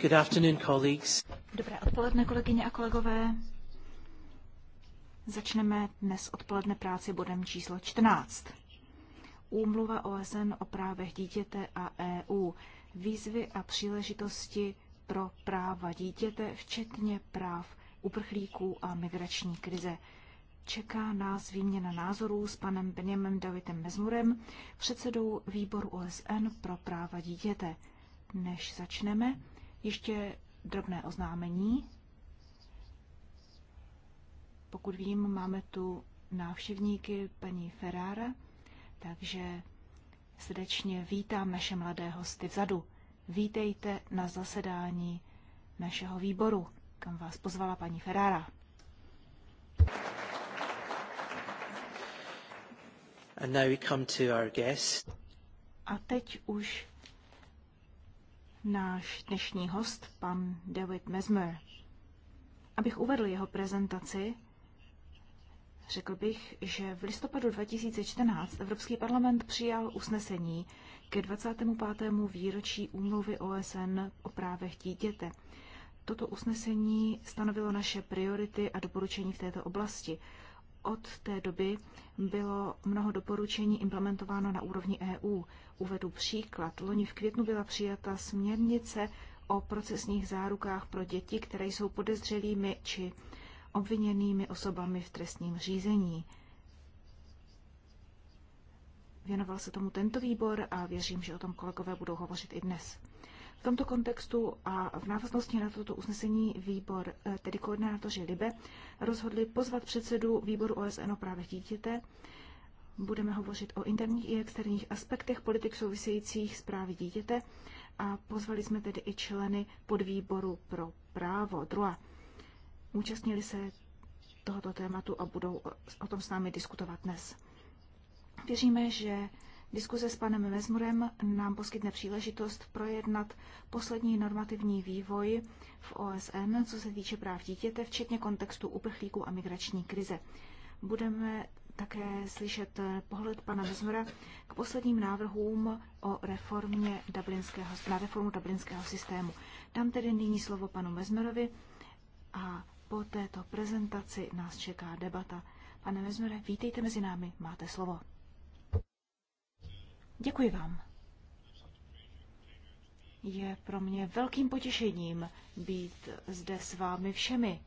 Good afternoon, colleagues. Dobré odpoledne, kolegyně a kolegové. Začneme dnes odpoledne práci bodem číslo 14. Úmluva OSN o právech dítěte a EU. Výzvy a příležitosti pro práva dítěte, včetně práv uprchlíků a migrační krize. Čeká nás výměna názorů s panem Benjamem Davidem Mezmurem, předsedou výboru OSN pro práva dítěte. Než začneme, ještě drobné oznámení. Pokud vím, máme tu návštěvníky paní Ferrara, takže srdečně vítám naše mladé hosty vzadu. Vítejte na zasedání našeho výboru, kam vás pozvala paní Ferrara. And now we come to our guest. A teď už náš dnešní host, pan David Mesmer. Abych uvedl jeho prezentaci, řekl bych, že v listopadu 2014 Evropský parlament přijal usnesení ke 25. výročí úmluvy OSN o právech dítěte. Toto usnesení stanovilo naše priority a doporučení v této oblasti. Od té doby bylo mnoho doporučení implementováno na úrovni EU. Uvedu příklad. Loni v květnu byla přijata směrnice o procesních zárukách pro děti, které jsou podezřelými či obviněnými osobami v trestním řízení. Věnoval se tomu tento výbor a věřím, že o tom kolegové budou hovořit i dnes tomto kontextu a v návaznosti na toto usnesení výbor, eh, tedy koordinátoři Libe, rozhodli pozvat předsedu výboru OSN o právech dítěte. Budeme hovořit o interních i externích aspektech politik souvisejících s právy dítěte a pozvali jsme tedy i členy podvýboru pro právo druhá. Účastnili se tohoto tématu a budou o tom s námi diskutovat dnes. Věříme, že Diskuze s panem Mezmurem nám poskytne příležitost projednat poslední normativní vývoj v OSN, co se týče práv dítěte, včetně kontextu uprchlíků a migrační krize. Budeme také slyšet pohled pana Mesmura k posledním návrhům o reformě dublinského, na reformu dublinského systému. Dám tedy nyní slovo panu Mesmurovi a po této prezentaci nás čeká debata. Pane Mesmure, vítejte mezi námi, máte slovo. Děkuji vám. Je pro mě velkým potěšením být zde s vámi všemi.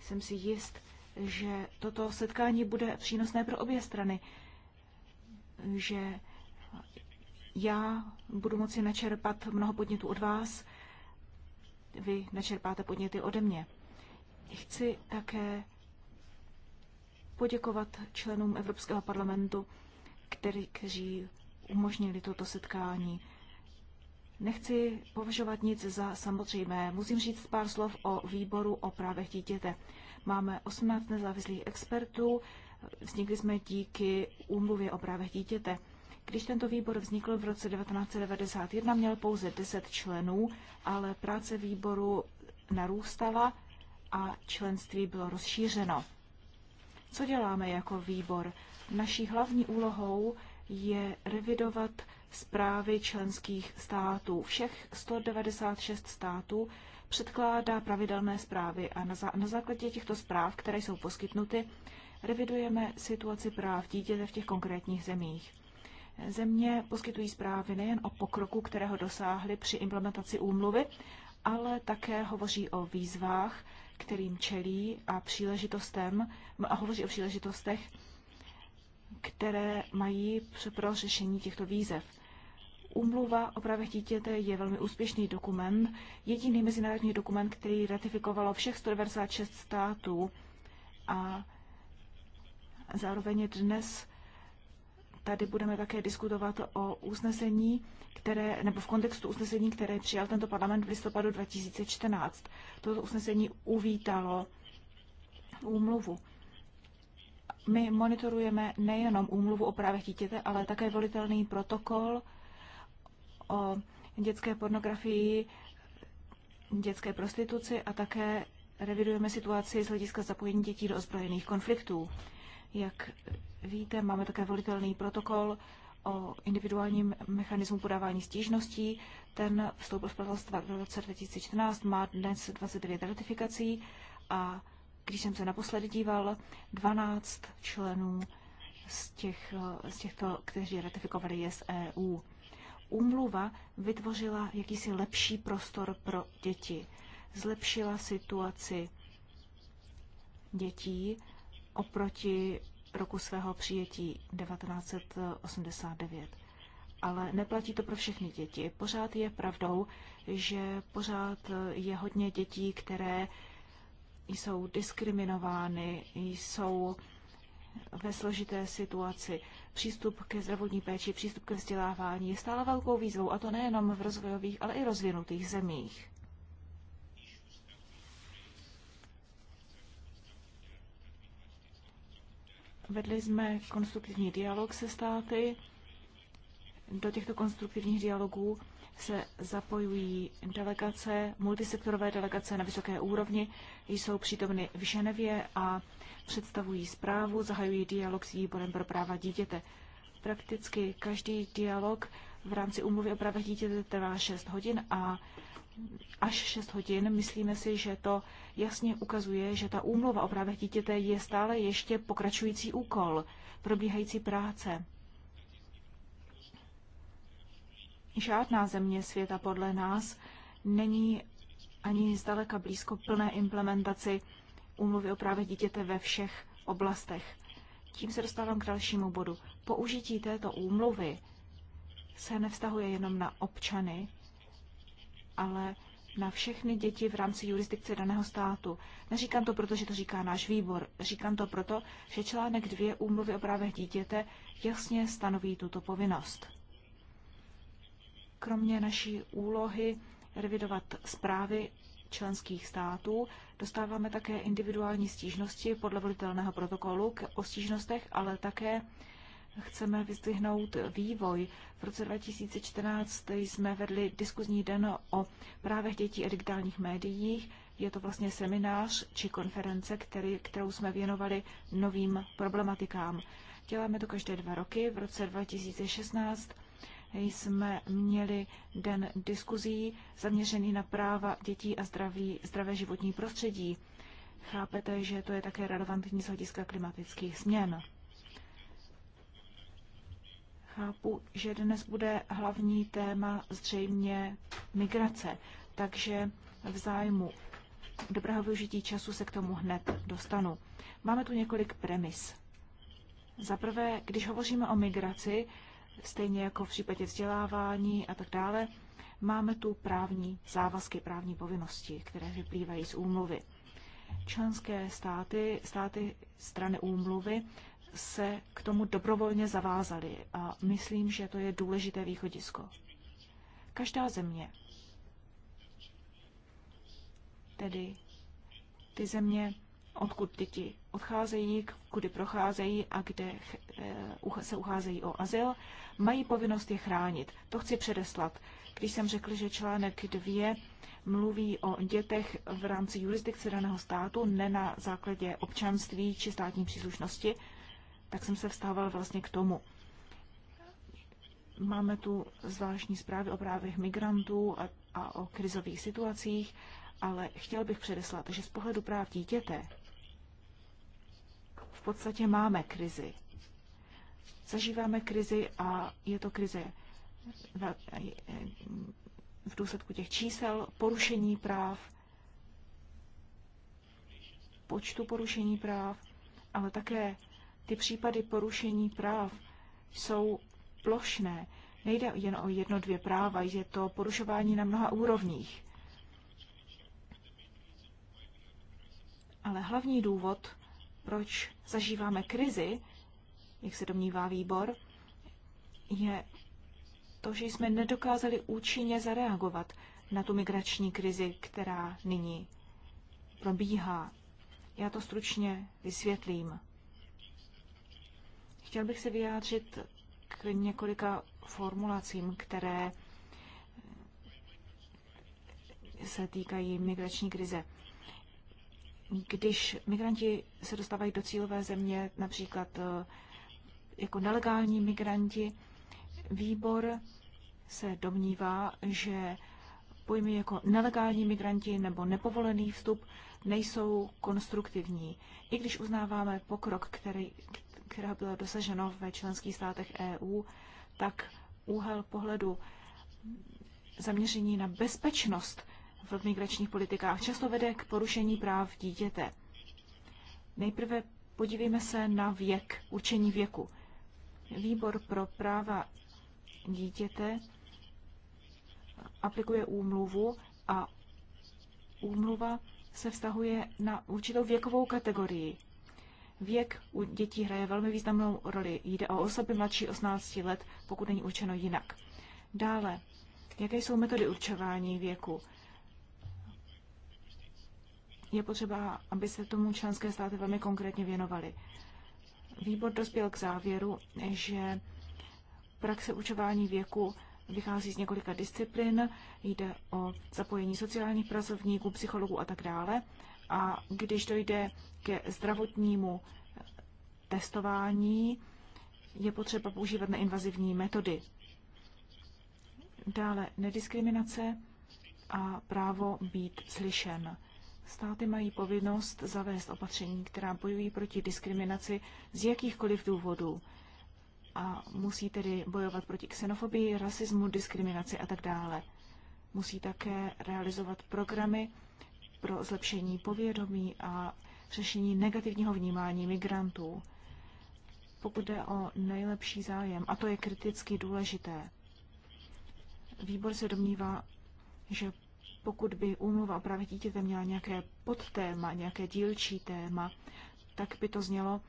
Jsem si jist, že toto setkání bude přínosné pro obě strany, že já budu moci načerpat mnoho podnětů od vás, vy načerpáte podněty ode mě. Chci také poděkovat členům Evropského parlamentu, který, kteří umožnili toto setkání. Nechci považovat nic za samozřejmé. Musím říct pár slov o výboru o právech dítěte. Máme 18 nezávislých expertů, vznikli jsme díky úmluvě o právech dítěte. Když tento výbor vznikl v roce 1991, měl pouze 10 členů, ale práce výboru narůstala a členství bylo rozšířeno. Co děláme jako výbor? Naší hlavní úlohou je revidovat zprávy členských států. Všech 196 států předkládá pravidelné zprávy a na, zá- na základě těchto zpráv, které jsou poskytnuty, revidujeme situaci práv dítěte v těch konkrétních zemích. Země poskytují zprávy nejen o pokroku, kterého dosáhly při implementaci úmluvy, ale také hovoří o výzvách, kterým čelí a příležitostem a hovoří o příležitostech, které mají pro řešení těchto výzev. Umluva o právech dítěte je velmi úspěšný dokument, jediný mezinárodní dokument, který ratifikovalo všech 196 států a zároveň je dnes Tady budeme také diskutovat o usnesení, které, nebo v kontextu usnesení, které přijal tento parlament v listopadu 2014. Toto usnesení uvítalo úmluvu. My monitorujeme nejenom úmluvu o právech dítěte, ale také volitelný protokol o dětské pornografii, dětské prostituci a také revidujeme situaci z hlediska zapojení dětí do ozbrojených konfliktů. Jak víte, máme také volitelný protokol o individuálním mechanismu podávání stížností. Ten vstoupil v platnost v roce 2014, má dnes 29 ratifikací a když jsem se naposledy díval, 12 členů z, těch, z těchto, kteří ratifikovali, je z EU. Úmluva vytvořila jakýsi lepší prostor pro děti. Zlepšila situaci dětí oproti roku svého přijetí 1989. Ale neplatí to pro všechny děti. Pořád je pravdou, že pořád je hodně dětí, které jsou diskriminovány, jsou ve složité situaci. Přístup ke zdravotní péči, přístup ke vzdělávání je stále velkou výzvou, a to nejenom v rozvojových, ale i rozvinutých zemích. Vedli jsme konstruktivní dialog se státy. Do těchto konstruktivních dialogů se zapojují delegace, multisektorové delegace na vysoké úrovni, jsou přítomny v Ženevě a představují zprávu, zahajují dialog s výborem pro práva dítěte. Prakticky každý dialog v rámci úmluvy o právech dítěte trvá 6 hodin a až 6 hodin. Myslíme si, že to jasně ukazuje, že ta úmluva o právech dítěte je stále ještě pokračující úkol, probíhající práce. Žádná země světa podle nás není ani zdaleka blízko plné implementaci úmluvy o právech dítěte ve všech oblastech. Tím se dostávám k dalšímu bodu. Použití této úmluvy se nevztahuje jenom na občany, ale na všechny děti v rámci jurisdikce daného státu. Neříkám to proto, že to říká náš výbor. Říkám to proto, že článek 2 úmluvy o právech dítěte jasně stanoví tuto povinnost. Kromě naší úlohy revidovat zprávy členských států dostáváme také individuální stížnosti podle volitelného protokolu k, o stížnostech, ale také chceme vyzdvihnout vývoj. V roce 2014 jsme vedli diskuzní den o právech dětí a digitálních médiích. Je to vlastně seminář či konference, který, kterou jsme věnovali novým problematikám. Děláme to každé dva roky. V roce 2016 jsme měli den diskuzí zaměřený na práva dětí a zdraví, zdravé životní prostředí. Chápete, že to je také relevantní z hlediska klimatických změn. Chápu, že dnes bude hlavní téma zřejmě migrace, takže v zájmu dobrého využití času se k tomu hned dostanu. Máme tu několik premis. Za prvé, když hovoříme o migraci, stejně jako v případě vzdělávání a tak dále, máme tu právní závazky, právní povinnosti, které vyplývají z úmluvy. Členské státy, státy strany úmluvy se k tomu dobrovolně zavázali a myslím, že to je důležité východisko. Každá země, tedy ty země, odkud děti odcházejí, kudy procházejí a kde eh, se ucházejí o azyl, mají povinnost je chránit. To chci předeslat. Když jsem řekl, že článek 2 mluví o dětech v rámci jurisdikce daného státu, ne na základě občanství či státní příslušnosti, tak jsem se vstával vlastně k tomu. Máme tu zvláštní zprávy o právech migrantů a, a o krizových situacích, ale chtěl bych předeslat, že z pohledu práv dítěte v podstatě máme krizi. Zažíváme krizi a je to krize v důsledku těch čísel, porušení práv, počtu porušení práv, ale také ty případy porušení práv jsou plošné. Nejde jen o jedno, dvě práva, je to porušování na mnoha úrovních. Ale hlavní důvod, proč zažíváme krizi, jak se domnívá výbor, je to, že jsme nedokázali účinně zareagovat na tu migrační krizi, která nyní probíhá. Já to stručně vysvětlím. Chtěl bych se vyjádřit k několika formulacím, které se týkají migrační krize. Když migranti se dostávají do cílové země, například eh, jako nelegální migranti, výbor se domnívá, že pojmy jako nelegální migranti nebo nepovolený vstup nejsou konstruktivní. I když uznáváme pokrok, který, která byla dosaženo ve členských státech EU, tak úhel pohledu zaměření na bezpečnost v migračních politikách často vede k porušení práv dítěte. Nejprve podívejme se na věk, učení věku. Výbor pro práva dítěte aplikuje úmluvu a úmluva se vztahuje na určitou věkovou kategorii. Věk u dětí hraje velmi významnou roli. Jde o osoby mladší 18 let, pokud není určeno jinak. Dále, jaké jsou metody určování věku? Je potřeba, aby se tomu členské státy velmi konkrétně věnovaly. Výbor dospěl k závěru, že praxe učování věku vychází z několika disciplin, jde o zapojení sociálních pracovníků, psychologů a tak dále. A když dojde ke zdravotnímu testování, je potřeba používat neinvazivní metody. Dále nediskriminace a právo být slyšen. Státy mají povinnost zavést opatření, která bojují proti diskriminaci z jakýchkoliv důvodů a musí tedy bojovat proti xenofobii, rasismu, diskriminaci a tak dále. Musí také realizovat programy, pro zlepšení povědomí a řešení negativního vnímání migrantů. Pokud jde o nejlepší zájem, a to je kriticky důležité, výbor se domnívá, že pokud by úmluva o právě dítěte měla nějaké podtéma, nějaké dílčí téma, tak by to znělo,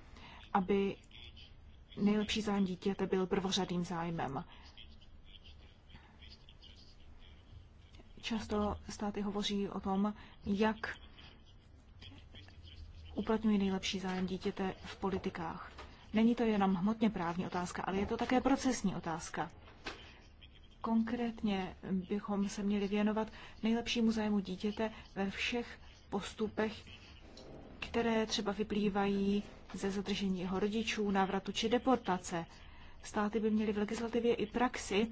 aby nejlepší zájem dítěte byl prvořadým zájmem. Často státy hovoří o tom, jak uplatňují nejlepší zájem dítěte v politikách. Není to jenom hmotně právní otázka, ale je to také procesní otázka. Konkrétně bychom se měli věnovat nejlepšímu zájmu dítěte ve všech postupech, které třeba vyplývají ze zadržení jeho rodičů, návratu či deportace. Státy by měly v legislativě i praxi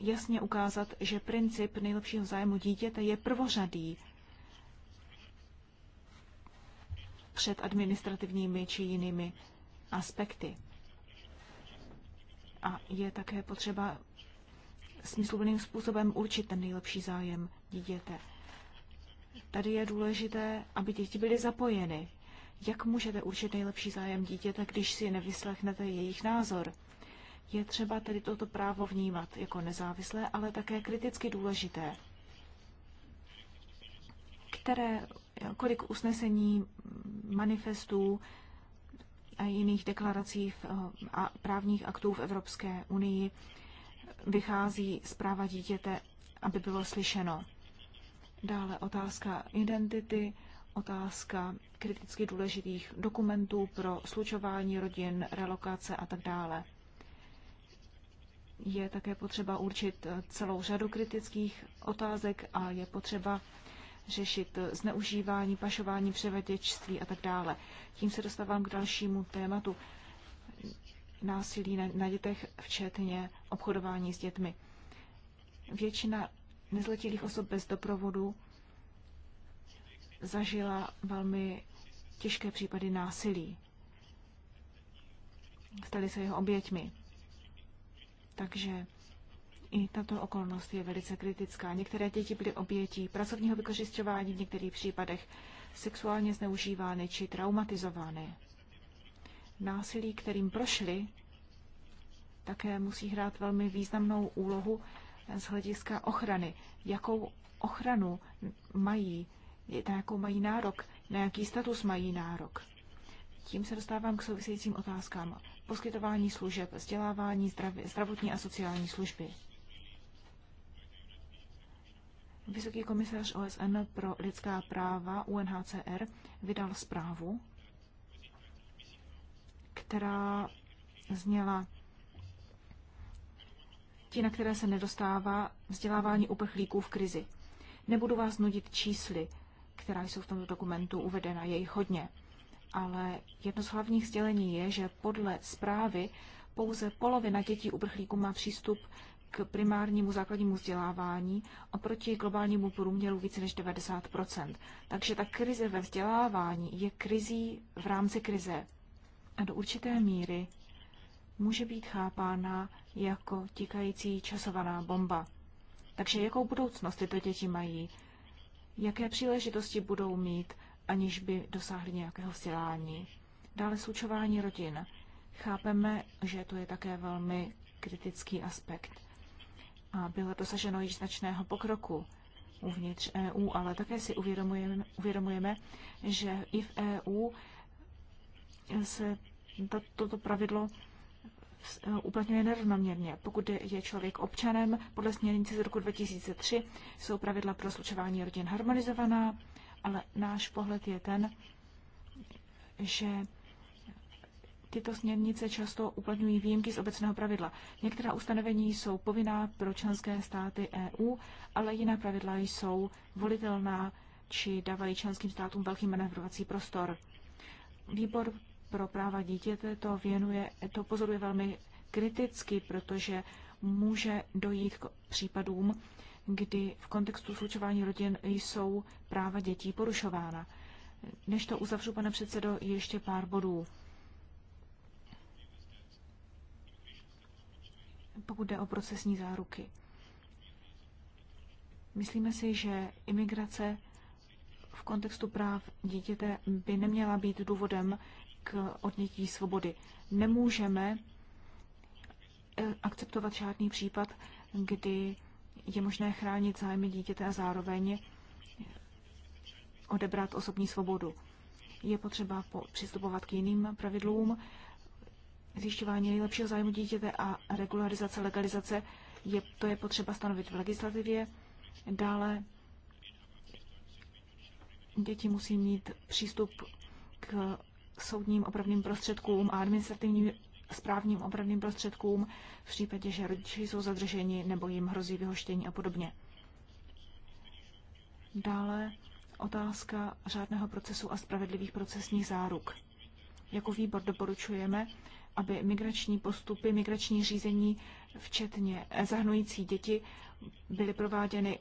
jasně ukázat, že princip nejlepšího zájmu dítěte je prvořadý před administrativními či jinými aspekty. A je také potřeba smysluplným způsobem určit ten nejlepší zájem dítěte. Tady je důležité, aby děti byly zapojeny. Jak můžete určit nejlepší zájem dítěte, když si nevyslechnete jejich názor? Je třeba tedy toto právo vnímat jako nezávislé, ale také kriticky důležité. Které, kolik usnesení, manifestů a jiných deklarací a právních aktů v Evropské unii vychází z práva dítěte, aby bylo slyšeno. Dále otázka identity, otázka kriticky důležitých dokumentů pro slučování rodin, relokace a tak dále je také potřeba určit eh, celou řadu kritických otázek a je potřeba řešit eh, zneužívání, pašování, převaděčství a tak dále. Tím se dostávám k dalšímu tématu násilí na, dětech, včetně obchodování s dětmi. Většina nezletilých osob bez doprovodu zažila velmi těžké případy násilí. Stali se jeho oběťmi. Takže i tato okolnost je velice kritická. Některé děti byly obětí pracovního vykořišťování, v některých případech sexuálně zneužívány či traumatizovány. Násilí, kterým prošly, také musí hrát velmi významnou úlohu z hlediska ochrany. Jakou ochranu mají, na jakou mají nárok, na jaký status mají nárok. Tím se dostávám k souvisejícím otázkám poskytování služeb, vzdělávání, zdraví, zdravotní a sociální služby. Vysoký komisař OSN pro lidská práva UNHCR vydal zprávu, která zněla ti, na které se nedostává vzdělávání uprchlíků v krizi. Nebudu vás nudit čísly, která jsou v tomto dokumentu uvedena, je jich hodně ale jedno z hlavních sdělení je, že podle zprávy pouze polovina dětí uprchlíků má přístup k primárnímu základnímu vzdělávání oproti globálnímu průměru více než 90 Takže ta krize ve vzdělávání je krizí v rámci krize a do určité míry může být chápána jako tikající časovaná bomba. Takže jakou budoucnost tyto děti mají? Jaké příležitosti budou mít? aniž by dosáhli nějakého vzdělání. Dále slučování rodin. Chápeme, že to je také velmi kritický aspekt. A bylo dosaženo již značného pokroku uvnitř EU, ale také si uvědomujeme, uvědomujeme že i v EU se toto pravidlo uplatňuje nerovnoměrně. Pokud je člověk občanem, podle směrnice z roku 2003 jsou pravidla pro slučování rodin harmonizovaná, ale náš pohled je ten, že tyto směrnice často uplatňují výjimky z obecného pravidla. Některá ustanovení jsou povinná pro členské státy EU, ale jiná pravidla jsou volitelná či dávají členským státům velký manevrovací prostor. Výbor pro práva dítěte to věnuje, to pozoruje velmi kriticky, protože může dojít k případům, kdy v kontextu slučování rodin jsou práva dětí porušována. Než to uzavřu, pane předsedo, ještě pár bodů. Pokud jde o procesní záruky. Myslíme si, že imigrace v kontextu práv dítěte by neměla být důvodem k odnětí svobody. Nemůžeme eh, akceptovat žádný případ, kdy je možné chránit zájmy dítěte a zároveň odebrat osobní svobodu. Je potřeba přistupovat k jiným pravidlům. Zjišťování nejlepšího zájmu dítěte a regularizace, legalizace, je, to je potřeba stanovit v legislativě. Dále děti musí mít přístup k soudním opravným prostředkům a administrativním správním opravným prostředkům v případě, že rodiči jsou zadrženi nebo jim hrozí vyhoštění a podobně. Dále otázka řádného procesu a spravedlivých procesních záruk. Jako výbor doporučujeme, aby migrační postupy, migrační řízení, včetně eh, zahnující děti, byly prováděny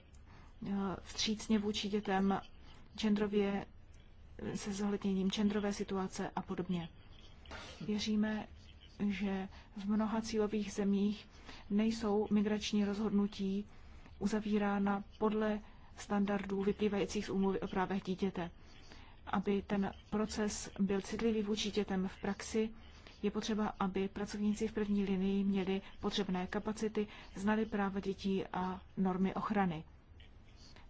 eh, vstřícně vůči dětem, genderově eh, se zohledněním genderové situace a podobně. Věříme, že v mnoha cílových zemích nejsou migrační rozhodnutí uzavírána podle standardů vyplývajících z úmluvy o právech dítěte. Aby ten proces byl citlivý vůči dětem v praxi, je potřeba, aby pracovníci v první linii měli potřebné kapacity, znali práva dětí a normy ochrany.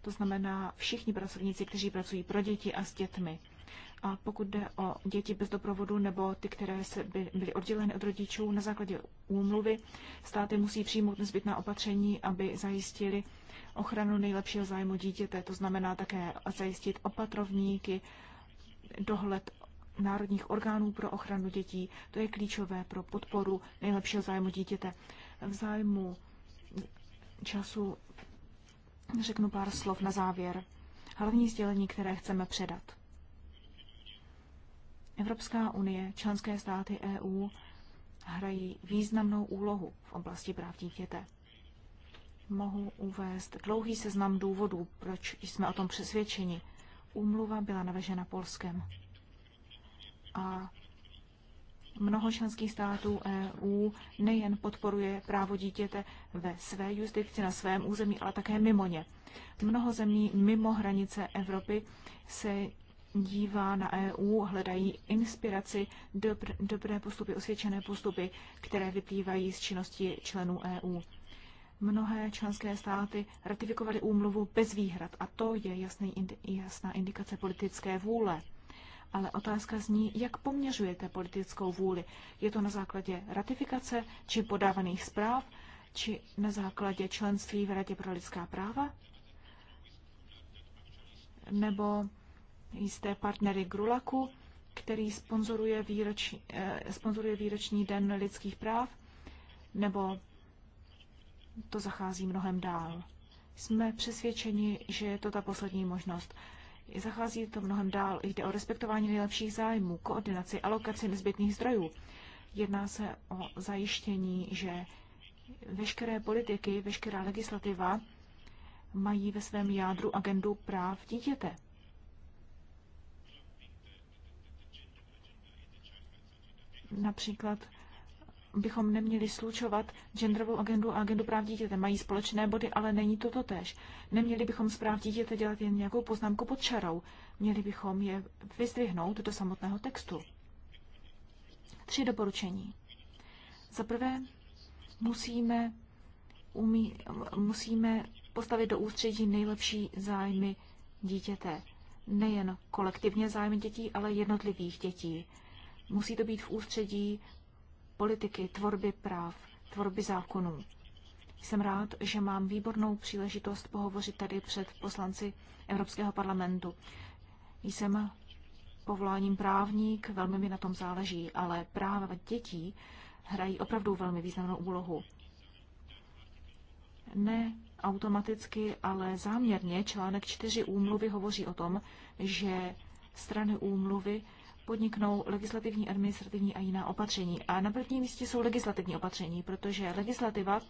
To znamená všichni pracovníci, kteří pracují pro děti a s dětmi. A pokud jde o děti bez doprovodu nebo ty, které se by byly odděleny od rodičů na základě úmluvy, státy musí přijmout nezbytná opatření, aby zajistili ochranu nejlepšího zájmu dítěte. To znamená také zajistit opatrovníky, dohled národních orgánů pro ochranu dětí. To je klíčové pro podporu nejlepšího zájmu dítěte. V zájmu času řeknu pár slov na závěr. Hlavní sdělení, které chceme předat. Evropská unie, členské státy EU hrají významnou úlohu v oblasti práv dítěte. Mohu uvést dlouhý seznam důvodů, proč jsme o tom přesvědčeni. Úmluva byla navežena Polskem. A mnoho členských států EU nejen podporuje právo dítěte ve své justici na svém území, ale také mimo ně. Mnoho zemí mimo hranice Evropy se dívá na EU, hledají inspiraci, dobr, dobré postupy, osvědčené postupy, které vyplývají z činnosti členů EU. Mnohé členské státy ratifikovaly úmluvu bez výhrad a to je jasný, jasná indikace politické vůle. Ale otázka zní, jak poměřujete politickou vůli. Je to na základě ratifikace či podávaných zpráv, či na základě členství v Radě pro lidská práva? Nebo jisté partnery Grulaku, který sponzoruje výroční, eh, sponzoruje výroční den lidských práv, nebo to zachází mnohem dál. Jsme přesvědčeni, že je to ta poslední možnost. Zachází to mnohem dál. Jde o respektování nejlepších zájmů, koordinaci, alokaci nezbytných zdrojů. Jedná se o zajištění, že veškeré politiky, veškerá legislativa mají ve svém jádru agendu práv dítěte. Například bychom neměli slučovat genderovou agendu a agendu práv dítěte. Mají společné body, ale není to totéž. Neměli bychom z práv dítěte dělat jen nějakou poznámku pod čarou. Měli bychom je vyzdvihnout do samotného textu. Tři doporučení. Za prvé, musíme, umí, musíme postavit do ústředí nejlepší zájmy dítěte. Nejen kolektivně zájmy dětí, ale jednotlivých dětí. Musí to být v ústředí politiky, tvorby práv, tvorby zákonů. Jsem rád, že mám výbornou příležitost pohovořit tady před poslanci Evropského parlamentu. Jsem povoláním právník, velmi mi na tom záleží, ale práva dětí hrají opravdu velmi významnou úlohu. Ne automaticky, ale záměrně článek 4 úmluvy hovoří o tom, že strany úmluvy podniknou legislativní, administrativní a jiná opatření. A na prvním místě jsou legislativní opatření, protože legislativa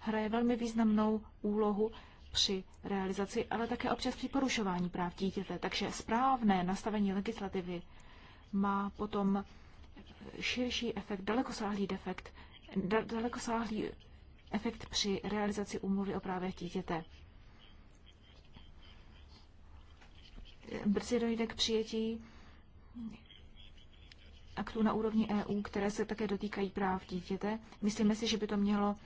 hraje velmi významnou úlohu při realizaci, ale také občas při porušování práv dítěte. Takže správné nastavení legislativy má potom širší efekt, dalekosáhlý defekt, dalekosáhlý efekt při realizaci úmluvy o právech dítěte. Brzy dojde k přijetí aktů na úrovni EU, které se také dotýkají práv dítěte. Myslíme si, že by to mělo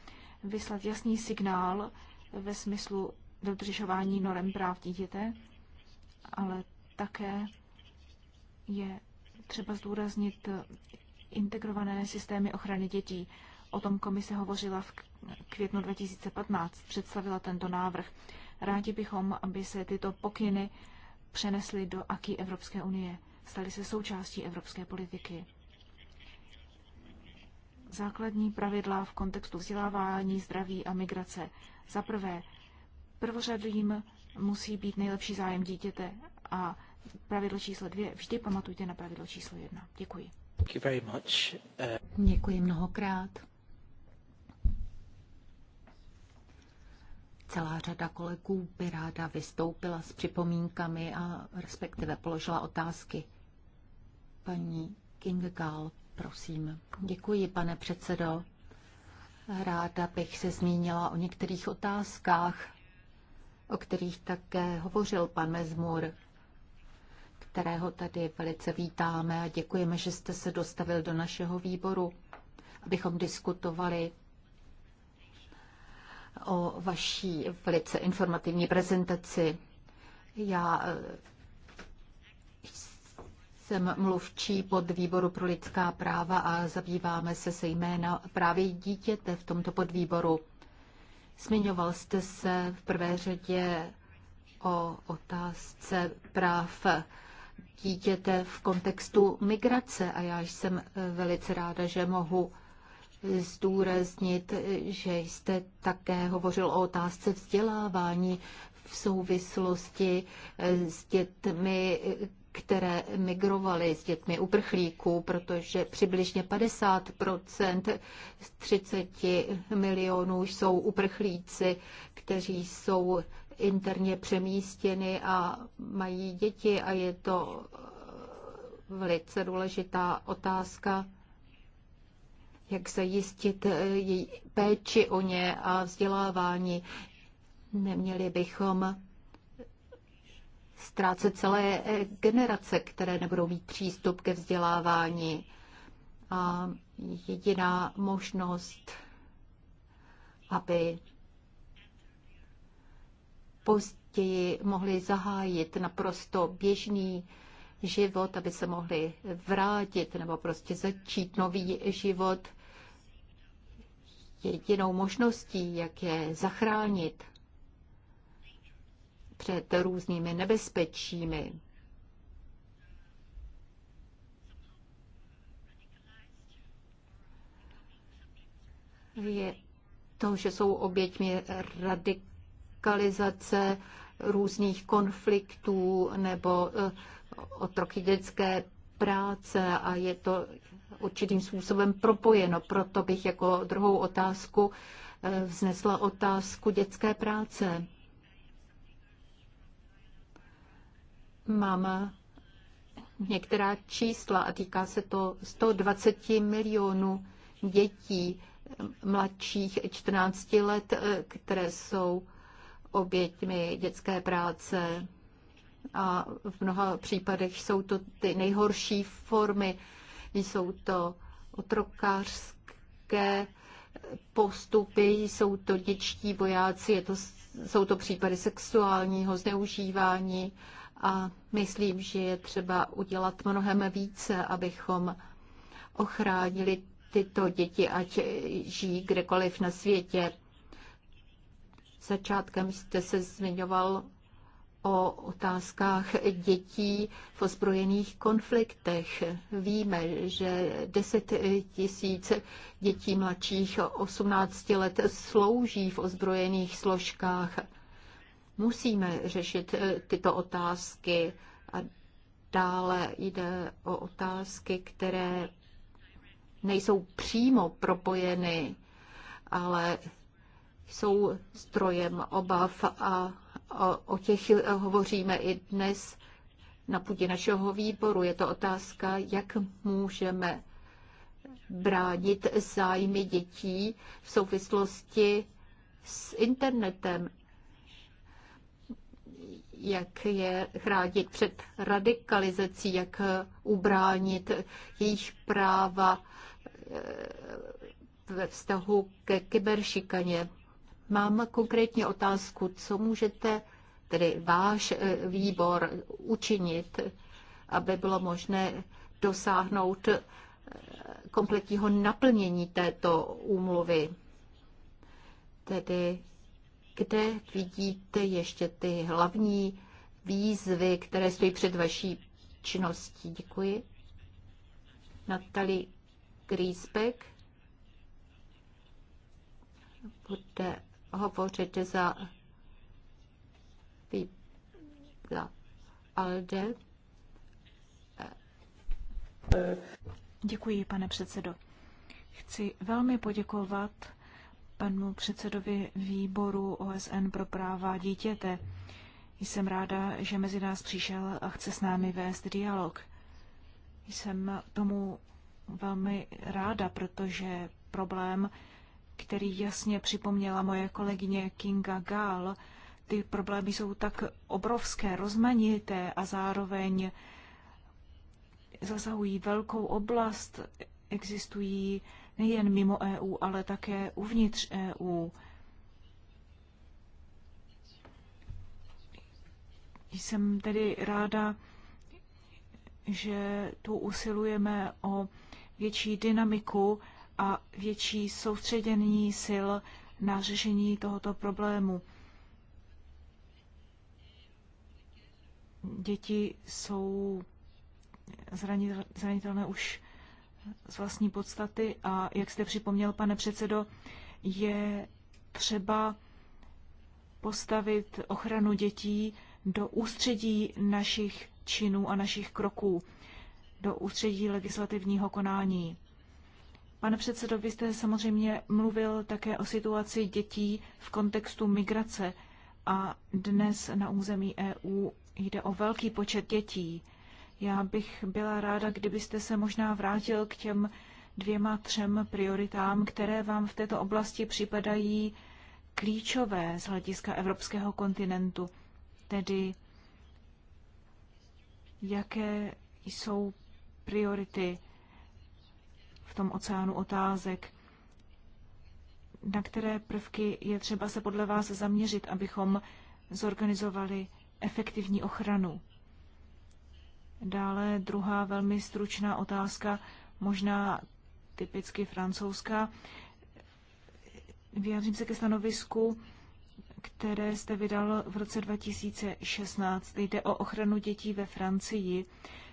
vyslat jasný signál ve smyslu dodržování norem práv dítěte, ale také je třeba zdůraznit integrované systémy ochrany dětí. O tom komise hovořila v květnu 2015, představila tento návrh. Rádi bychom, aby se tyto pokyny přenesly do AKI Evropské unie staly se součástí evropské politiky. Základní pravidla v kontextu vzdělávání, zdraví a migrace. Za prvé, prvořadým musí být nejlepší zájem dítěte a pravidlo číslo dvě. Vždy pamatujte na pravidlo číslo jedna. Děkuji. Děkuji mnohokrát. Celá řada kolegů by ráda vystoupila s připomínkami a respektive položila otázky. Paní Kingal, prosím. Děkuji, pane předsedo. Ráda bych se zmínila o některých otázkách, o kterých také hovořil pan Mezmur, kterého tady velice vítáme a děkujeme, že jste se dostavil do našeho výboru, abychom diskutovali o vaší velice informativní prezentaci. Já eh, jsem mluvčí pod výboru pro lidská práva a zabýváme se se jména právě dítěte v tomto podvýboru. Zmiňoval jste se v prvé řadě o otázce práv dítěte v kontextu migrace a já jsem eh, velice ráda, že mohu zdůraznit, že jste také hovořil o otázce vzdělávání v souvislosti s dětmi, které migrovaly s dětmi uprchlíků, protože přibližně 50 z 30 milionů jsou uprchlíci, kteří jsou interně přemístěny a mají děti a je to velice důležitá otázka jak zajistit eh, její péči o ně a vzdělávání. Neměli bychom ztrácet celé eh, generace, které nebudou mít přístup ke vzdělávání. A jediná možnost, aby později mohli zahájit naprosto běžný život, aby se mohli vrátit nebo prostě začít nový život, jedinou možností, jak je zachránit před různými nebezpečími. Je to, že jsou oběťmi radikalizace různých konfliktů nebo eh, otroky dětské práce a je to určitým způsobem propojeno. Proto bych jako druhou otázku eh, vznesla otázku dětské práce. Mám některá čísla a týká se to 120 milionů dětí mladších 14 let, eh, které jsou oběťmi dětské práce. A v mnoha případech jsou to ty nejhorší formy jsou to otrokářské postupy, jsou to dětští vojáci, je to, jsou to případy sexuálního zneužívání a myslím, že je třeba udělat mnohem více, abychom ochránili tyto děti, ať žijí kdekoliv na světě. Začátkem jste se zmiňoval o otázkách dětí v ozbrojených konfliktech. Víme, že 10 tisíc dětí mladších 18 let slouží v ozbrojených složkách. Musíme řešit eh, tyto otázky a dále jde o otázky, které nejsou přímo propojeny, ale jsou strojem obav a O, o těch eh, hovoříme i dnes na půdě našeho výboru. Je to otázka, jak můžeme bránit zájmy dětí v souvislosti s internetem, jak je chránit před radikalizací, jak ubránit jejich práva eh, ve vztahu ke kyberšikaně. Mám konkrétně otázku, co můžete, tedy váš eh, výbor, učinit, aby bylo možné dosáhnout eh, kompletního naplnění této úmluvy. Tedy kde vidíte ještě ty hlavní výzvy, které stojí před vaší činností? Děkuji. Natalie Griesbeck bude hovořit za, za ALDE. Děkuji, pane předsedo. Chci velmi poděkovat panu předsedovi výboru OSN pro práva dítěte. Jsem ráda, že mezi nás přišel a chce s námi vést dialog. Jsem tomu velmi ráda, protože problém který jasně připomněla moje kolegyně Kinga Gall. Ty problémy jsou tak obrovské, rozmanité a zároveň zasahují velkou oblast, existují nejen mimo EU, ale také uvnitř EU. Jsem tedy ráda, že tu usilujeme o větší dynamiku a větší soustředění sil na řešení tohoto problému. Děti jsou zranitelné už z vlastní podstaty a jak jste připomněl, pane předsedo, je třeba postavit ochranu dětí do ústředí našich činů a našich kroků, do ústředí legislativního konání. Pane předsedo, vy jste samozřejmě mluvil také o situaci dětí v kontextu migrace a dnes na území EU jde o velký počet dětí. Já bych byla ráda, kdybyste se možná vrátil k těm dvěma, třem prioritám, které vám v této oblasti připadají klíčové z hlediska evropského kontinentu, tedy jaké jsou priority v tom oceánu otázek. Na které prvky je třeba se podle vás zaměřit, abychom zorganizovali efektivní ochranu? Dále druhá velmi stručná otázka, možná typicky francouzská. Vyjádřím se ke stanovisku, které jste vydal v roce 2016. Jde o ochranu dětí ve Francii.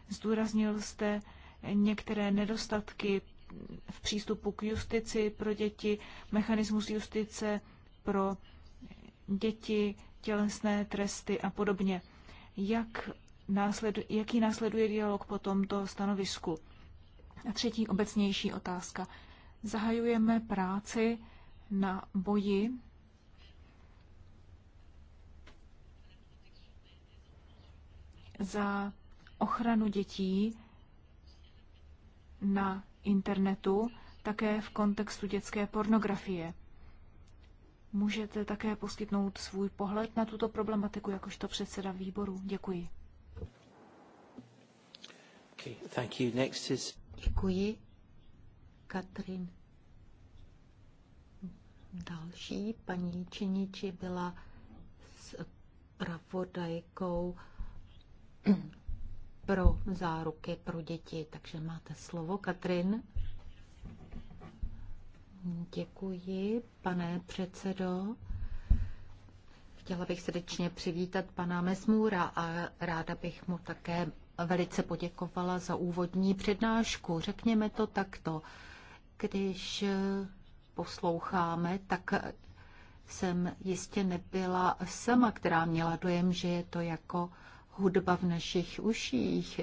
Zdůraznil jste některé nedostatky v přístupu k justici pro děti, mechanismus justice pro děti, tělesné tresty a podobně. Jak následu, jaký následuje dialog po tomto stanovisku? A třetí obecnější otázka. Zahajujeme práci na boji za ochranu dětí na internetu také v kontextu dětské pornografie. Můžete také poskytnout svůj pohled na tuto problematiku jakožto předseda výboru. Děkuji. Okay, thank you. Next is... Děkuji. Katrin. Další paní Činiči byla s pravodajkou pro záruky pro děti. Takže máte slovo, Katrin. Děkuji, pane předsedo. Chtěla bych srdečně přivítat pana Mesmůra a ráda bych mu také velice poděkovala za úvodní přednášku. Řekněme to takto. Když posloucháme, tak jsem jistě nebyla sama, která měla dojem, že je to jako hudba v našich uších.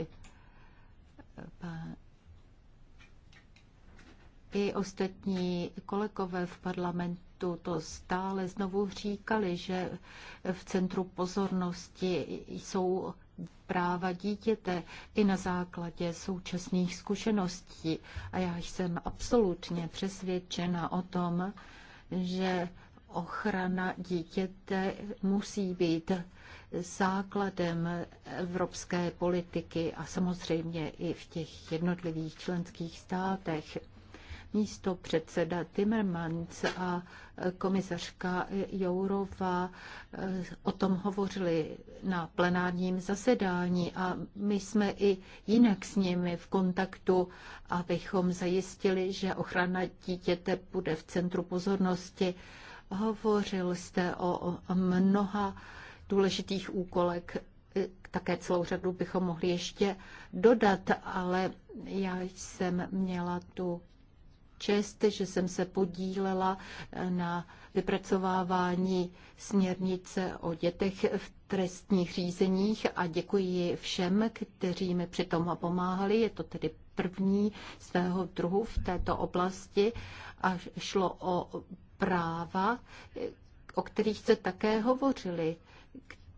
I ostatní kolegové v parlamentu to stále znovu říkali, že v centru pozornosti jsou práva dítěte i na základě současných zkušeností. A já jsem absolutně přesvědčena o tom, že ochrana dítěte musí být základem evropské politiky a samozřejmě i v těch jednotlivých členských státech. Místo předseda Timmermans a komisařka Jourova eh, o tom hovořili na plenárním zasedání a my jsme i jinak s nimi v kontaktu, abychom zajistili, že ochrana dítěte bude v centru pozornosti. Hovořil jste o mnoha důležitých úkolek. E, také celou řadu bychom mohli ještě dodat, ale já jsem měla tu čest, že jsem se podílela e, na vypracovávání směrnice o dětech v trestních řízeních a děkuji všem, kteří mi přitom pomáhali. Je to tedy první svého druhu v této oblasti a šlo o práva, e, o kterých se také hovořili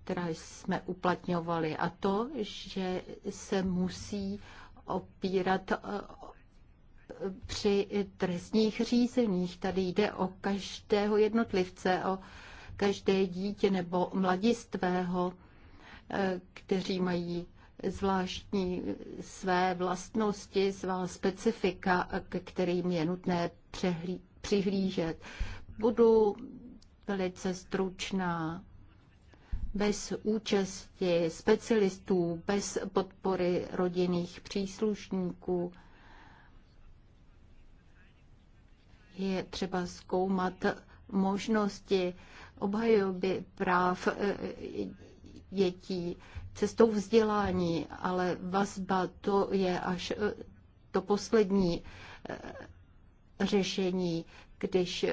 která jsme uplatňovali a to, že se musí opírat eh, při trestních řízeních. Tady jde o každého jednotlivce, o každé dítě nebo mladistvého, eh, kteří mají zvláštní své vlastnosti, svá specifika, k kterým je nutné přehlí, přihlížet. Budu velice stručná bez účasti specialistů, bez podpory rodinných příslušníků. Je třeba zkoumat možnosti obhajoby práv eh, dětí cestou vzdělání, ale vazba to je až eh, to poslední eh, řešení, když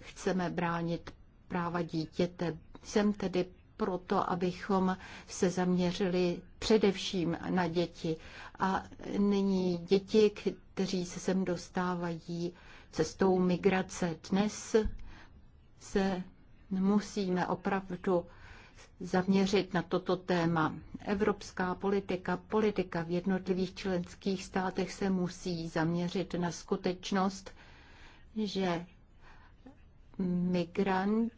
chceme bránit práva dítěte. Jsem tedy proto, abychom se zaměřili především na děti. A nyní děti, kteří se sem dostávají cestou migrace. Dnes se musíme opravdu zaměřit na toto téma. Evropská politika, politika v jednotlivých členských státech se musí zaměřit na skutečnost, že migrant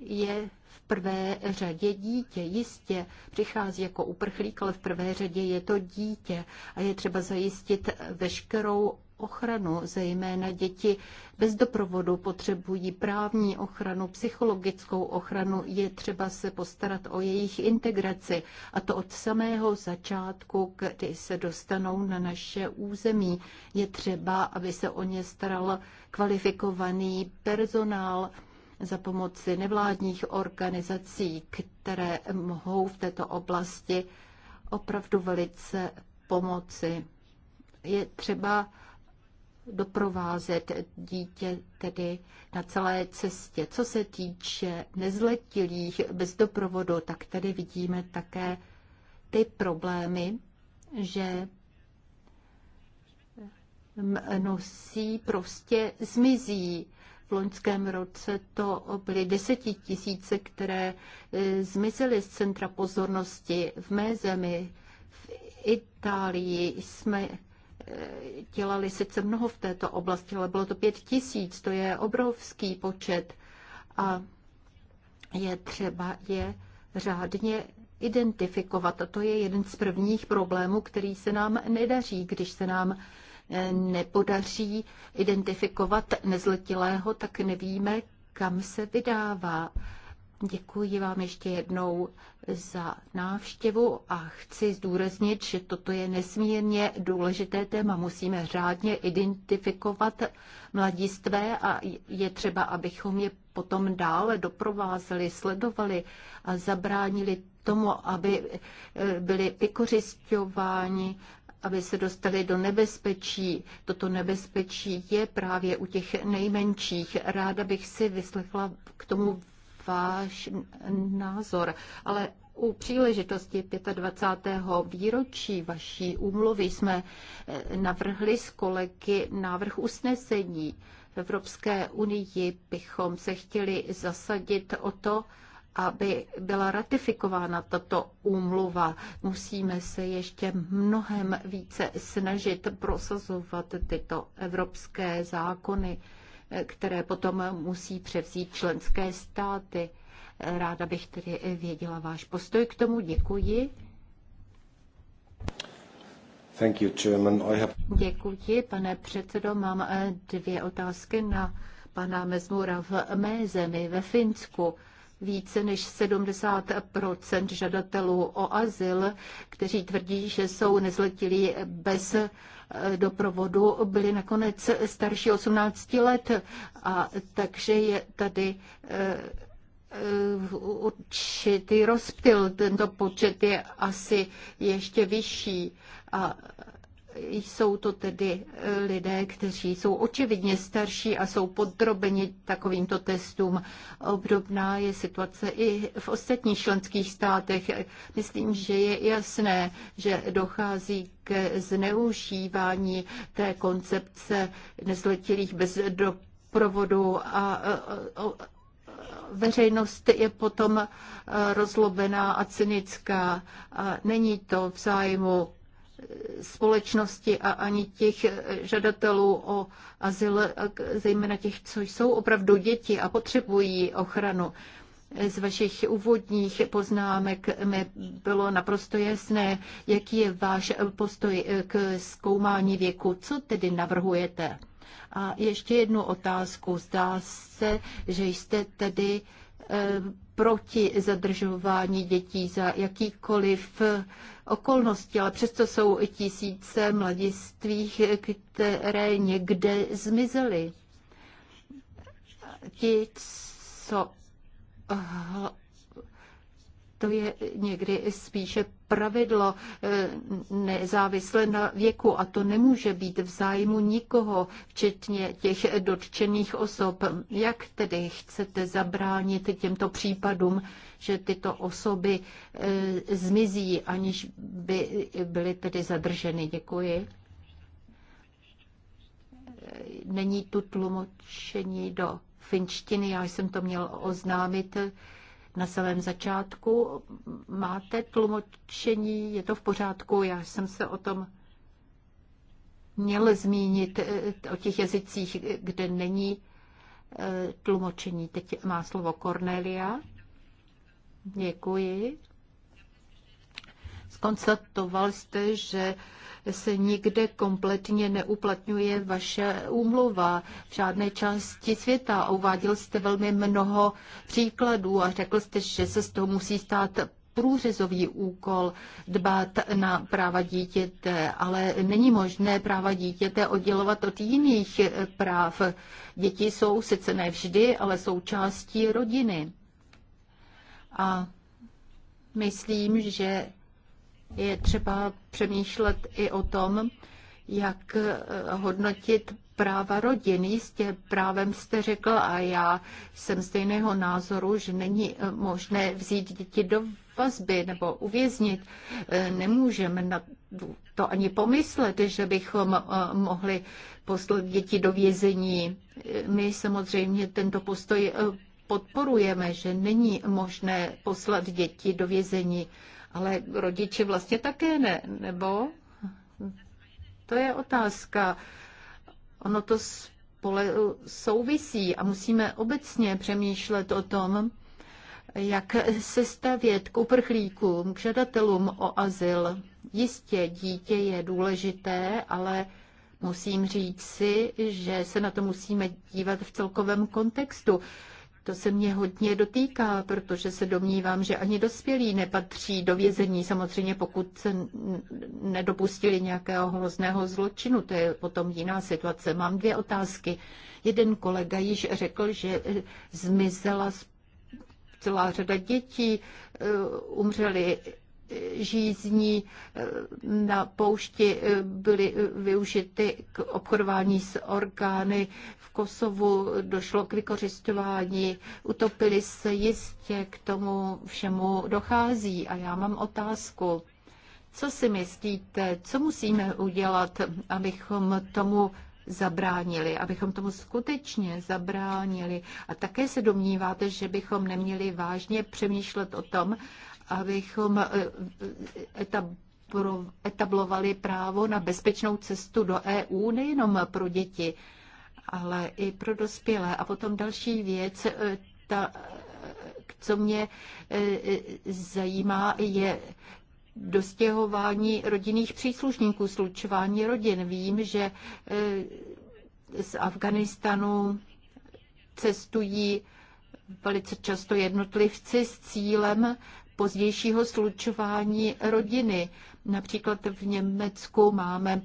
je v prvé řadě dítě. Jistě přichází jako uprchlík, ale v prvé řadě je to dítě a je třeba zajistit veškerou ochranu, zejména děti bez doprovodu potřebují právní ochranu, psychologickou ochranu, je třeba se postarat o jejich integraci a to od samého začátku, kdy se dostanou na naše území. Je třeba, aby se o ně staral kvalifikovaný personál, za pomoci nevládních organizací, které mohou v této oblasti opravdu velice pomoci. Je třeba doprovázet dítě tedy na celé cestě. Co se týče nezletilých bez doprovodu, tak tady vidíme také ty problémy, že nosí prostě zmizí v loňském roce to byly desetitisíce, které e, zmizely z centra pozornosti v mé zemi, v Itálii jsme e, dělali sice mnoho v této oblasti, ale bylo to pět tisíc, to je obrovský počet a je třeba je řádně identifikovat. A to je jeden z prvních problémů, který se nám nedaří, když se nám nepodaří identifikovat nezletilého, tak nevíme, kam se vydává. Děkuji vám ještě jednou za návštěvu a chci zdůraznit, že toto je nesmírně důležité téma. Musíme řádně identifikovat mladistvé a je třeba, abychom je potom dále doprovázeli, sledovali a zabránili tomu, aby eh, byli vykořišťováni aby se dostali do nebezpečí. Toto nebezpečí je právě u těch nejmenších. Ráda bych si vyslechla k tomu váš názor, ale u příležitosti 25. výročí vaší úmluvy jsme eh, navrhli s kolegy návrh usnesení. V Evropské unii bychom se chtěli zasadit o to, aby byla ratifikována tato úmluva. Musíme se ještě mnohem více snažit prosazovat tyto evropské zákony, které potom musí převzít členské státy. Ráda bych tedy věděla váš postoj k tomu. Děkuji. Thank you, Chairman. I have... Děkuji, pane předsedo. Mám eh, dvě otázky na pana Mezmura v mé zemi, ve Finsku více než 70 žadatelů o azyl, kteří tvrdí, že jsou nezletilí bez eh, doprovodu, byli nakonec starší 18 let. A takže je tady eh, eh, určitý rozptyl. Tento počet je asi ještě vyšší. A jsou to tedy eh, lidé, kteří jsou očividně starší a jsou podrobeni takovýmto testům. Obdobná je situace i v ostatních členských státech. Myslím, že je jasné, že dochází k zneužívání té koncepce nezletilých bez doprovodu a eh, veřejnost je potom eh, rozlobená a cynická. A není to v zájmu společnosti a ani těch žadatelů o azyl, zejména těch, co jsou opravdu děti a potřebují ochranu. Z vašich úvodních poznámek mi bylo naprosto jasné, jaký je váš postoj k zkoumání věku. Co tedy navrhujete? A ještě jednu otázku. Zdá se, že jste tedy eh, proti zadržování dětí za jakýkoliv okolnosti, ale přesto jsou tisíce mladistvých, které někde zmizely. Ti, co to je někdy spíše pravidlo eh, nezávisle na věku a to nemůže být v zájmu nikoho, včetně těch dotčených osob. Jak tedy chcete zabránit těmto případům, že tyto osoby eh, zmizí, aniž by byly tedy zadrženy? Děkuji. Není tu tlumočení do finštiny, já jsem to měl oznámit na samém začátku. Máte tlumočení, je to v pořádku, já jsem se o tom měl zmínit, eh, o těch jazycích, kde není eh, tlumočení. Teď má slovo Cornelia. Děkuji. Skonstatoval jste, že se nikde kompletně neuplatňuje vaše úmluva v žádné části světa. uváděl jste velmi mnoho příkladů a řekl jste, že se z toho musí stát průřezový úkol dbát na práva dítěte, ale není možné práva dítěte oddělovat od jiných práv. Děti jsou sice ne vždy, ale součástí rodiny. A myslím, že je třeba přemýšlet i o tom, jak eh, hodnotit práva rodin. Jistě právem jste řekl a já jsem stejného názoru, že není eh, možné vzít děti do vazby nebo uvěznit. Eh, nemůžeme na to ani pomyslet, že bychom mohli poslat děti do vězení. My samozřejmě tento postoj podporujeme, že není možné poslat děti do vězení ale rodiči vlastně také ne, nebo? To je otázka. Ono to spole souvisí a musíme obecně přemýšlet o tom, jak se stavět k uprchlíkům, k žadatelům o azyl. Jistě dítě je důležité, ale musím říct si, že se na to musíme dívat v celkovém kontextu. To se mě hodně dotýká, protože se domnívám, že ani dospělí nepatří do vězení, samozřejmě pokud se nedopustili nějakého hrozného zločinu, to je potom jiná situace. Mám dvě otázky. Jeden kolega již řekl, že e, zmizela celá řada dětí, e, umřeli e, žízní na poušti byly využity k obchodování s orgány, Kosovu došlo k vykořišťování, utopili se jistě, k tomu všemu dochází. A já mám otázku. Co si myslíte, co musíme udělat, abychom tomu zabránili, abychom tomu skutečně zabránili. A také se domníváte, že bychom neměli vážně přemýšlet o tom, abychom eh, eh, etablovali právo na bezpečnou cestu do EU nejenom pro děti, ale i pro dospělé. A potom další věc, eh, ta, eh, co mě eh, zajímá, je dostěhování rodinných příslušníků, slučování rodin. Vím, že z Afganistanu cestují velice často jednotlivci s cílem pozdějšího slučování rodiny. Například v Německu máme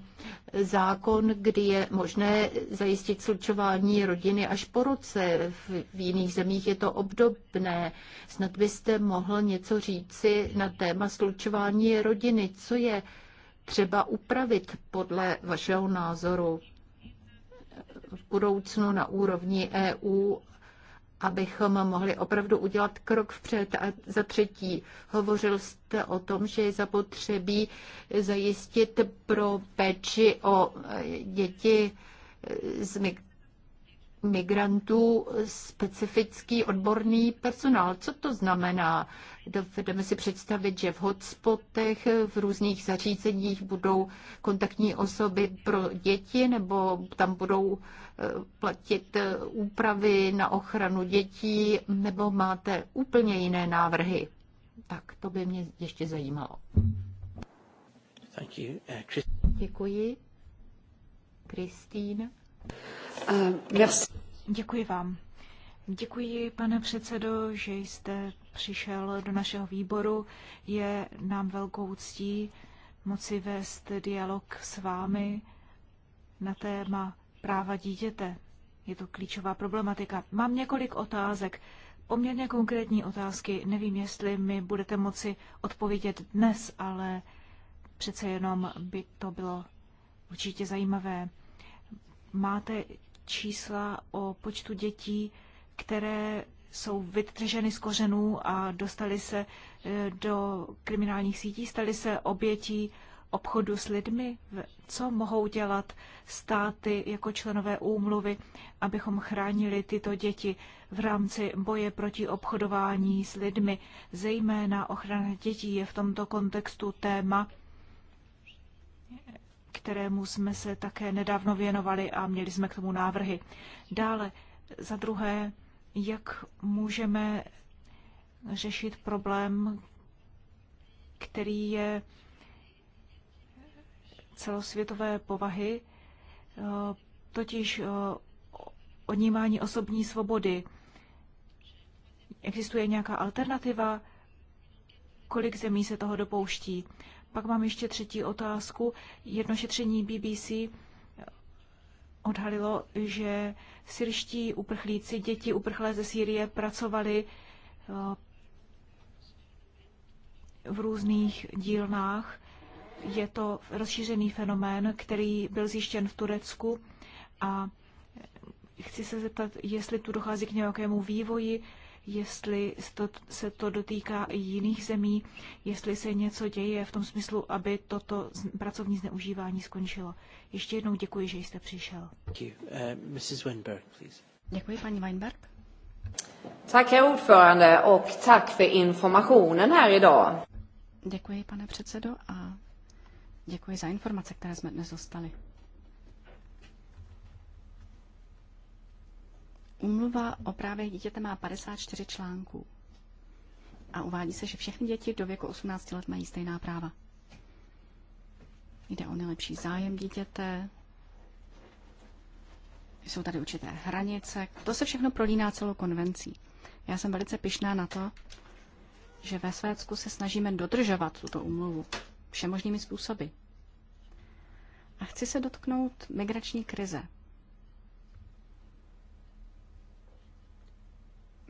zákon, kdy je možné zajistit slučování rodiny až po roce. V jiných zemích je to obdobné. Snad byste mohl něco říci na téma slučování rodiny. Co je třeba upravit podle vašeho názoru v budoucnu na úrovni EU abychom mohli opravdu udělat krok vpřed. A za třetí, hovořil jste o tom, že je zapotřebí zajistit pro péči o děti z migrantů specifický odborný personál. Co to znamená? Dovedeme si představit, že v hotspotech, v různých zařízeních budou kontaktní osoby pro děti, nebo tam budou eh, platit eh, úpravy na ochranu dětí, nebo máte úplně jiné návrhy? Tak to by mě ještě zajímalo. Eh, Děkuji. Kristýn. Eh, Děkuji vám. Děkuji, pane předsedo, že jste přišel do našeho výboru. Je nám velkou ctí moci vést dialog s vámi na téma práva dítěte. Je to klíčová problematika. Mám několik otázek, poměrně konkrétní otázky. Nevím, jestli mi budete moci odpovědět dnes, ale přece jenom by to bylo určitě zajímavé. Máte čísla o počtu dětí, které jsou vytrženy z kořenů a dostali se eh, do kriminálních sítí, stali se obětí obchodu s lidmi, co mohou dělat státy jako členové úmluvy, abychom chránili tyto děti v rámci boje proti obchodování s lidmi. Zejména ochrana dětí je v tomto kontextu téma, kterému jsme se také nedávno věnovali a měli jsme k tomu návrhy. Dále, za druhé, jak můžeme řešit problém, který je celosvětové povahy, eh, totiž eh, odnímání osobní svobody. Existuje nějaká alternativa? Kolik zemí se toho dopouští? Pak mám ještě třetí otázku. Jedno šetření BBC odhalilo, že syrští uprchlíci, děti uprchlé ze Sýrie pracovali eh, v různých dílnách. Je to rozšířený fenomén, který byl zjištěn v Turecku a chci se zeptat, jestli tu dochází k nějakému vývoji, jestli se to dotýká i jiných zemí, jestli se něco děje v tom smyslu, aby toto pracovní zneužívání skončilo. Ještě jednou děkuji, že jste přišel. Děkuji, uh, Mrs. Weinberg, please. děkuji paní Weinberg. Tak, herr och tack för informationen här idag. Děkuji, pane předsedo, a děkuji za informace, které jsme dnes dostali. Umluva o právech dítěte má 54 článků a uvádí se, že všechny děti do věku 18 let mají stejná práva. Jde o nejlepší zájem dítěte, jsou tady určité hranice. To se všechno prolíná celou konvencí. Já jsem velice pišná na to, že ve Svédsku se snažíme dodržovat tuto umluvu všemožnými způsoby. A chci se dotknout migrační krize.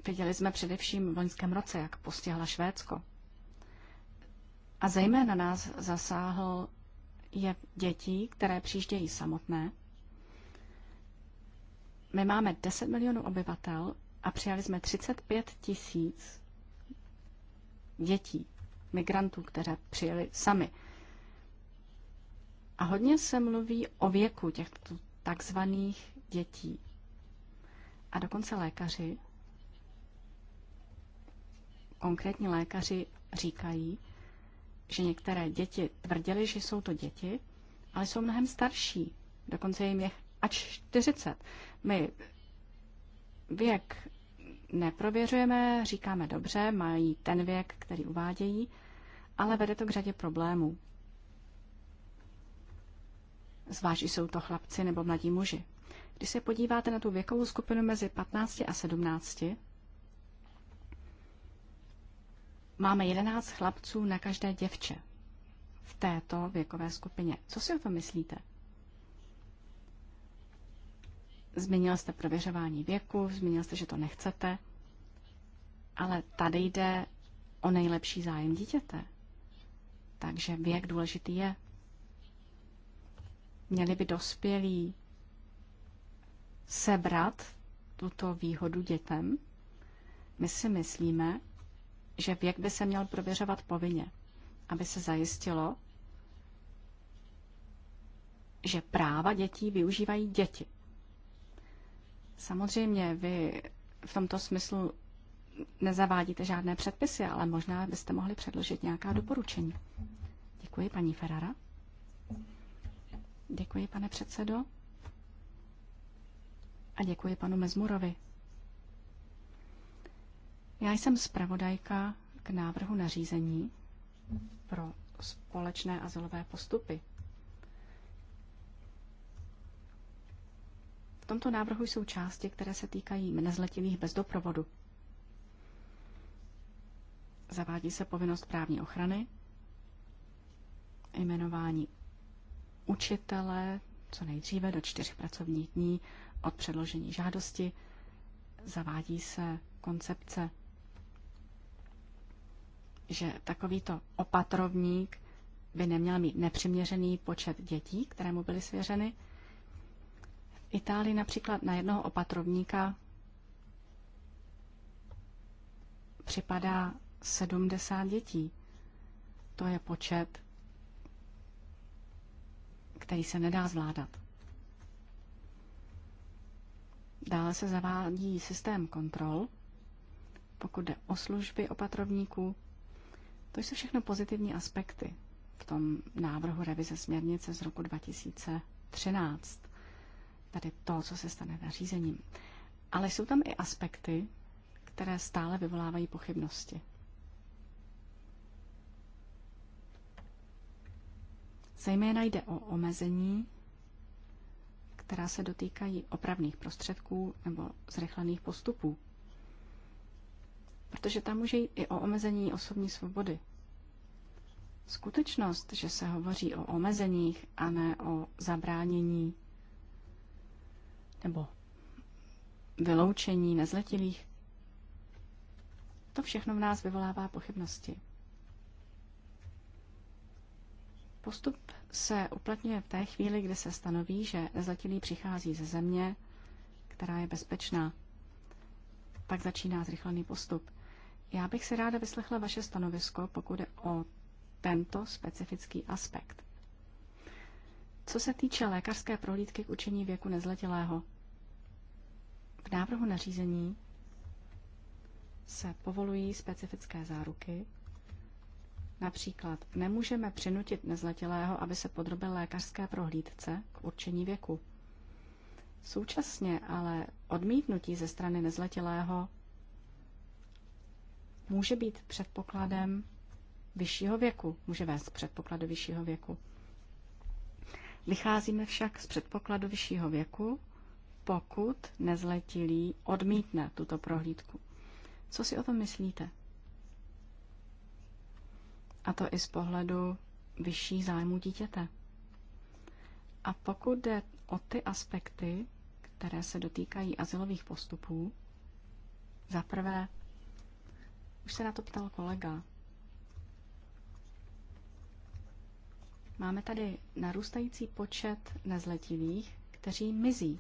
Viděli jsme především v loňském roce, jak postihla Švédsko. A zejména nás zasáhl je dětí, které přijíždějí samotné. My máme 10 milionů obyvatel a přijali jsme 35 tisíc dětí, migrantů, které přijeli sami. A hodně se mluví o věku těchto takzvaných dětí. A dokonce lékaři konkrétní lékaři říkají, že některé děti tvrdili, že jsou to děti, ale jsou mnohem starší. Dokonce jim je až 40. My věk neprověřujeme, říkáme dobře, mají ten věk, který uvádějí, ale vede to k řadě problémů. Zvlášť, jsou to chlapci nebo mladí muži. Když se podíváte na tu věkovou skupinu mezi 15 a 17, máme 11 chlapců na každé děvče v této věkové skupině. Co si o tom myslíte? Zmínil jste prověřování věku, zmínil jste, že to nechcete, ale tady jde o nejlepší zájem dítěte. Takže věk důležitý je. Měli by dospělí sebrat tuto výhodu dětem? My si myslíme, že věk by se měl prověřovat povinně, aby se zajistilo, že práva dětí využívají děti. Samozřejmě vy v tomto smyslu nezavádíte žádné předpisy, ale možná byste mohli předložit nějaká doporučení. Děkuji, paní Ferrara. Děkuji, pane předsedo. A děkuji panu Mezmurovi já jsem zpravodajka k návrhu nařízení pro společné azylové postupy. V tomto návrhu jsou části, které se týkají nezletilých bez doprovodu. Zavádí se povinnost právní ochrany, jmenování učitele co nejdříve do čtyř pracovních dní od předložení žádosti, zavádí se koncepce že takovýto opatrovník by neměl mít nepřiměřený počet dětí, které mu byly svěřeny. V Itálii například na jednoho opatrovníka připadá 70 dětí. To je počet, který se nedá zvládat. Dále se zavádí systém kontrol, pokud jde o služby opatrovníků, to jsou všechno pozitivní aspekty v tom návrhu revize směrnice z roku 2013, tady to, co se stane nařízením. Ale jsou tam i aspekty, které stále vyvolávají pochybnosti. Zejména jde o omezení, která se dotýkají opravných prostředků nebo zrychlených postupů protože tam může jít i o omezení osobní svobody. Skutečnost, že se hovoří o omezeních a ne o zabránění nebo vyloučení nezletilých, to všechno v nás vyvolává pochybnosti. Postup se uplatňuje v té chvíli, kdy se stanoví, že nezletilý přichází ze země, která je bezpečná. Pak začíná zrychlený postup. Já bych si ráda vyslechla vaše stanovisko, pokud je o tento specifický aspekt. Co se týče lékařské prohlídky k učení věku nezletilého, v návrhu nařízení se povolují specifické záruky. Například nemůžeme přinutit nezletilého, aby se podrobil lékařské prohlídce k určení věku. Současně ale odmítnutí ze strany nezletilého může být předpokladem vyššího věku, může vést předpokladu vyššího věku. Vycházíme však z předpokladu vyššího věku, pokud nezletilý odmítne tuto prohlídku. Co si o tom myslíte? A to i z pohledu vyšší zájmu dítěte. A pokud jde o ty aspekty, které se dotýkají asilových postupů, za prvé už se na to ptal kolega. Máme tady narůstající počet nezletilých, kteří mizí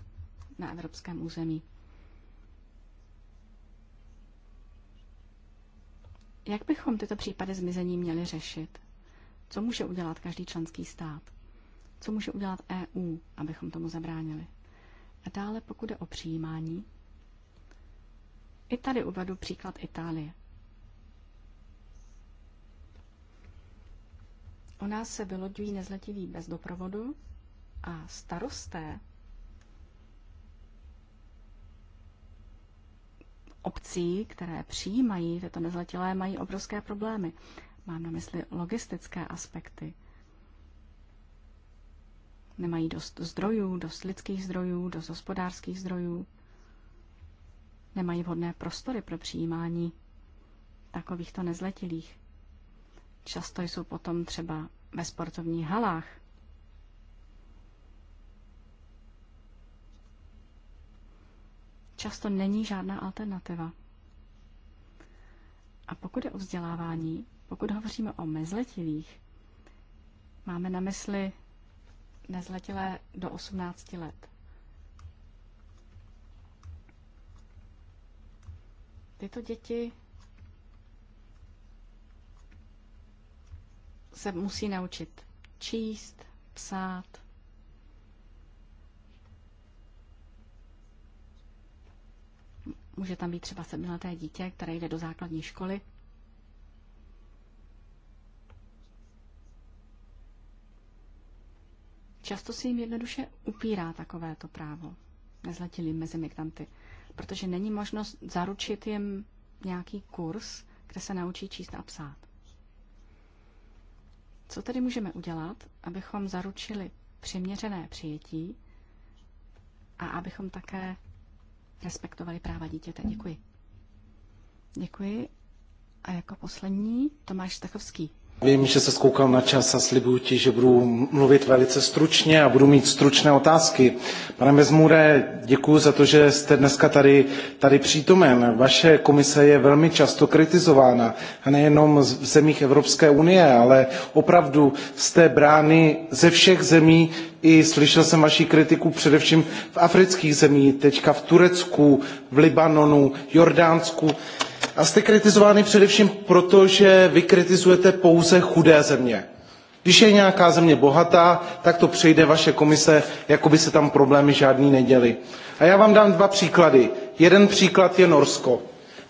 na evropském území. Jak bychom tyto případy zmizení měli řešit? Co může udělat každý členský stát? Co může udělat EU, abychom tomu zabránili? A dále, pokud je o přijímání, i tady uvedu příklad Itálie. U nás se vyloďují nezletiví bez doprovodu a starosté obcí, které přijímají tyto nezletilé, mají obrovské problémy. Mám na mysli logistické aspekty. Nemají dost zdrojů, dost lidských zdrojů, dost hospodářských zdrojů. Nemají vhodné prostory pro přijímání takovýchto nezletilých. Často jsou potom třeba ve sportovních halách. Často není žádná alternativa. A pokud je o vzdělávání, pokud hovoříme o mezletilých, máme na mysli nezletilé do 18 let. Tyto děti se musí naučit číst, psát. Může tam být třeba sedmileté dítě, které jde do základní školy. Často si jim jednoduše upírá takovéto právo nezletilým mezi migranty, protože není možnost zaručit jim nějaký kurz, kde se naučí číst a psát. Co tedy můžeme udělat, abychom zaručili přiměřené přijetí a abychom také respektovali práva dítěte? Děkuji. Děkuji. A jako poslední Tomáš Stachovský. Vím, že se skoukal na čas a slibuju ti, že budu mluvit velice stručně a budu mít stručné otázky. Pane Mezmure, děkuji za to, že jste dneska tady, tady přítomen. Vaše komise je velmi často kritizována, a nejenom v zemích Evropské unie, ale opravdu jste brány ze všech zemí, i slyšel jsem vaši kritiku především v afrických zemích, teďka v Turecku, v Libanonu, Jordánsku. A jste kritizovány především proto, že vy kritizujete pouze chudé země. Když je nějaká země bohatá, tak to přejde vaše komise, jako by se tam problémy žádný neděly. A já vám dám dva příklady. Jeden příklad je Norsko.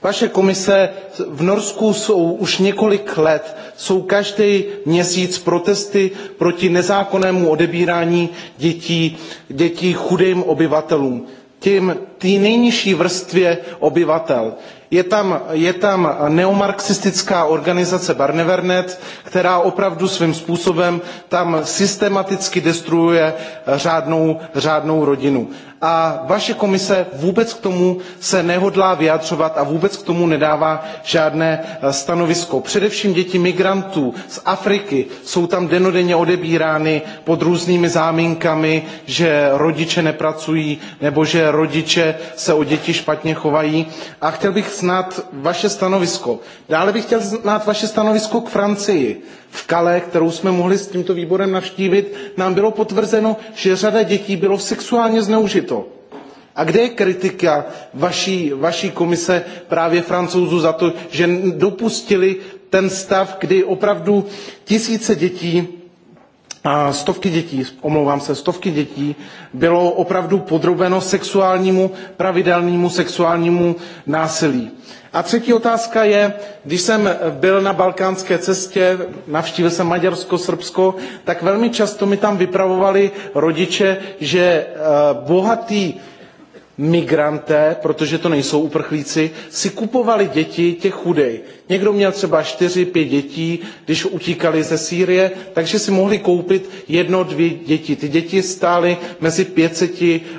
Vaše komise v Norsku jsou už několik let, jsou každý měsíc protesty proti nezákonnému odebírání dětí, dětí chudým obyvatelům, těm té nejnižší vrstvě obyvatel. Je tam, je tam neomarxistická organizace Barnevernet, která opravdu svým způsobem tam systematicky destruuje řádnou, řádnou rodinu. A vaše komise vůbec k tomu se nehodlá vyjadřovat a vůbec k tomu nedává žádné eh, stanovisko. Především děti migrantů z Afriky jsou tam denodenně odebírány pod různými záminkami, že rodiče nepracují nebo že rodiče se o děti špatně chovají. A chtěl bych znát vaše stanovisko. Dále bych chtěl znát vaše stanovisko k Francii. V Kale, kterou jsme mohli s tímto výborem navštívit, nám bylo potvrzeno, že řada dětí bylo sexuálně zneužito. A kde je kritika vaší, vaší komise právě francouzů za to, že dopustili ten stav, kdy opravdu tisíce dětí stovky dětí, omlouvám se, stovky dětí bylo opravdu podrobeno sexuálnímu, pravidelnému sexuálnímu násilí. A třetí otázka je, když jsem byl na balkánské cestě, navštívil jsem Maďarsko, Srbsko, tak velmi často mi tam vypravovali rodiče, že eh, bohatý migranté, protože to nejsou uprchlíci, si kupovali děti těch chudej. Někdo měl třeba čtyři, pět dětí, když utíkali ze Sýrie, takže si mohli koupit jedno, dvě děti. Ty děti stály mezi 500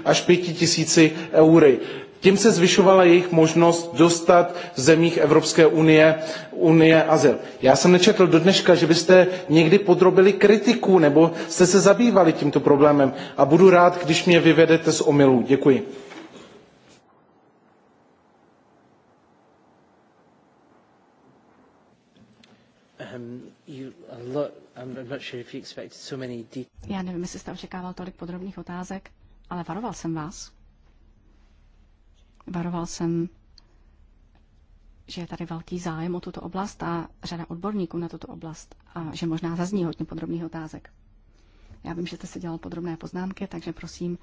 až 5000 eury. Tím se zvyšovala jejich možnost dostat v zemích Evropské unie, unie azyl. Já jsem nečetl do dneška, že byste někdy podrobili kritiku nebo jste se zabývali tímto problémem a budu rád, když mě vyvedete z omylu. Děkuji. Já nevím, jestli jste očekával tolik podrobných otázek, ale varoval jsem vás. Varoval jsem, že je tady velký zájem o tuto oblast a řada odborníků na tuto oblast a že možná zazní hodně podrobných otázek. Já vím, že jste si dělal podrobné poznámky, takže prosím,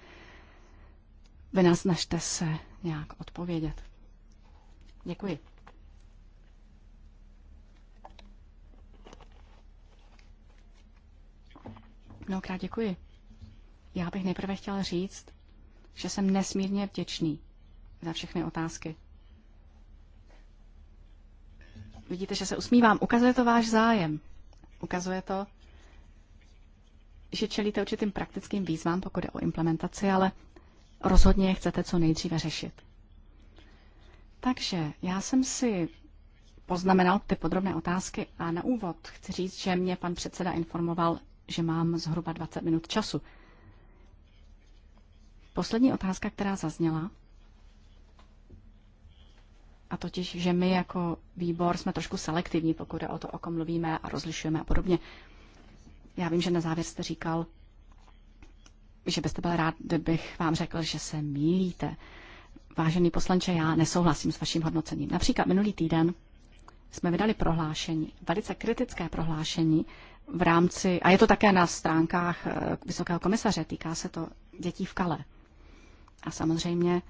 vy nás snažte se nějak odpovědět. Děkuji. Mnohokrát děkuji. Já bych nejprve chtěl říct, že jsem nesmírně vděčný za všechny otázky. Vidíte, že se usmívám. Ukazuje to váš zájem. Ukazuje to, že čelíte určitým praktickým výzvám, pokud je o implementaci, ale rozhodně je chcete co nejdříve řešit. Takže já jsem si poznamenal ty podrobné otázky a na úvod chci říct, že mě pan předseda informoval, že mám zhruba 20 minut času. Poslední otázka, která zazněla, a totiž, že my jako výbor jsme trošku selektivní, pokud je o to, o kom mluvíme a rozlišujeme a podobně. Já vím, že na závěr jste říkal, že byste byl rád, kdybych vám řekl, že se mílíte. Vážený poslanče, já nesouhlasím s vaším hodnocením. Například minulý týden jsme vydali prohlášení, velice kritické prohlášení, v rámci, a je to také na stránkách eh, Vysokého komisaře, týká se to dětí v Kale. A samozřejmě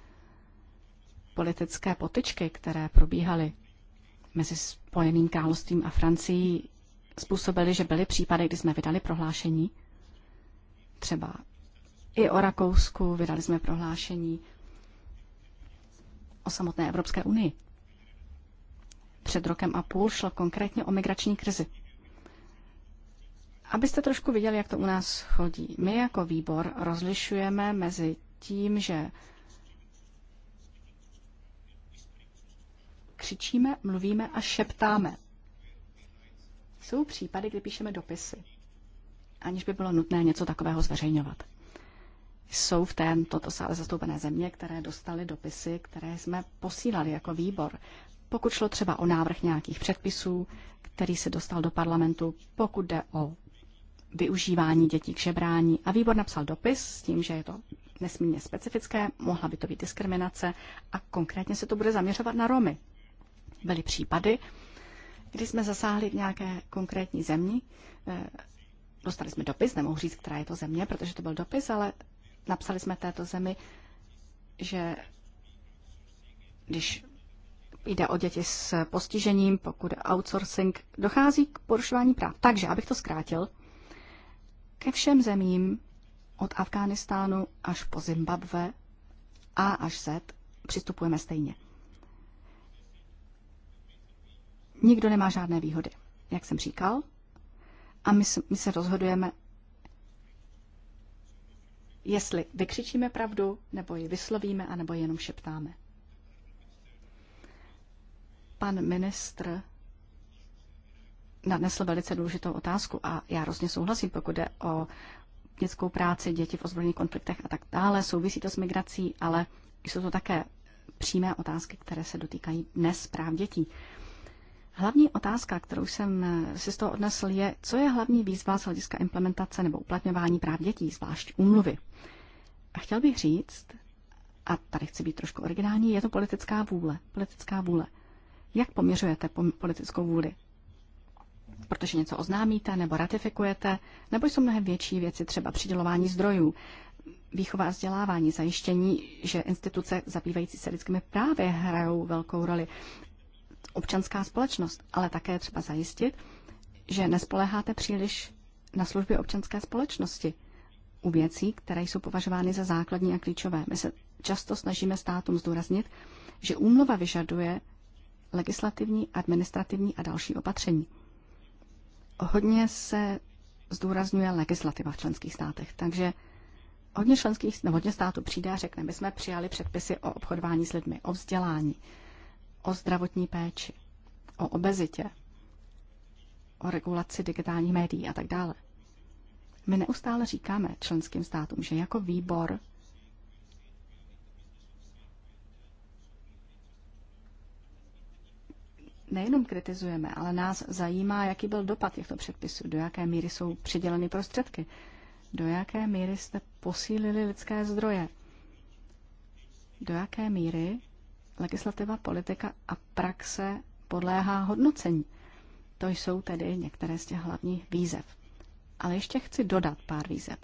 politické potyčky, které probíhaly mezi Spojeným královstvím a Francií, způsobily, že byly případy, kdy jsme vydali prohlášení, třeba i o Rakousku, vydali jsme prohlášení o samotné Evropské unii. Před rokem a půl šlo konkrétně o migrační krizi. Abyste trošku viděli, jak to u nás chodí. My jako výbor rozlišujeme mezi tím, že křičíme, mluvíme a šeptáme. Jsou případy, kdy píšeme dopisy, aniž by bylo nutné něco takového zveřejňovat. Jsou v této sále zastoupené země, které dostaly dopisy, které jsme posílali jako výbor. Pokud šlo třeba o návrh nějakých předpisů, který se dostal do parlamentu, pokud jde o využívání dětí k žebrání. A výbor napsal dopis s tím, že je to nesmírně specifické, mohla by to být diskriminace a konkrétně se to bude zaměřovat na Romy. Byly případy, kdy jsme zasáhli v nějaké konkrétní zemi, eh, dostali jsme dopis, nemohu říct, která je to země, protože to byl dopis, ale napsali jsme této zemi, že když jde o děti s postižením, pokud outsourcing, dochází k porušování práv. Takže, abych to zkrátil, ke všem zemím od Afghánistánu až po Zimbabve A až Z přistupujeme stejně. Nikdo nemá žádné výhody, jak jsem říkal, a my, my se rozhodujeme, jestli vykřičíme pravdu, nebo ji vyslovíme, anebo ji jenom šeptáme. Pan ministr nadnesl velice důležitou otázku a já rozně souhlasím, pokud jde o dětskou práci, děti v ozbrojených konfliktech a tak dále. Souvisí to s migrací, ale jsou to také přímé otázky, které se dotýkají dnes práv dětí. Hlavní otázka, kterou jsem si z toho odnesl, je, co je hlavní výzva z hlediska implementace nebo uplatňování práv dětí, zvlášť úmluvy. A chtěl bych říct, a tady chci být trošku originální, je to politická vůle. Politická vůle. Jak poměřujete politickou vůli? protože něco oznámíte nebo ratifikujete, nebo jsou mnohem větší věci, třeba přidělování zdrojů, výchova a vzdělávání, zajištění, že instituce zabývající se lidskými právy hrajou velkou roli, občanská společnost, ale také třeba zajistit, že nespoleháte příliš na služby občanské společnosti u věcí, které jsou považovány za základní a klíčové. My se často snažíme státům zdůraznit, že úmluva vyžaduje legislativní, administrativní a další opatření hodně se zdůrazňuje legislativa v členských státech, takže hodně členských, no, hodně států přijde a řekne, my jsme přijali předpisy o obchodování s lidmi, o vzdělání, o zdravotní péči, o obezitě, o regulaci digitálních médií a tak dále. My neustále říkáme členským státům, že jako výbor nejenom kritizujeme, ale nás zajímá, jaký byl dopad těchto předpisů, do jaké míry jsou přiděleny prostředky, do jaké míry jste posílili lidské zdroje, do jaké míry legislativa, politika a praxe podléhá hodnocení. To jsou tedy některé z těch hlavních výzev. Ale ještě chci dodat pár výzev.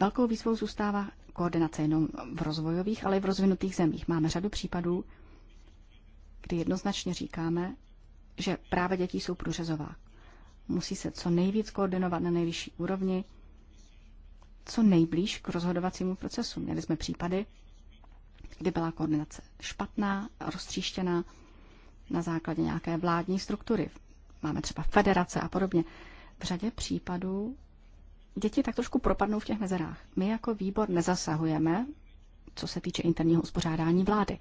Velkou výzvou zůstává koordinace jenom v rozvojových, ale i v rozvinutých zemích. Máme řadu případů, kdy jednoznačně říkáme, že práva dětí jsou průřezová. Musí se co nejvíc koordinovat na nejvyšší úrovni, co nejblíž k rozhodovacímu procesu. Měli jsme případy, kdy byla koordinace špatná, roztříštěná na základě nějaké vládní struktury. Máme třeba federace a podobně. V řadě případů děti tak trošku propadnou v těch mezerách. My jako výbor nezasahujeme, co se týče interního uspořádání vlády.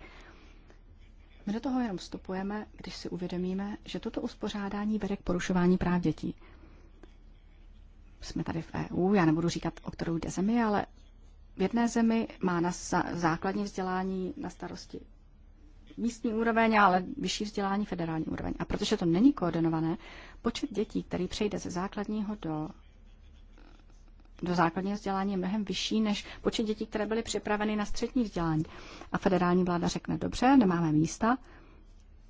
My do toho jenom vstupujeme, když si uvědomíme, že toto uspořádání vede k porušování práv dětí. Jsme tady v EU, já nebudu říkat, o kterou jde zemi, ale v jedné zemi má na základní vzdělání na starosti místní úroveň, ale vyšší vzdělání federální úroveň. A protože to není koordinované, počet dětí, který přejde ze základního do do základního vzdělání je mnohem vyšší než počet dětí, které byly připraveny na střední vzdělání. A federální vláda řekne, dobře, nemáme místa,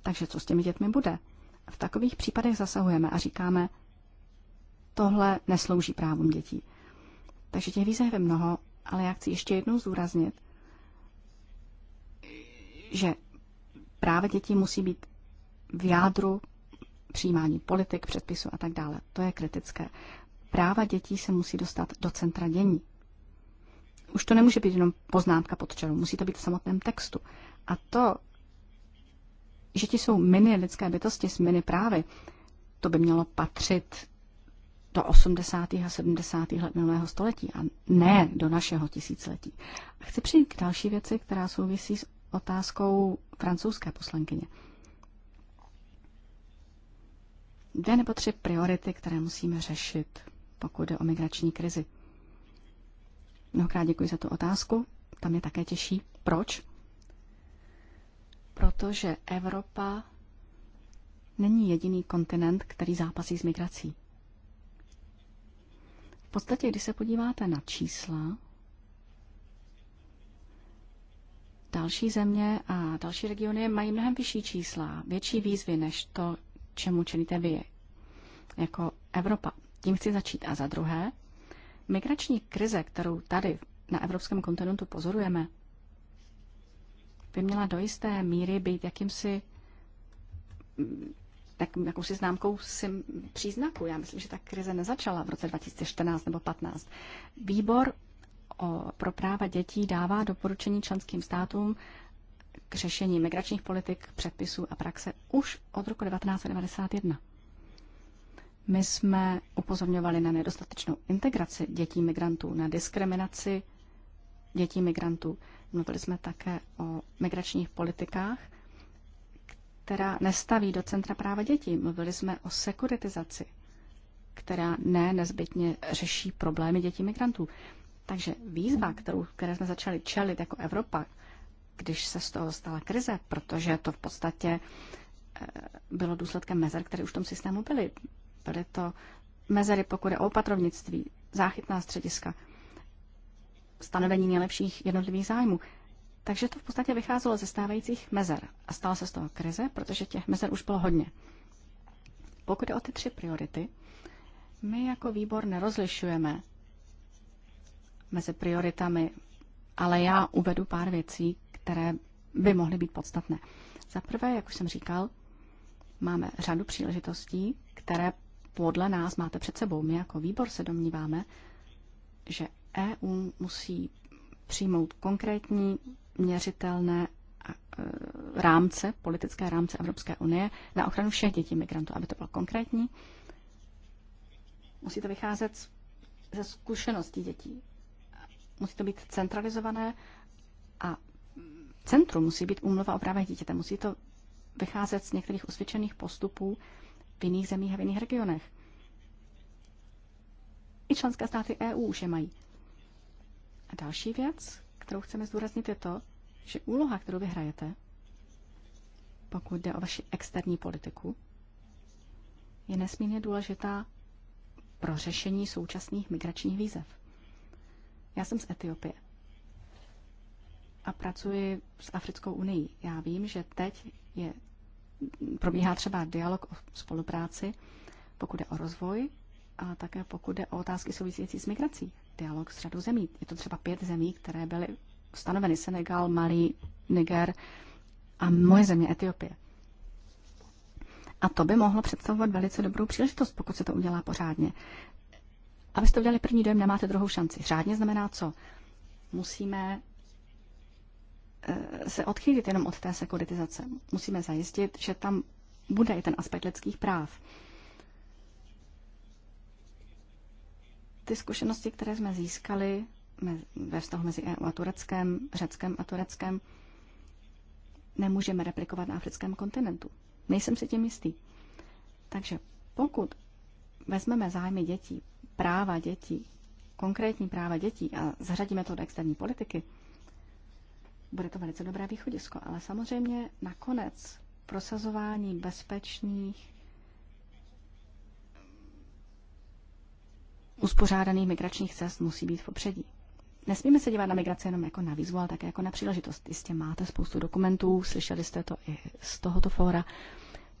takže co s těmi dětmi bude? V takových případech zasahujeme a říkáme, tohle neslouží právům dětí. Takže těch výzev je mnoho, ale já chci ještě jednou zúraznit, že právě děti musí být v jádru přijímání politik, předpisů a tak dále. To je kritické práva dětí se musí dostat do centra dění. Už to nemůže být jenom poznámka pod čelou, musí to být v samotném textu. A to, že ti jsou mini lidské bytosti s mini právy, to by mělo patřit do 80. a 70. let minulého století a ne do našeho tisíciletí. A chci přijít k další věci, která souvisí s otázkou francouzské poslankyně. Dvě nebo tři priority, které musíme řešit pokud jde o migrační krizi. Mnohokrát děkuji za tu otázku. Tam je také těžší. Proč? Protože Evropa není jediný kontinent, který zápasí s migrací. V podstatě, když se podíváte na čísla, další země a další regiony mají mnohem vyšší čísla, větší výzvy než to, čemu čelíte vy jako Evropa. Tím chci začít. A za druhé, migrační krize, kterou tady na evropském kontinentu pozorujeme, by měla do jisté míry být jakýmsi mm, tak, jakousi známkou sim, příznaku. Já myslím, že ta krize nezačala v roce 2014 nebo 15. Výbor o, pro práva dětí dává doporučení členským státům k řešení migračních politik, předpisů a praxe už od roku 1991. My jsme upozorňovali na nedostatečnou integraci dětí migrantů, na diskriminaci dětí migrantů. Mluvili jsme také o migračních politikách, která nestaví do centra práva dětí. Mluvili jsme o sekuritizaci, která ne nezbytně řeší problémy dětí migrantů. Takže výzva, kterou, které jsme začali čelit jako Evropa, když se z toho stala krize, protože to v podstatě eh, bylo důsledkem mezer, které už v tom systému byly. Byly to mezery, pokud je o opatrovnictví, záchytná střediska, stanovení nejlepších jednotlivých zájmů. Takže to v podstatě vycházelo ze stávajících mezer a stala se z toho krize, protože těch mezer už bylo hodně. Pokud je o ty tři priority, my jako výbor nerozlišujeme mezi prioritami, ale já uvedu pár věcí, které by mohly být podstatné. Za prvé, jak už jsem říkal, máme řadu příležitostí, které podle nás máte před sebou. My jako výbor se domníváme, že EU musí přijmout konkrétní měřitelné eh, rámce, politické rámce Evropské unie na ochranu všech dětí migrantů, aby to bylo konkrétní. Musí to vycházet ze zkušeností dětí. Musí to být centralizované a centrum musí být úmluva o právech dítěte. Musí to vycházet z některých usvědčených postupů v jiných zemích a v jiných regionech. I členské státy EU už je mají. A další věc, kterou chceme zdůraznit, je to, že úloha, kterou vyhrajete, pokud jde o vaši externí politiku, je nesmírně důležitá pro řešení současných migračních výzev. Já jsem z Etiopie a pracuji s Africkou unii. Já vím, že teď je probíhá třeba dialog o spolupráci, pokud je o rozvoj a také pokud je o otázky související s migrací. Dialog s řadou zemí. Je to třeba pět zemí, které byly stanoveny. Senegal, Mali, Niger a moje země Etiopie. A to by mohlo představovat velice dobrou příležitost, pokud se to udělá pořádně. Abyste udělali první dojem, nemáte druhou šanci. Řádně znamená co? Musíme se odchýlit jenom od té sekuritizace. Musíme zajistit, že tam bude i ten aspekt lidských práv. Ty zkušenosti, které jsme získali ve vztahu mezi EU a Tureckem, Řeckem a Tureckem, nemůžeme replikovat na africkém kontinentu. Nejsem si tím jistý. Takže pokud vezmeme zájmy dětí, práva dětí, konkrétní práva dětí a zařadíme to do externí politiky, bude to velice dobré východisko. Ale samozřejmě nakonec prosazování bezpečných uspořádaných migračních cest musí být v popředí. Nesmíme se dívat na migraci jenom jako na výzvu, ale také jako na příležitost. Jistě máte spoustu dokumentů, slyšeli jste to i z tohoto fóra.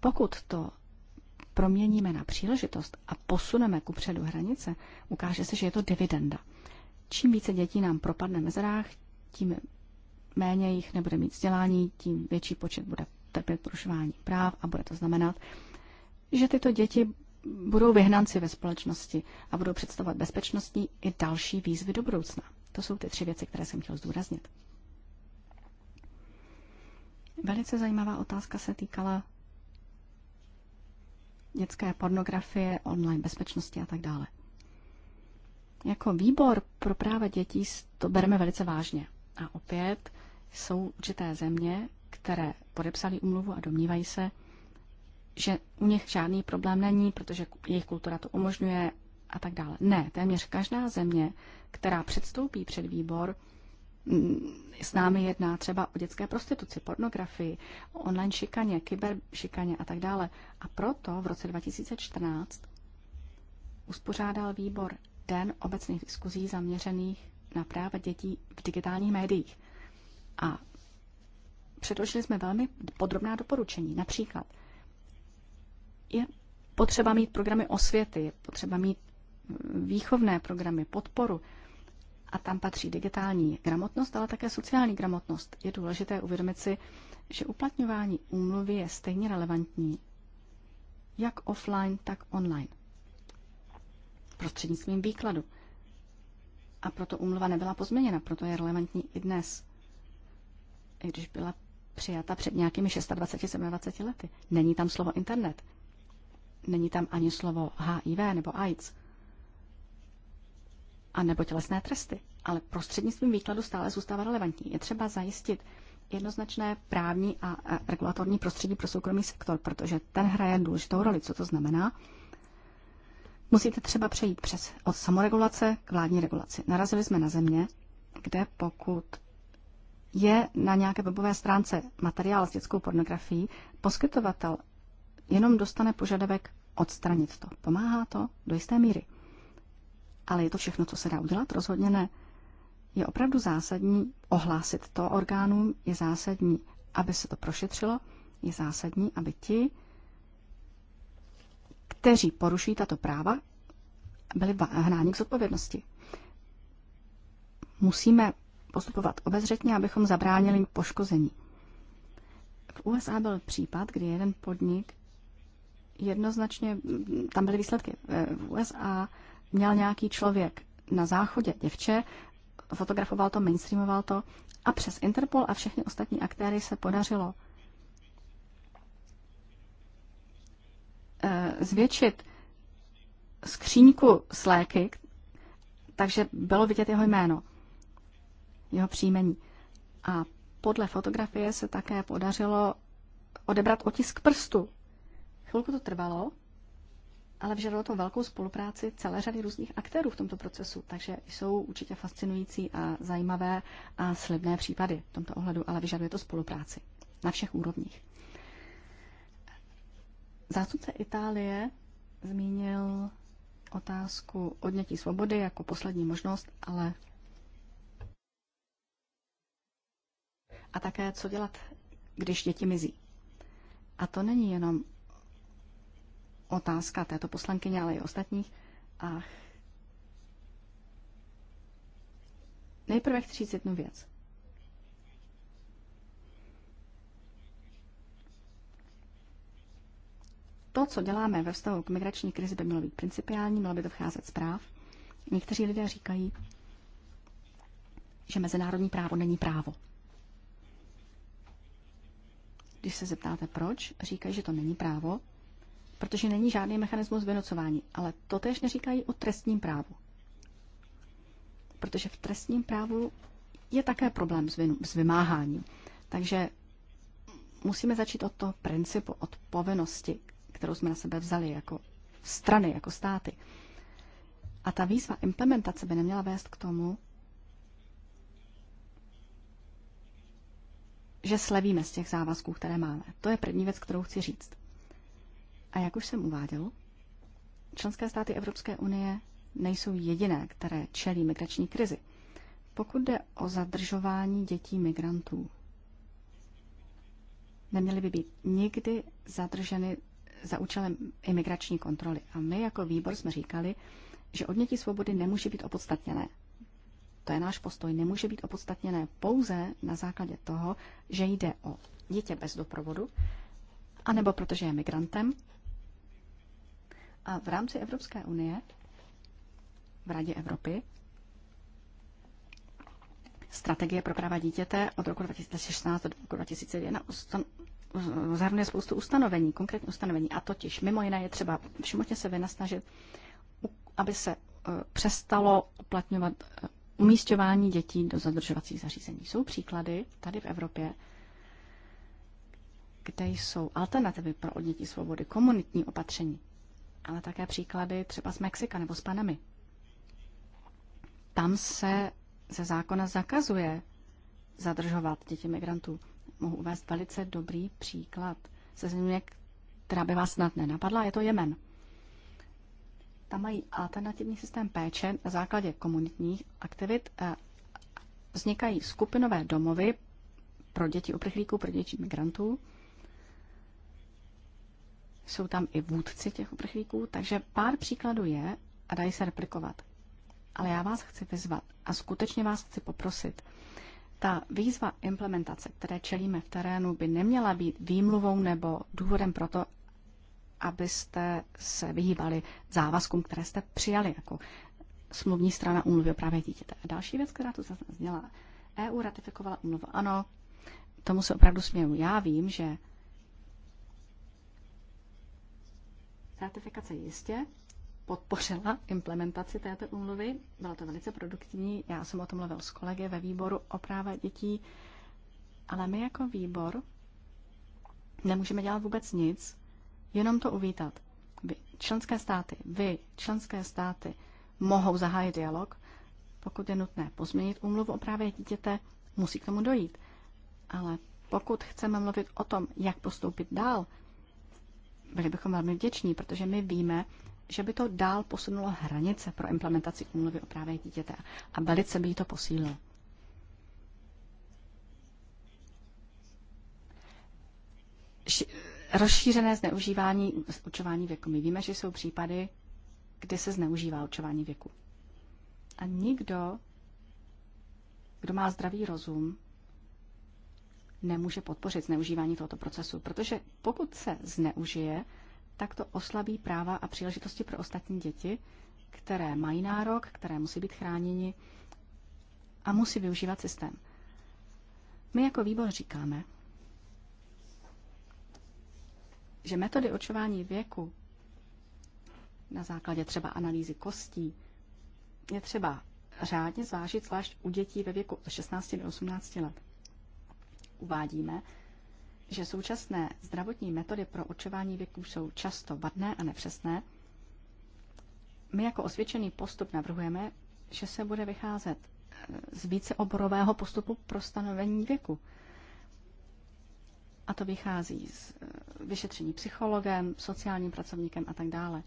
Pokud to proměníme na příležitost a posuneme ku předu hranice, ukáže se, že je to dividenda. Čím více dětí nám propadne mezerách, tím méně jich nebude mít vzdělání, tím větší počet bude trpět porušování práv a bude to znamenat, že tyto děti budou vyhnanci ve společnosti a budou představovat bezpečnostní i další výzvy do budoucna. To jsou ty tři věci, které jsem chtěl zdůraznit. Velice zajímavá otázka se týkala dětské pornografie, online bezpečnosti a tak dále. Jako výbor pro práva dětí to bereme velice vážně. A opět jsou určité země, které podepsali umluvu a domnívají se, že u nich žádný problém není, protože jejich kultura to umožňuje a tak dále. Ne, téměř každá země, která předstoupí před výbor, mm, s námi jedná třeba o dětské prostituci, pornografii, online šikaně, šikaně a tak dále. A proto v roce 2014 uspořádal výbor Den obecných diskuzí zaměřených na práva dětí v digitálních médiích. A předložili jsme velmi podrobná doporučení. Například je potřeba mít programy osvěty, je potřeba mít mm, výchovné programy, podporu. A tam patří digitální gramotnost, ale také sociální gramotnost. Je důležité uvědomit si, že uplatňování úmluvy je stejně relevantní jak offline, tak online. Prostřednictvím výkladu. A proto úmluva nebyla pozměněna, proto je relevantní i dnes i když byla přijata před nějakými 26-27 lety. Není tam slovo internet. Není tam ani slovo HIV nebo AIDS. A nebo tělesné tresty. Ale prostřednictvím výkladu stále zůstává relevantní. Je třeba zajistit jednoznačné právní a regulatorní prostředí pro soukromý sektor, protože ten hraje důležitou roli. Co to znamená? Musíte třeba přejít přes od samoregulace k vládní regulaci. Narazili jsme na země, kde pokud je na nějaké webové stránce materiál s dětskou pornografií, poskytovatel jenom dostane požadavek odstranit to. Pomáhá to do jisté míry. Ale je to všechno, co se dá udělat? Rozhodně ne. Je opravdu zásadní ohlásit to orgánům, je zásadní, aby se to prošetřilo, je zásadní, aby ti, kteří porušují tato práva, byli hnáni k zodpovědnosti. Musíme postupovat obezřetně, abychom zabránili poškození. V USA byl případ, kdy jeden podnik jednoznačně, tam byly výsledky, eh, v USA měl nějaký člověk na záchodě děvče, fotografoval to, mainstreamoval to a přes Interpol a všechny ostatní aktéry se podařilo eh, zvětšit skříňku s léky, takže bylo vidět jeho jméno jeho příjmení. A podle fotografie se také podařilo odebrat otisk prstu. Chvilku to trvalo, ale vyžadalo to velkou spolupráci celé řady různých aktérů v tomto procesu, takže jsou určitě fascinující a zajímavé a slibné případy v tomto ohledu, ale vyžaduje to spolupráci na všech úrovních. Zástupce Itálie zmínil otázku odnětí svobody jako poslední možnost, ale a také co dělat, když děti mizí. A to není jenom otázka této poslankyně, ale i ostatních. Ach. nejprve chci říct jednu věc. To, co děláme ve vztahu k migrační krizi, by mělo být principiální, mělo by to vcházet zpráv. Někteří lidé říkají, že mezinárodní právo není právo. Když se zeptáte proč, říkají, že to není právo, protože není žádný mechanismus vynocování. Ale to tež neříkají o trestním právu. Protože v trestním právu je také problém s, s vymáháním. Takže musíme začít od toho principu, od povinnosti, kterou jsme na sebe vzali jako strany, jako státy. A ta výzva implementace by neměla vést k tomu, že slevíme z těch závazků, které máme. To je první věc, kterou chci říct. A jak už jsem uváděl, členské státy Evropské unie nejsou jediné, které čelí migrační krizi. Pokud jde o zadržování dětí migrantů, neměly by být nikdy zadrženy za účelem imigrační kontroly. A my jako výbor jsme říkali, že odnětí svobody nemůže být opodstatněné to je náš postoj, nemůže být opodstatněné pouze na základě toho, že jde o dítě bez doprovodu, anebo protože je migrantem. A v rámci Evropské unie, v Radě Evropy, strategie pro práva dítěte od roku 2016 do roku 2001 zahrnuje spoustu ustanovení, konkrétní ustanovení, a totiž mimo jiné je třeba všimotně se vynasnažit, aby se eh, přestalo uplatňovat eh, Umístěvání dětí do zadržovacích zařízení. Jsou příklady tady v Evropě, kde jsou alternativy pro odnětí svobody, komunitní opatření, ale také příklady třeba z Mexika nebo z Panamy. Tam se ze zákona zakazuje zadržovat děti migrantů. Mohu uvést velice dobrý příklad ze země, která by vás snad nenapadla, je to Jemen. Tam mají alternativní systém péče na základě komunitních aktivit. E, vznikají skupinové domovy pro děti uprchlíků, pro děti migrantů. Jsou tam i vůdci těch uprchlíků, takže pár příkladů je a dají se replikovat. Ale já vás chci vyzvat a skutečně vás chci poprosit. Ta výzva implementace, které čelíme v terénu, by neměla být výmluvou nebo důvodem pro to, abyste se vyhýbali závazkům, které jste přijali jako smluvní strana úmluvy o právě dítěte. A další věc, která tu zazněla, EU ratifikovala úmluvu. Ano, tomu se opravdu směju. Já vím, že ratifikace jistě podpořila implementaci této úmluvy. Bylo to velice produktivní. Já jsem o tom mluvil s kolegy ve výboru o práva dětí, ale my jako výbor nemůžeme dělat vůbec nic, jenom to uvítat. Vy, členské státy, vy, členské státy mohou zahájit dialog, pokud je nutné pozměnit umluvu o právě dítěte, musí k tomu dojít. Ale pokud chceme mluvit o tom, jak postoupit dál, byli bychom velmi vděční, protože my víme, že by to dál posunulo hranice pro implementaci úmluvy o právě dítěte a velice by jí to posílilo rozšířené zneužívání určování věku. My víme, že jsou případy, kdy se zneužívá určování věku. A nikdo, kdo má zdravý rozum, nemůže podpořit zneužívání tohoto procesu, protože pokud se zneužije, tak to oslabí práva a příležitosti pro ostatní děti, které mají nárok, které musí být chráněni a musí využívat systém. My jako výbor říkáme, že metody určování věku na základě třeba analýzy kostí je třeba řádně zvážit zvlášť u dětí ve věku od 16 do 18 let. Uvádíme, že současné zdravotní metody pro určování věku jsou často vadné a nepřesné. My jako osvědčený postup navrhujeme, že se bude vycházet eh, z oborového postupu pro stanovení věku – a to vychází z eh, vyšetření psychologem, sociálním pracovníkem a tak dále.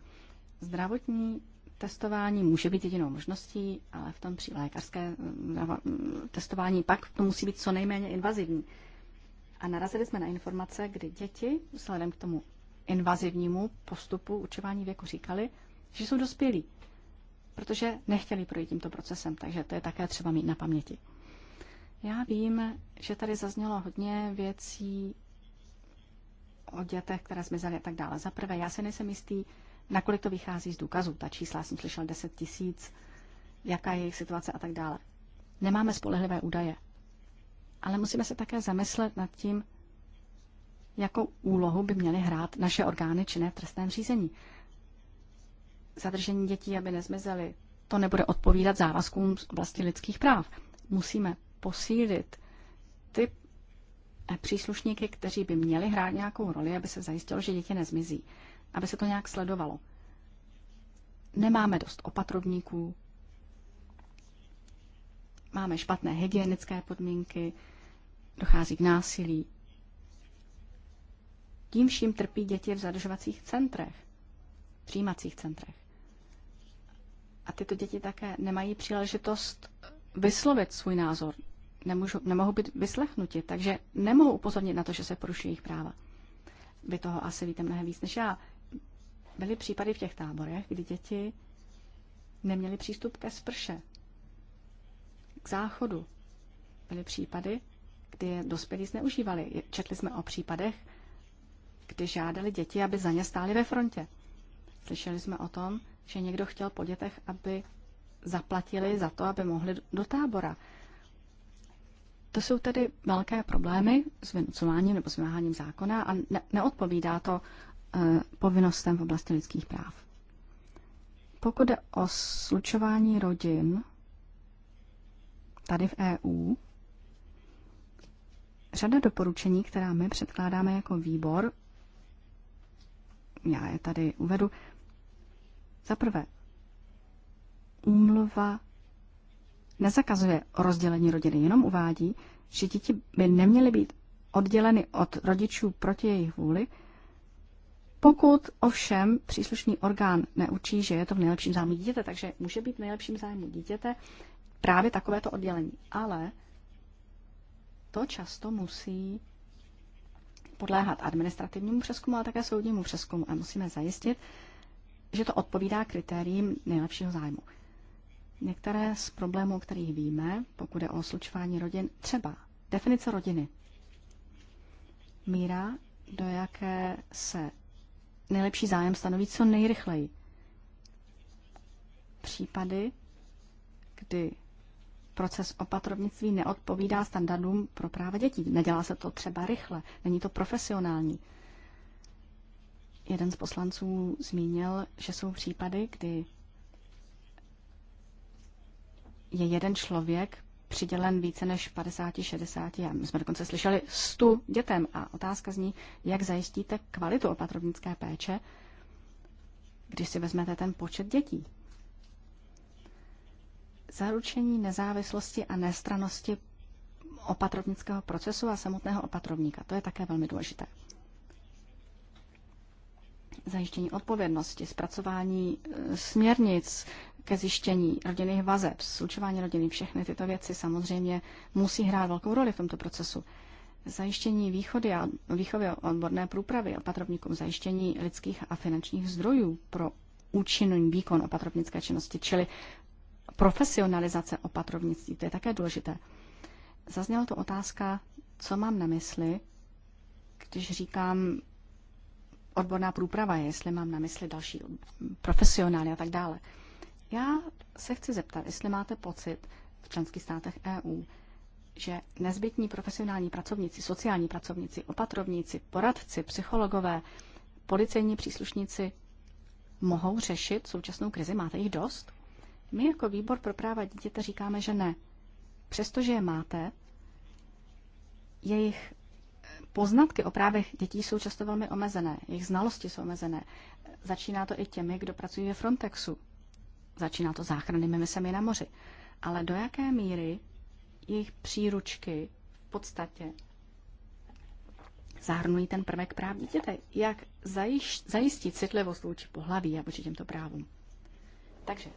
Zdravotní testování může být jedinou možností, ale v tom při lékařské hm, hm, testování pak to musí být co nejméně invazivní. A narazili jsme na informace, kdy děti, vzhledem k tomu invazivnímu postupu učování věku, říkali, že jsou dospělí, protože nechtěli projít tímto procesem, takže to je také třeba mít na paměti. Já vím, že tady zaznělo hodně věcí o dětech, které zmizely a tak dále. Za prvé, já se nejsem jistý, nakolik to vychází z důkazů. Ta čísla jsem slyšel 10 tisíc, jaká je jejich situace a tak dále. Nemáme spolehlivé údaje. Ale musíme se také zamyslet nad tím, jakou úlohu by měly hrát naše orgány činné v trestném řízení. Zadržení dětí, aby nezmizely, to nebude odpovídat závazkům z oblasti lidských práv. Musíme posílit ty příslušníky, kteří by měli hrát nějakou roli, aby se zajistilo, že děti nezmizí, aby se to nějak sledovalo. Nemáme dost opatrovníků, máme špatné hygienické podmínky, dochází k násilí. Tím vším trpí děti v zadržovacích centrech, v přijímacích centrech. A tyto děti také nemají příležitost vyslovit svůj názor nemůžu, nemohou být vyslechnuti, takže nemohou upozornit na to, že se porušují jejich práva. Vy toho asi víte mnohem víc než já. Byly případy v těch táborech, kdy děti neměly přístup ke sprše, k záchodu. Byly případy, kdy je dospělí zneužívali. Četli jsme o případech, kdy žádali děti, aby za ně stály ve frontě. Slyšeli jsme o tom, že někdo chtěl po dětech, aby zaplatili za to, aby mohli do tábora. To jsou tedy velké problémy s vynucováním nebo s vymáháním zákona a ne- neodpovídá to e, povinnostem v oblasti lidských práv. Pokud jde o slučování rodin tady v EU, řada doporučení, která my předkládáme jako výbor, já je tady uvedu. Za prvé, úmluva nezakazuje rozdělení rodiny, jenom uvádí, že děti by neměly být odděleny od rodičů proti jejich vůli, pokud ovšem příslušný orgán neučí, že je to v nejlepším zájmu dítěte, takže může být v nejlepším zájmu dítěte právě takovéto oddělení. Ale to často musí podléhat administrativnímu přeskumu, ale také soudnímu přeskumu a musíme zajistit, že to odpovídá kritériím nejlepšího zájmu. Některé z problémů, o kterých víme, pokud je o slučování rodin, třeba definice rodiny, míra, do jaké se nejlepší zájem stanoví co nejrychleji. Případy, kdy proces opatrovnictví neodpovídá standardům pro práva dětí. Nedělá se to třeba rychle, není to profesionální. Jeden z poslanců zmínil, že jsou případy, kdy je jeden člověk přidělen více než 50, 60, a my jsme dokonce slyšeli 100 dětem. A otázka zní, jak zajistíte kvalitu opatrovnické péče, když si vezmete ten počet dětí. Zaručení nezávislosti a nestranosti opatrovnického procesu a samotného opatrovníka. To je také velmi důležité. Zajištění odpovědnosti, zpracování e, směrnic, ke zjištění rodinných vazeb, slučování rodiny, všechny tyto věci samozřejmě musí hrát velkou roli v tomto procesu. Zajištění východy a výchovy odborné průpravy opatrovníkům, zajištění lidských a finančních zdrojů pro účinný výkon opatrovnické činnosti, čili profesionalizace opatrovnictví, to je také důležité. Zazněla to otázka, co mám na mysli, když říkám odborná průprava, jestli mám na mysli další profesionály a tak dále. Já se chci zeptat, jestli máte pocit v členských státech EU, že nezbytní profesionální pracovníci, sociální pracovníci, opatrovníci, poradci, psychologové, policejní příslušníci mohou řešit současnou krizi? Máte jich dost? My jako výbor pro práva dítěte říkáme, že ne. Přestože je máte, jejich poznatky o právech dětí jsou často velmi omezené, jejich znalosti jsou omezené. Začíná to i těmi, kdo pracují ve Frontexu. Začíná to záchrannými misemi na moři. Ale do jaké míry jejich příručky v podstatě zahrnují ten prvek práv dítěte? Jak zajiš, zajistit citlivost vůči pohlaví a vůči těmto právům? Takže,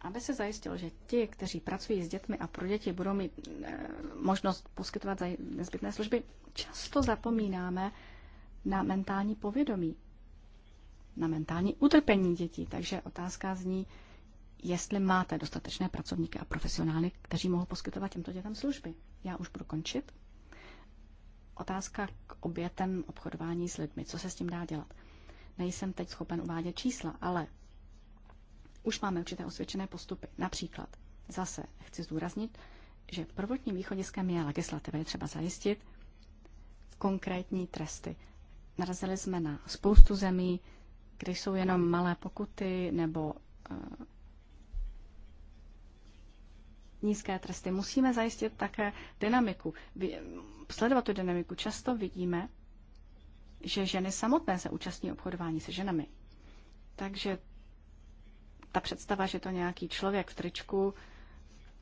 aby se zajistilo, že ti, kteří pracují s dětmi a pro děti, budou mít e, možnost poskytovat nezbytné služby, často zapomínáme na mentální povědomí na mentální utrpení dětí. Takže otázka zní, jestli máte dostatečné pracovníky a profesionály, kteří mohou poskytovat těmto dětem služby. Já už budu končit. Otázka k obětem obchodování s lidmi. Co se s tím dá dělat? Nejsem teď schopen uvádět čísla, ale už máme určité osvědčené postupy. Například, zase chci zdůraznit, že prvotním východiskem je legislativa. Je třeba zajistit konkrétní tresty. Narazili jsme na spoustu zemí, když jsou jenom malé pokuty nebo eh, nízké tresty. Musíme zajistit také dynamiku. Sledovat tu dynamiku. Často vidíme, že ženy samotné se účastní obchodování se ženami. Takže ta představa, že to nějaký člověk v tričku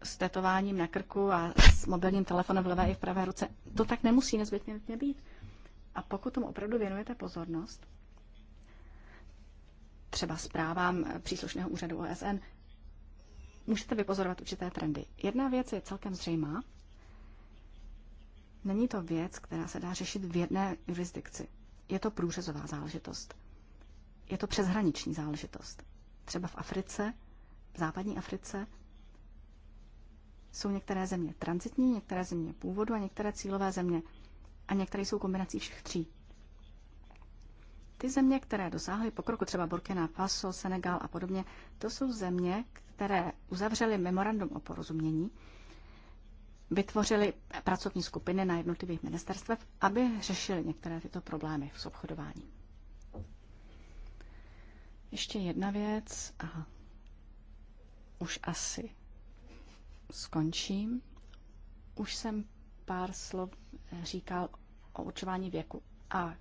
s tetováním na krku a s mobilním telefonem v levé i v pravé ruce, to tak nemusí nezbytně nutně být. A pokud tomu opravdu věnujete pozornost, třeba zprávám příslušného úřadu OSN, můžete vypozorovat určité trendy. Jedna věc je celkem zřejmá. Není to věc, která se dá řešit v jedné jurisdikci. Je to průřezová záležitost. Je to přeshraniční záležitost. Třeba v Africe, v západní Africe, jsou některé země transitní, některé země původu a některé cílové země. A některé jsou kombinací všech tří. Ty země, které dosáhly pokroku, třeba Burkina Faso, Senegal a podobně, to jsou země, které uzavřely memorandum o porozumění, vytvořily pracovní skupiny na jednotlivých ministerstvech, aby řešili některé tyto problémy s obchodováním. Ještě jedna věc a už asi skončím. Už jsem pár slov říkal o určování věku. A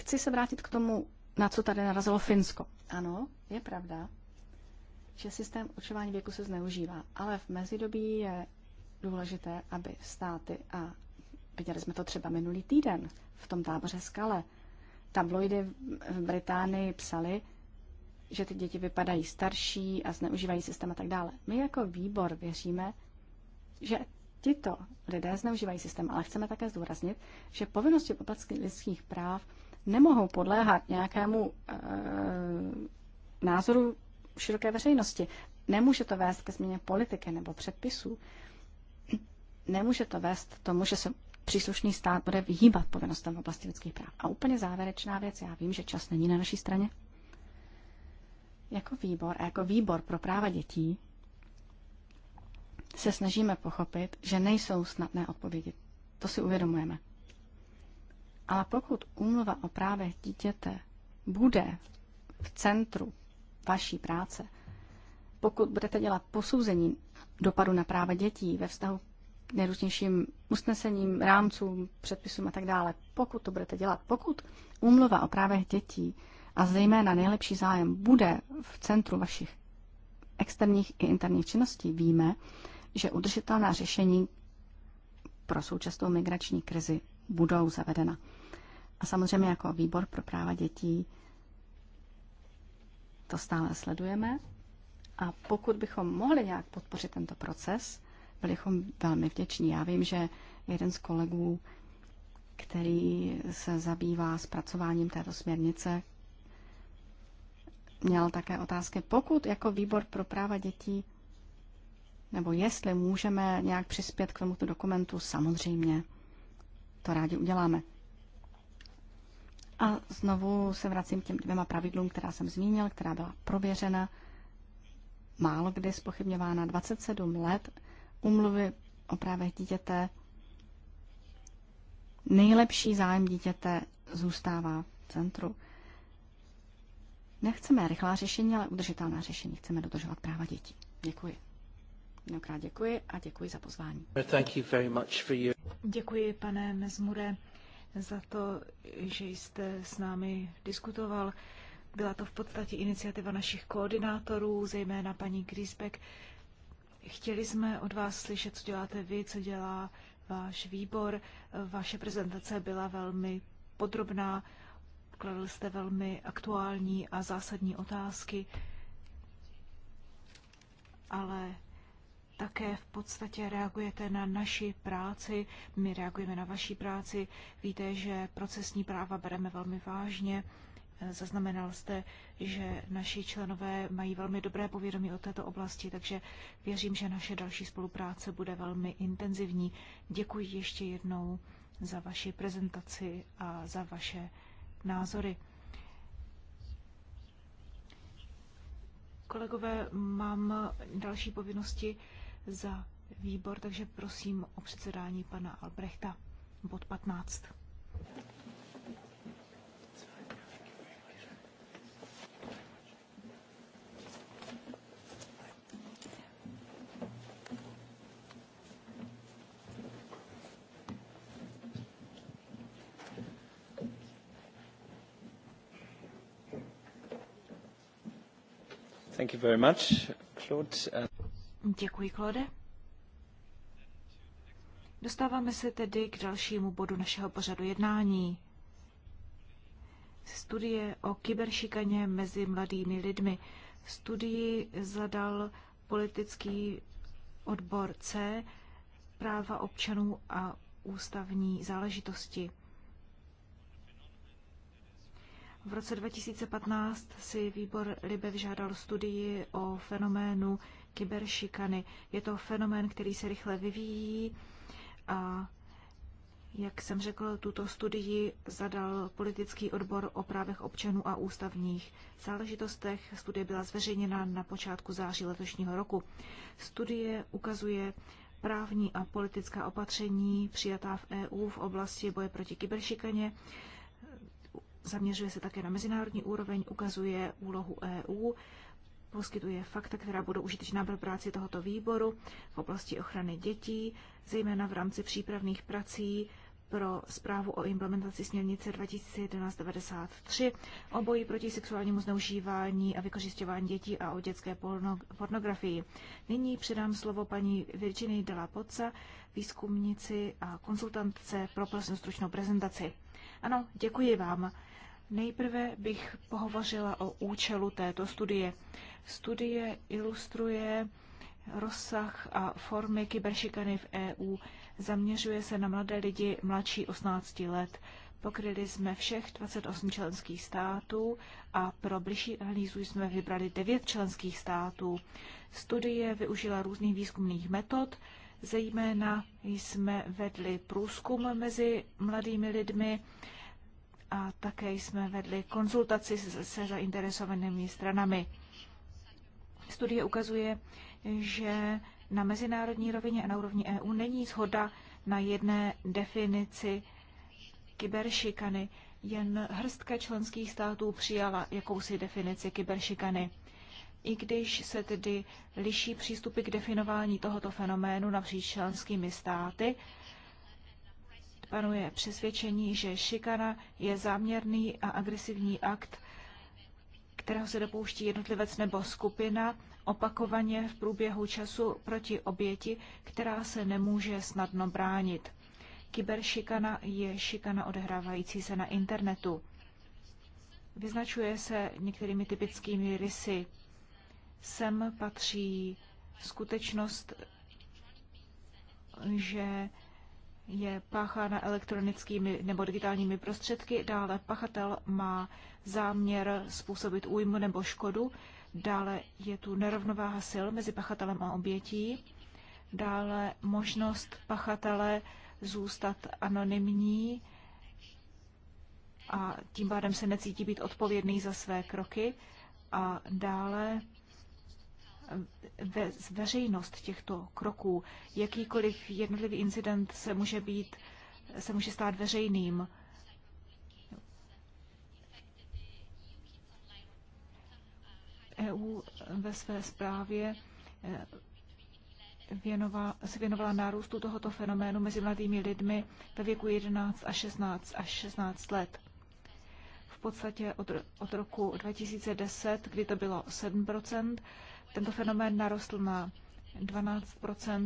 Chci se vrátit k tomu, na co tady narazilo Finsko. Ano, je pravda, že systém určování věku se zneužívá, ale v mezidobí je důležité, aby státy a viděli jsme to třeba minulý týden v tom táboře Skale, tabloidy v Británii psali, že ty děti vypadají starší a zneužívají systém a tak dále. My jako výbor věříme, že tito lidé zneužívají systém, ale chceme také zdůraznit, že povinnosti v oblasti lidských práv nemohou podléhat nějakému e, názoru široké veřejnosti. Nemůže to vést ke změně politiky nebo předpisů. Nemůže to vést tomu, že se příslušný stát bude vyhýbat povinnostem v oblasti lidských práv. A úplně závěrečná věc, já vím, že čas není na naší straně. Jako výbor a jako výbor pro práva dětí se snažíme pochopit, že nejsou snadné odpovědi. To si uvědomujeme. Ale pokud úmluva o právech dítěte bude v centru vaší práce, pokud budete dělat posouzení dopadu na práva dětí ve vztahu k nejrůznějším usnesením, rámcům, předpisům a tak dále, pokud to budete dělat, pokud úmluva o právech dětí a zejména nejlepší zájem bude v centru vašich externích i interních činností, víme, že udržitelná řešení pro současnou migrační krizi budou zavedena. A samozřejmě jako výbor pro práva dětí to stále sledujeme. A pokud bychom mohli nějak podpořit tento proces, byli bychom velmi vděční. Já vím, že jeden z kolegů, který se zabývá zpracováním této směrnice, měl také otázky, pokud jako výbor pro práva dětí, nebo jestli můžeme nějak přispět k tomuto dokumentu, samozřejmě to rádi uděláme. A znovu se vracím k těm dvěma pravidlům, která jsem zmínil, která byla prověřena, málo kdy spochybňována 27 let, umluvy o právech dítěte, nejlepší zájem dítěte zůstává v centru. Nechceme rychlá řešení, ale udržitelná řešení. Chceme dodržovat práva dětí. Děkuji. Mnohokrát děkuji a děkuji za pozvání. Thank you very much for you. Děkuji, pane Mezmure, za to, že jste s námi diskutoval. Byla to v podstatě iniciativa našich koordinátorů, zejména paní Grisbeck. Chtěli jsme od vás slyšet, co děláte vy, co dělá váš výbor. Vaše prezentace byla velmi podrobná, kladl jste velmi aktuální a zásadní otázky, ale také v podstatě reagujete na naši práci, my reagujeme na vaši práci. Víte, že procesní práva bereme velmi vážně. Zaznamenal jste, že naši členové mají velmi dobré povědomí o této oblasti, takže věřím, že naše další spolupráce bude velmi intenzivní. Děkuji ještě jednou za vaši prezentaci a za vaše názory. Kolegové, mám další povinnosti za výbor, takže prosím o předsedání pana Albrechta, bod 15. Thank you very much, Claude. Uh, Děkuji, Klode. Dostáváme se tedy k dalšímu bodu našeho pořadu jednání. Studie o kyberšikaně mezi mladými lidmi. Studii zadal politický odbor C, práva občanů a ústavní záležitosti. V roce 2015 si výbor Libe vyžádal studii o fenoménu kyberšikany. Je to fenomén, který se rychle vyvíjí a jak jsem řekl, tuto studii zadal politický odbor o právech občanů a ústavních záležitostech. Studie byla zveřejněna na počátku září letošního roku. Studie ukazuje právní a politická opatření přijatá v EU v oblasti boje proti kyberšikaně. Zaměřuje se také na mezinárodní úroveň, ukazuje úlohu EU poskytuje fakta, která budou užitečná pro práci tohoto výboru v oblasti ochrany dětí, zejména v rámci přípravných prací pro zprávu o implementaci směrnice 2011-93 o boji proti sexuálnímu zneužívání a vykořišťování dětí a o dětské pornografii. Nyní předám slovo paní Virginii Poca, výzkumnici a konsultantce pro prosím stručnou prezentaci. Ano, děkuji vám. Nejprve bych pohovořila o účelu této studie. Studie ilustruje rozsah a formy kyberšikany v EU. Zaměřuje se na mladé lidi mladší 18 let. Pokryli jsme všech 28 členských států a pro bližší analýzu jsme vybrali 9 členských států. Studie využila různých výzkumných metod, zejména jsme vedli průzkum mezi mladými lidmi a také jsme vedli konzultaci se zainteresovanými stranami. Studie ukazuje, že na mezinárodní rovině a na úrovni EU není shoda na jedné definici kyberšikany. Jen hrstka členských států přijala jakousi definici kyberšikany. I když se tedy liší přístupy k definování tohoto fenoménu napříč členskými státy, panuje přesvědčení, že šikana je záměrný a agresivní akt kterého se dopouští jednotlivec nebo skupina opakovaně v průběhu času proti oběti, která se nemůže snadno bránit. Kyberšikana je šikana odehrávající se na internetu. Vyznačuje se některými typickými rysy. Sem patří skutečnost, že je páchána elektronickými nebo digitálními prostředky, dále pachatel má záměr způsobit újmu nebo škodu, dále je tu nerovnováha sil mezi pachatelem a obětí, dále možnost pachatele zůstat anonymní a tím pádem se necítí být odpovědný za své kroky a dále ve veřejnost těchto kroků. Jakýkoliv jednotlivý incident se může, být, se může stát veřejným. EU ve své zprávě e, věnova, se věnovala nárůstu tohoto fenoménu mezi mladými lidmi ve věku 11 až 16 až 16 let. V podstatě od, od roku 2010, kdy to bylo 7 tento fenomén narostl na 12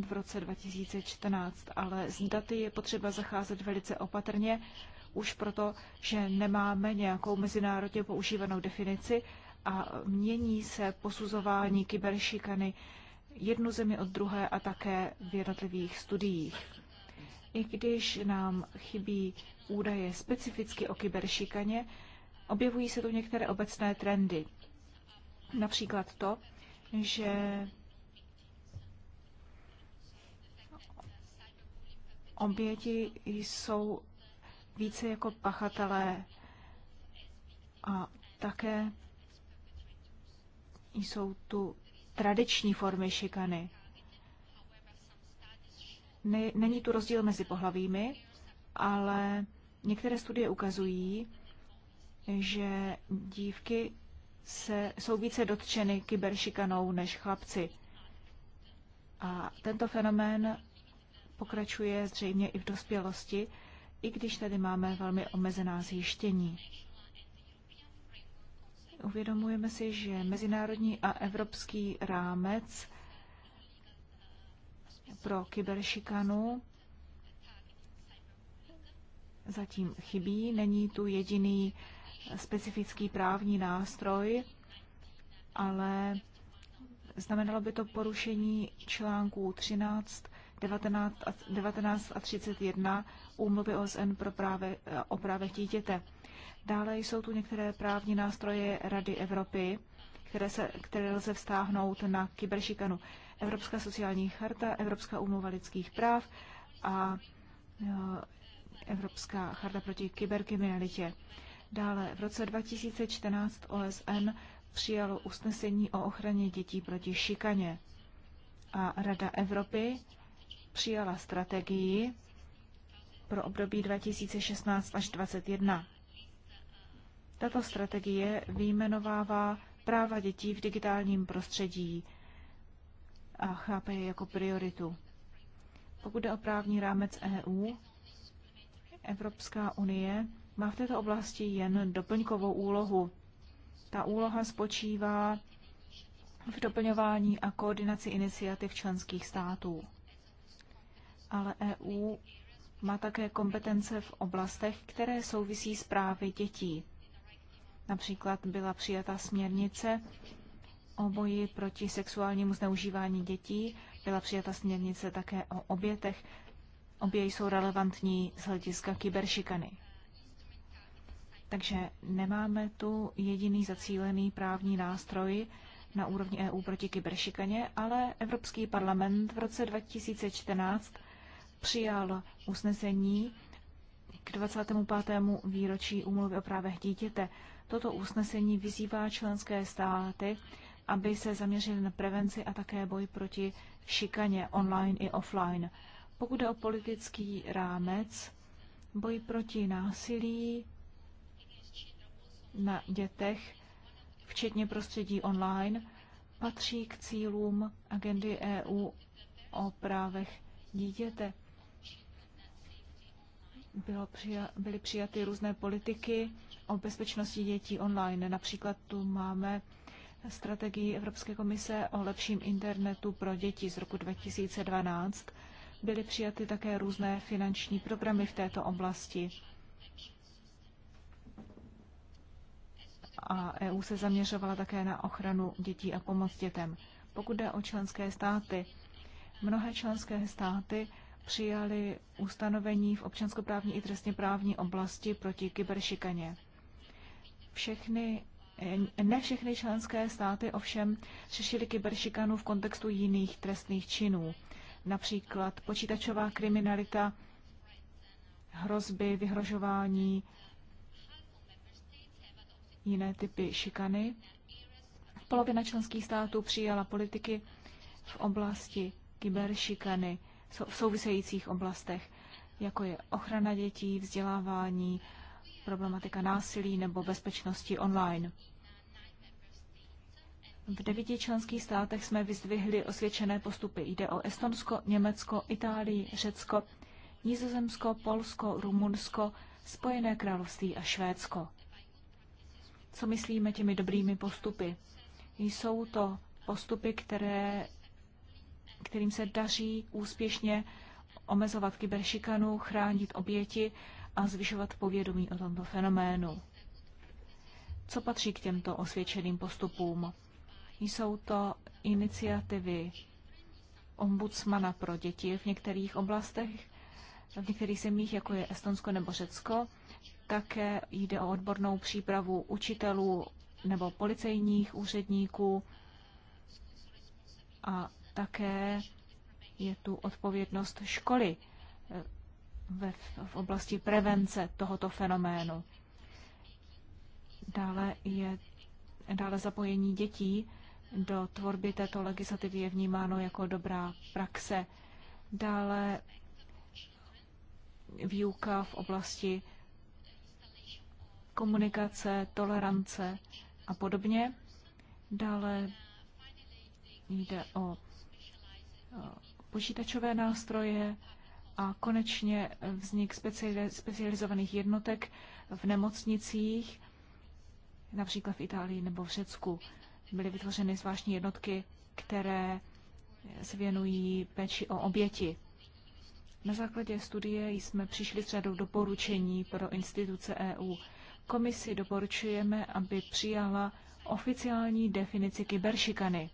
v roce 2014, ale s daty je potřeba zacházet velice opatrně, už proto, že nemáme nějakou mezinárodně používanou definici a mění se posuzování kyberšikany jednu zemi od druhé a také v jednotlivých studiích. I když nám chybí údaje specificky o kyberšikaně, objevují se tu některé obecné trendy. Například to, že oběti jsou více jako pachatelé a také jsou tu tradiční formy šikany. Není tu rozdíl mezi pohlavími, ale některé studie ukazují, že dívky se, jsou více dotčeny kyberšikanou než chlapci. A tento fenomén pokračuje zřejmě i v dospělosti, i když tady máme velmi omezená zjištění. Uvědomujeme si, že mezinárodní a evropský rámec pro kyberšikanu zatím chybí. Není tu jediný specifický právní nástroj, ale znamenalo by to porušení článků 13, 19 a, 19 a 31 úmluvy OSN pro práve, o právech dítěte. Dále jsou tu některé právní nástroje Rady Evropy, které, se, které lze vztáhnout na kyberšikanu. Evropská sociální charta, Evropská úmluva lidských práv a e, Evropská charta proti kyberkriminalitě. Dále v roce 2014 OSN přijalo usnesení o ochraně dětí proti šikaně a Rada Evropy přijala strategii pro období 2016 až 2021. Tato strategie vyjmenovává práva dětí v digitálním prostředí a chápe je jako prioritu. Pokud jde o právní rámec EU, Evropská unie má v této oblasti jen doplňkovou úlohu. Ta úloha spočívá v doplňování a koordinaci iniciativ členských států. Ale EU má také kompetence v oblastech, které souvisí s právy dětí. Například byla přijata směrnice o boji proti sexuálnímu zneužívání dětí, byla přijata směrnice také o obětech. Obě jsou relevantní z hlediska kyberšikany. Takže nemáme tu jediný zacílený právní nástroj na úrovni EU proti kyberšikaně, ale Evropský parlament v roce 2014 přijal usnesení k 25. výročí úmluvy o právech dítěte. Toto usnesení vyzývá členské státy, aby se zaměřili na prevenci a také boj proti šikaně online i offline. Pokud jde o politický rámec, boj proti násilí, na dětech, včetně prostředí online, patří k cílům agendy EU o právech dítěte. Bylo přija, byly přijaty různé politiky o bezpečnosti dětí online. Například tu máme strategii Evropské komise o lepším internetu pro děti z roku 2012. Byly přijaty také různé finanční programy v této oblasti. a EU se zaměřovala také na ochranu dětí a pomoc dětem. Pokud jde o členské státy, mnohé členské státy přijali ustanovení v občanskoprávní i trestněprávní oblasti proti kyberšikaně. Všechny, ne všechny členské státy ovšem řešily kyberšikanu v kontextu jiných trestných činů, například počítačová kriminalita, hrozby, vyhrožování, jiné typy šikany. Polovina členských států přijala politiky v oblasti kyberšikany v souvisejících oblastech, jako je ochrana dětí, vzdělávání, problematika násilí nebo bezpečnosti online. V devíti členských státech jsme vyzdvihli osvědčené postupy. Jde o Estonsko, Německo, Itálii, Řecko, Nizozemsko, Polsko, Rumunsko, Spojené království a Švédsko co myslíme těmi dobrými postupy. Jsou to postupy, které, kterým se daří úspěšně omezovat kyberšikanu, chránit oběti a zvyšovat povědomí o tomto fenoménu. Co patří k těmto osvědčeným postupům? Jsou to iniciativy ombudsmana pro děti v některých oblastech, v některých zemích, jako je Estonsko nebo Řecko, také jde o odbornou přípravu učitelů nebo policejních úředníků a také je tu odpovědnost školy eh, ve, v oblasti prevence tohoto fenoménu. Dále je dále zapojení dětí do tvorby této legislativy je vnímáno jako dobrá praxe. Dále výuka v oblasti komunikace, tolerance a podobně. Dále jde o počítačové nástroje a konečně vznik specializovaných jednotek v nemocnicích, například v Itálii nebo v Řecku. Byly vytvořeny zvláštní jednotky, které se věnují péči o oběti. Na základě studie jsme přišli s řadou doporučení pro instituce EU. Komisi doporučujeme, aby přijala oficiální definici kyberšikany.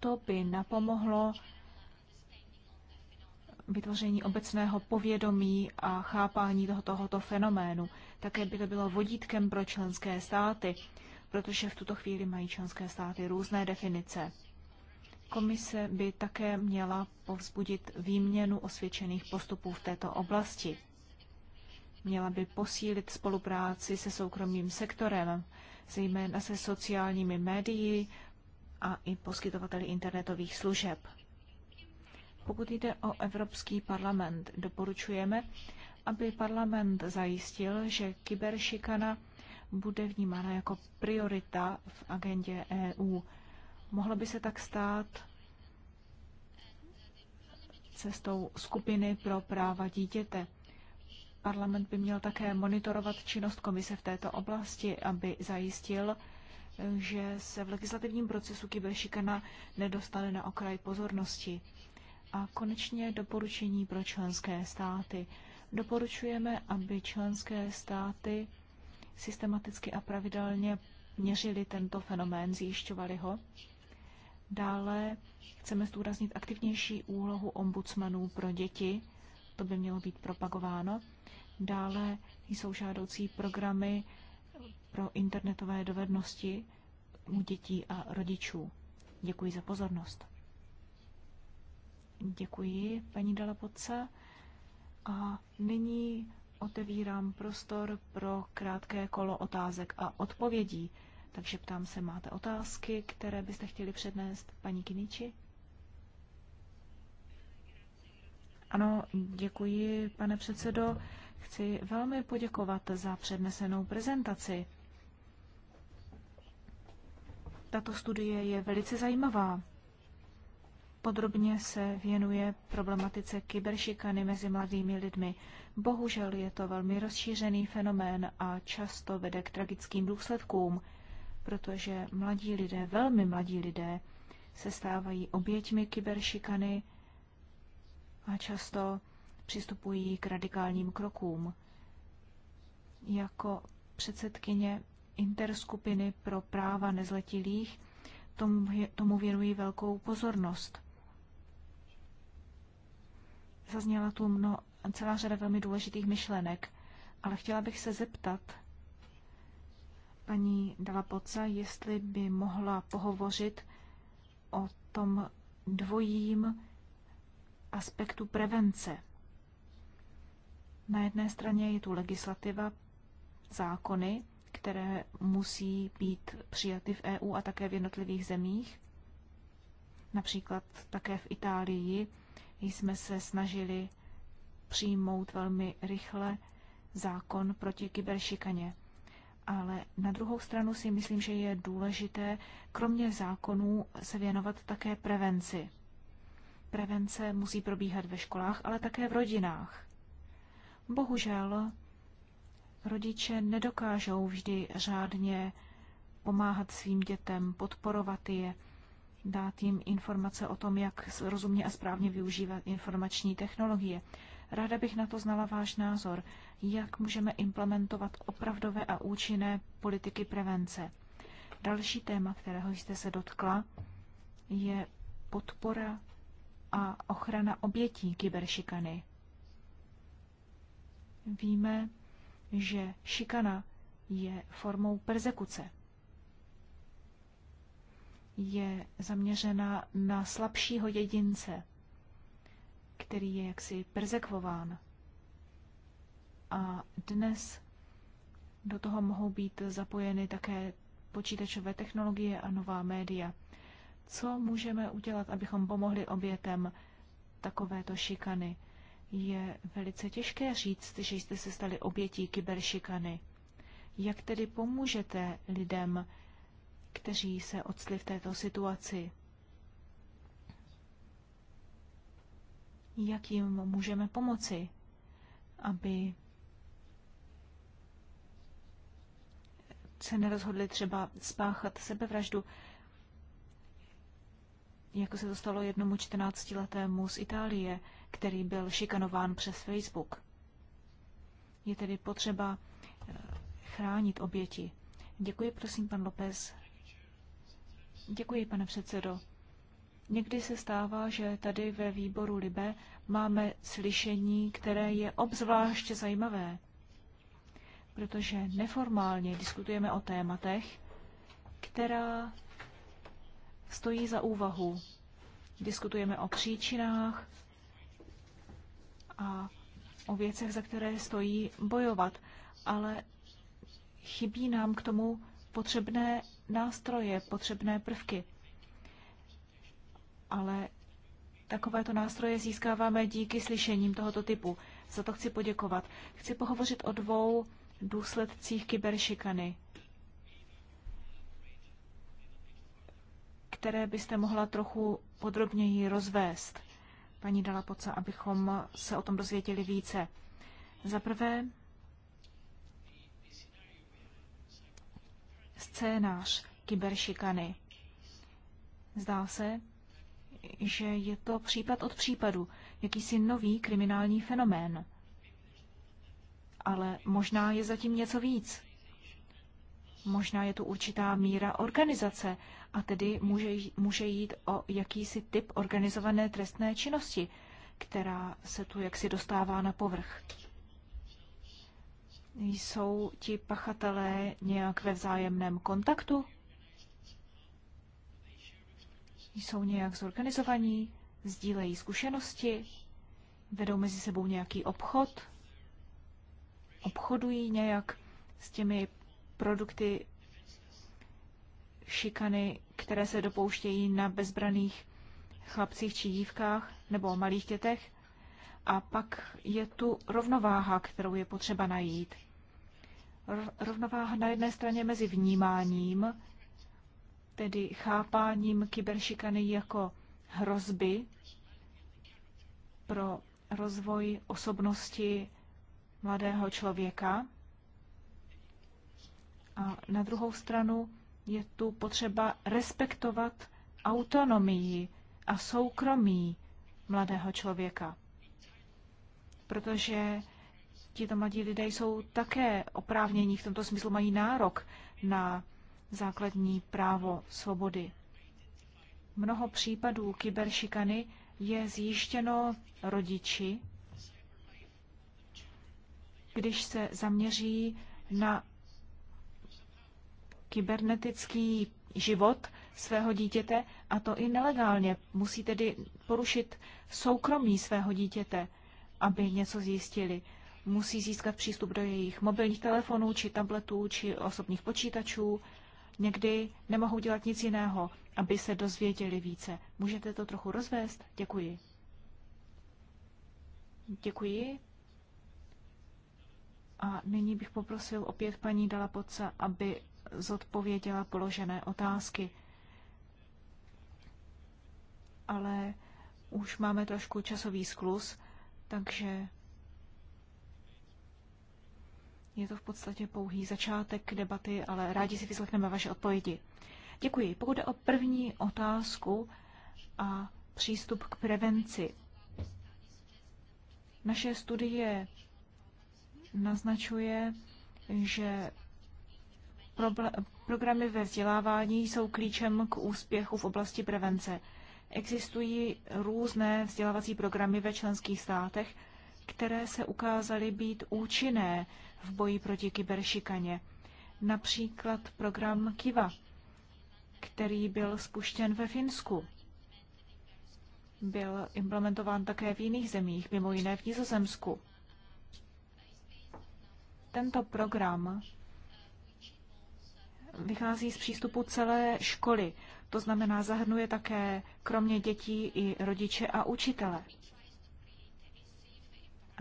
To by napomohlo vytvoření obecného povědomí a chápání toho, tohoto fenoménu. Také by to bylo vodítkem pro členské státy, protože v tuto chvíli mají členské státy různé definice. Komise by také měla povzbudit výměnu osvědčených postupů v této oblasti. Měla by posílit spolupráci se soukromým sektorem, zejména se sociálními médii a i poskytovateli internetových služeb. Pokud jde o Evropský parlament, doporučujeme, aby parlament zajistil, že kyberšikana bude vnímána jako priorita v agendě EU. Mohlo by se tak stát cestou skupiny pro práva dítěte. Parlament by měl také monitorovat činnost komise v této oblasti, aby zajistil, že se v legislativním procesu kyberšikana nedostane na okraj pozornosti. A konečně doporučení pro členské státy. Doporučujeme, aby členské státy systematicky a pravidelně měřili tento fenomén, zjišťovali ho. Dále chceme zdůraznit aktivnější úlohu ombudsmanů pro děti, to by mělo být propagováno. Dále jsou žádoucí programy pro internetové dovednosti u dětí a rodičů. Děkuji za pozornost. Děkuji, paní Dalapoce. A nyní otevírám prostor pro krátké kolo otázek a odpovědí. Takže ptám se, máte otázky, které byste chtěli přednést paní Kiniči? Ano, děkuji, pane předsedo. Chci velmi poděkovat za přednesenou prezentaci. Tato studie je velice zajímavá. Podrobně se věnuje problematice kyberšikany mezi mladými lidmi. Bohužel je to velmi rozšířený fenomén a často vede k tragickým důsledkům, protože mladí lidé, velmi mladí lidé, se stávají oběťmi kyberšikany a často přistupují k radikálním krokům. Jako předsedkyně interskupiny pro práva nezletilých tomu věnují velkou pozornost. Zazněla tu mno, celá řada velmi důležitých myšlenek, ale chtěla bych se zeptat paní Dalapoca, jestli by mohla pohovořit o tom dvojím aspektu prevence. Na jedné straně je tu legislativa, zákony, které musí být přijaty v EU a také v jednotlivých zemích. Například také v Itálii jsme se snažili přijmout velmi rychle zákon proti kyberšikaně. Ale na druhou stranu si myslím, že je důležité, kromě zákonů, se věnovat také prevenci. Prevence musí probíhat ve školách, ale také v rodinách. Bohužel rodiče nedokážou vždy řádně pomáhat svým dětem, podporovat je, dát jim informace o tom, jak rozumně a správně využívat informační technologie. Ráda bych na to znala váš názor, jak můžeme implementovat opravdové a účinné politiky prevence. Další téma, kterého jste se dotkla, je podpora a ochrana obětí kyberšikany. Víme, že šikana je formou persekuce. Je zaměřena na slabšího jedince, který je jaksi persekvován. A dnes do toho mohou být zapojeny také počítačové technologie a nová média. Co můžeme udělat, abychom pomohli obětem takovéto šikany? Je velice těžké říct, že jste se stali obětí kyberšikany. Jak tedy pomůžete lidem, kteří se odstli v této situaci? Jak jim můžeme pomoci, aby se nerozhodli třeba spáchat sebevraždu, jako se to stalo jednomu 14-letému z Itálie, který byl šikanován přes Facebook. Je tedy potřeba eh, chránit oběti. Děkuji, prosím, pan López. Děkuji, pane předsedo. Někdy se stává, že tady ve výboru Libe máme slyšení, které je obzvlášť zajímavé, protože neformálně diskutujeme o tématech, která stojí za úvahu. Diskutujeme o příčinách, a o věcech, za které stojí bojovat, ale chybí nám k tomu potřebné nástroje, potřebné prvky. Ale takovéto nástroje získáváme díky slyšením tohoto typu. Za to chci poděkovat. Chci pohovořit o dvou důsledcích kyberšikany, které byste mohla trochu podrobněji rozvést paní Dalapoca, abychom se o tom dozvěděli více. Za prvé, scénář kyberšikany. Zdá se, že je to případ od případu, jakýsi nový kriminální fenomén. Ale možná je zatím něco víc. Možná je tu určitá míra organizace a tedy může, může jít o jakýsi typ organizované trestné činnosti, která se tu jaksi dostává na povrch. Jsou ti pachatelé nějak ve vzájemném kontaktu? Jsou nějak zorganizovaní? Sdílejí zkušenosti? Vedou mezi sebou nějaký obchod? Obchodují nějak s těmi produkty šikany, které se dopouštějí na bezbraných chlapcích či dívkách nebo malých dětech. A pak je tu rovnováha, kterou je potřeba najít. Rovnováha na jedné straně mezi vnímáním, tedy chápáním kyberšikany jako hrozby pro rozvoj osobnosti mladého člověka. A na druhou stranu je tu potřeba respektovat autonomii a soukromí mladého člověka. Protože tito mladí lidé jsou také oprávnění, v tomto smyslu mají nárok na základní právo svobody. Mnoho případů kyberšikany je zjištěno rodiči, když se zaměří na kybernetický život svého dítěte a to i nelegálně. Musí tedy porušit soukromí svého dítěte, aby něco zjistili. Musí získat přístup do jejich mobilních telefonů, či tabletů, či osobních počítačů. Někdy nemohou dělat nic jiného, aby se dozvěděli více. Můžete to trochu rozvést? Děkuji. Děkuji. A nyní bych poprosil opět paní Dalapoca, aby zodpověděla položené otázky. Ale už máme trošku časový sklus, takže je to v podstatě pouhý začátek debaty, ale rádi si vyslechneme vaše odpovědi. Děkuji. Pokud jde o první otázku a přístup k prevenci, naše studie naznačuje, že Programy ve vzdělávání jsou klíčem k úspěchu v oblasti prevence. Existují různé vzdělávací programy ve členských státech, které se ukázaly být účinné v boji proti kyberšikaně. Například program Kiva, který byl spuštěn ve Finsku. Byl implementován také v jiných zemích, mimo jiné v Nizozemsku. Tento program vychází z přístupu celé školy. To znamená, zahrnuje také kromě dětí i rodiče a učitele.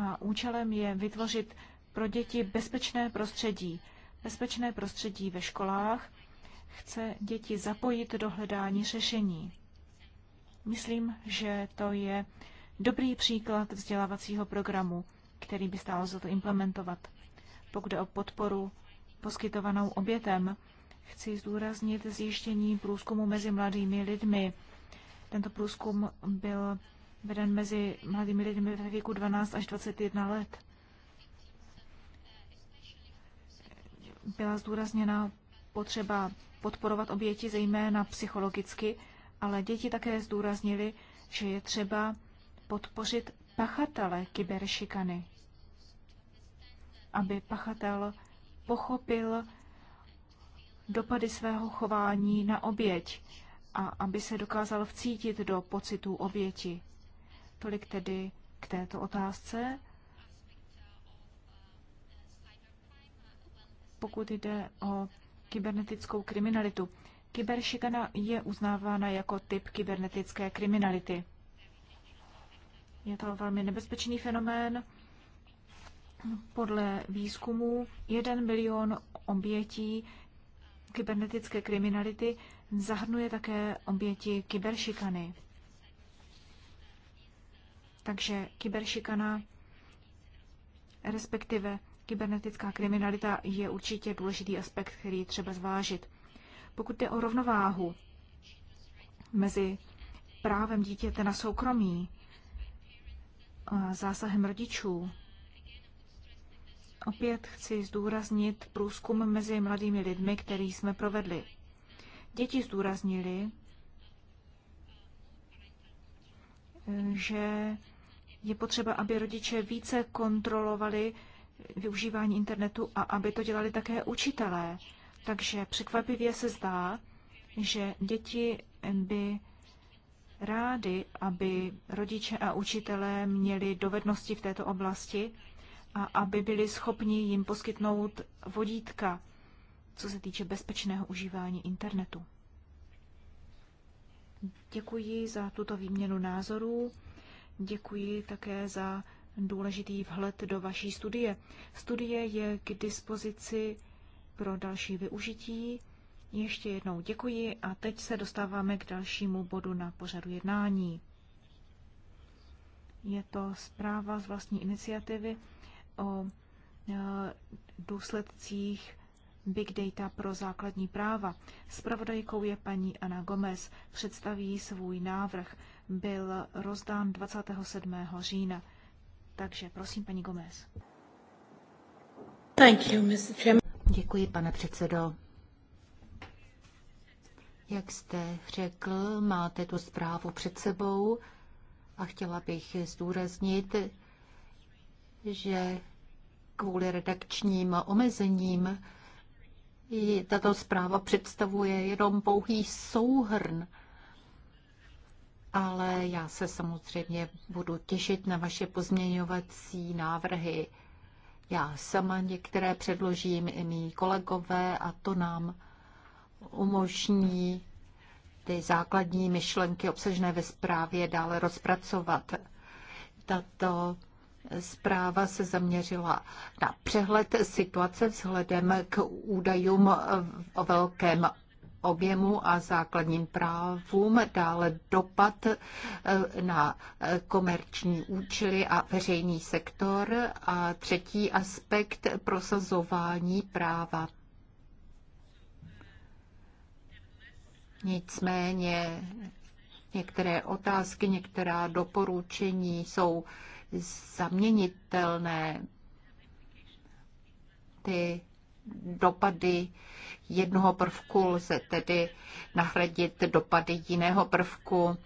A účelem je vytvořit pro děti bezpečné prostředí. Bezpečné prostředí ve školách chce děti zapojit do hledání řešení. Myslím, že to je dobrý příklad vzdělávacího programu, který by stálo za to implementovat. Pokud je o podporu poskytovanou obětem, Chci zdůraznit zjištění průzkumu mezi mladými lidmi. Tento průzkum byl veden mezi mladými lidmi ve věku 12 až 21 let. Byla zdůrazněna potřeba podporovat oběti zejména psychologicky, ale děti také zdůraznili, že je třeba podpořit pachatele kyberšikany, aby pachatel pochopil dopady svého chování na oběť a aby se dokázal vcítit do pocitů oběti. Tolik tedy k této otázce. Pokud jde o kybernetickou kriminalitu, kyberšikana je uznávána jako typ kybernetické kriminality. Je to velmi nebezpečný fenomén. Podle výzkumu 1 milion obětí kybernetické kriminality zahrnuje také oběti kyberšikany. Takže kyberšikana, respektive kybernetická kriminalita, je určitě důležitý aspekt, který třeba zvážit. Pokud jde o rovnováhu mezi právem dítěte na soukromí, zásahem rodičů Opět chci zdůraznit průzkum mezi mladými lidmi, který jsme provedli. Děti zdůraznili, že je potřeba, aby rodiče více kontrolovali využívání internetu a aby to dělali také učitelé. Takže překvapivě se zdá, že děti by rády, aby rodiče a učitelé měli dovednosti v této oblasti a aby byli schopni jim poskytnout vodítka, co se týče bezpečného užívání internetu. Děkuji za tuto výměnu názorů. Děkuji také za důležitý vhled do vaší studie. Studie je k dispozici pro další využití. Ještě jednou děkuji a teď se dostáváme k dalšímu bodu na pořadu jednání. Je to zpráva z vlastní iniciativy o důsledcích Big Data pro základní práva. Spravodajkou je paní Ana Gomez. Představí svůj návrh. Byl rozdán 27. října. Takže prosím, paní Gomez. Thank you, Mr. Chairman. Děkuji, pane předsedo. Jak jste řekl, máte tu zprávu před sebou a chtěla bych zdůraznit, že kvůli redakčním omezením tato zpráva představuje jenom pouhý souhrn. Ale já se samozřejmě budu těšit na vaše pozměňovací návrhy. Já sama některé předložím i mý kolegové a to nám umožní ty základní myšlenky obsažené ve zprávě dále rozpracovat. Tato Zpráva se zaměřila na přehled situace vzhledem k údajům o velkém objemu a základním právům, dále dopad eh, na komerční účely a veřejný sektor a třetí aspekt prosazování práva. Nicméně některé otázky, některá doporučení jsou zaměnitelné. Ty dopady jednoho prvku lze tedy nahradit dopady jiného prvku.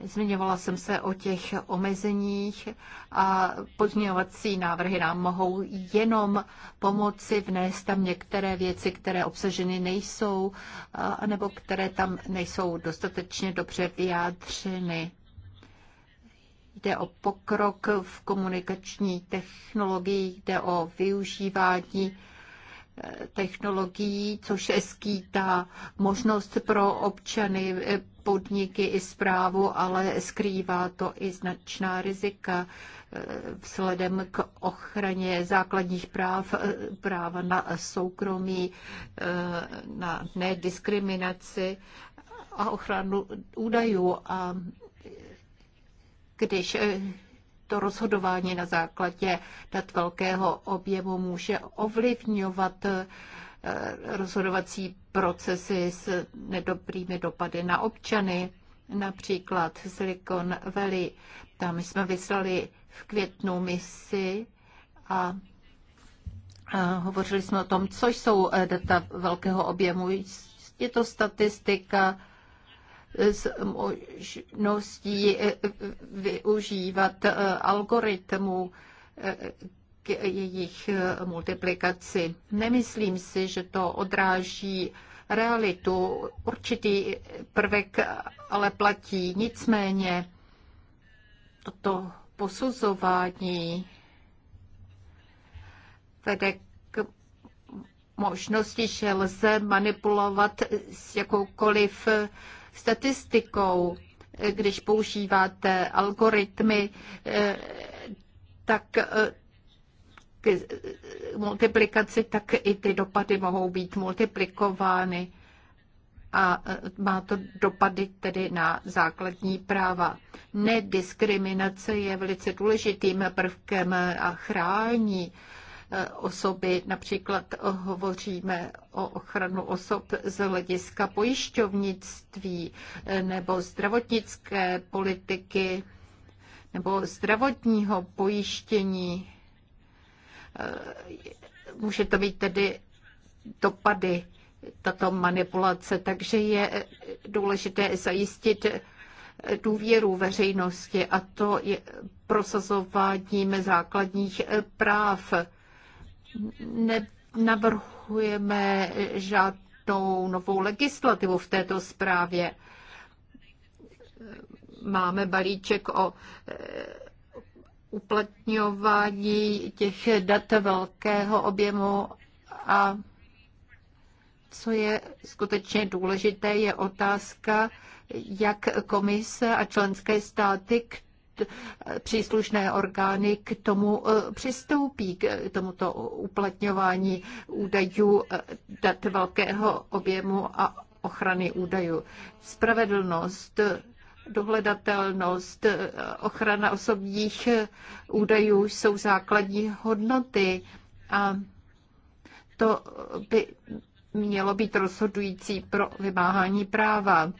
Zmiňovala jsem se o těch omezeních a pozměňovací návrhy nám mohou jenom pomoci vnést tam některé věci, které obsaženy nejsou, nebo které tam nejsou dostatečně dobře vyjádřeny. Jde o pokrok v komunikační technologii, jde o využívání eh, technologií, což skýtá možnost pro občany, eh, podniky i zprávu, ale skrývá to i značná rizika eh, vzhledem k ochraně základních práv, práva na soukromí, na nediskriminaci a ochranu údajů a když eh, to rozhodování na základě dat velkého objemu může ovlivňovat eh, rozhodovací procesy s nedobrými dopady na občany, například Silicon Valley. Tam jsme vyslali v květnu misi a hovořili jsme o tom, co jsou eh, data velkého objemu. Je to statistika s možností eh, využívat eh, algoritmu eh, k jejich multiplikaci. Nemyslím si, že to odráží realitu. Určitý prvek ale platí. Nicméně toto posuzování vede k možnosti, že lze manipulovat s jakoukoliv statistikou, když používáte algoritmy, tak eh, k multiplikaci, tak i ty dopady mohou být multiplikovány a eh, má to dopady tedy na základní práva. Nediskriminace je velice důležitým prvkem a chrání osoby. Například hovoříme o ochranu osob z hlediska pojišťovnictví nebo zdravotnické politiky nebo zdravotního pojištění. Může to být tedy dopady tato manipulace, takže je důležité zajistit důvěru veřejnosti a to je prosazováním základních práv nenavrhujeme žádnou novou legislativu v této zprávě. Máme balíček o eh, uplatňování těch dat velkého objemu a co je skutečně důležité, je otázka, jak komise a členské státy k příslušné orgány k tomu eh, přistoupí, k tomuto uplatňování údajů eh, dat velkého objemu a ochrany údajů. Spravedlnost, dohledatelnost, eh, ochrana osobních údajů jsou základní hodnoty a to by mělo být rozhodující pro vymáhání práva.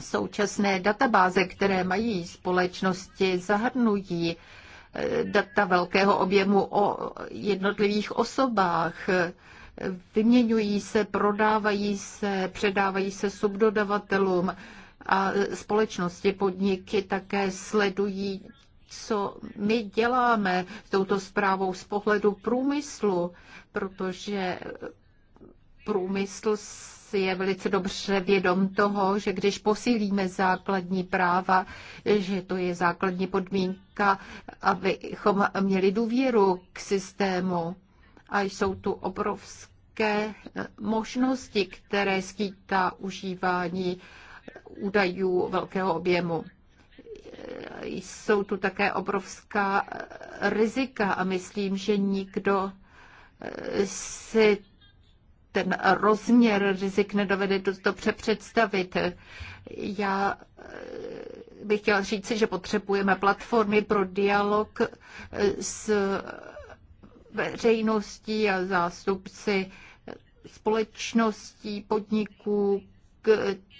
Současné databáze, které mají společnosti, zahrnují eh, data velkého objemu o jednotlivých osobách, vyměňují se, prodávají se, předávají se subdodavatelům a společnosti, podniky také sledují, co my děláme s touto zprávou z pohledu průmyslu, protože průmysl si je velice dobře vědom toho, že když posílíme základní práva, že to je základní podmínka, abychom měli důvěru k systému. A jsou tu obrovské eh, možnosti, které skýtá užívání údajů velkého objemu eh, jsou tu také obrovská eh, rizika a myslím, že nikdo si ten rozměr rizik nedovede dobře představit. Já eh, bych chtěla říct, že potřebujeme platformy pro dialog eh, s veřejností a zástupci společností, podniků,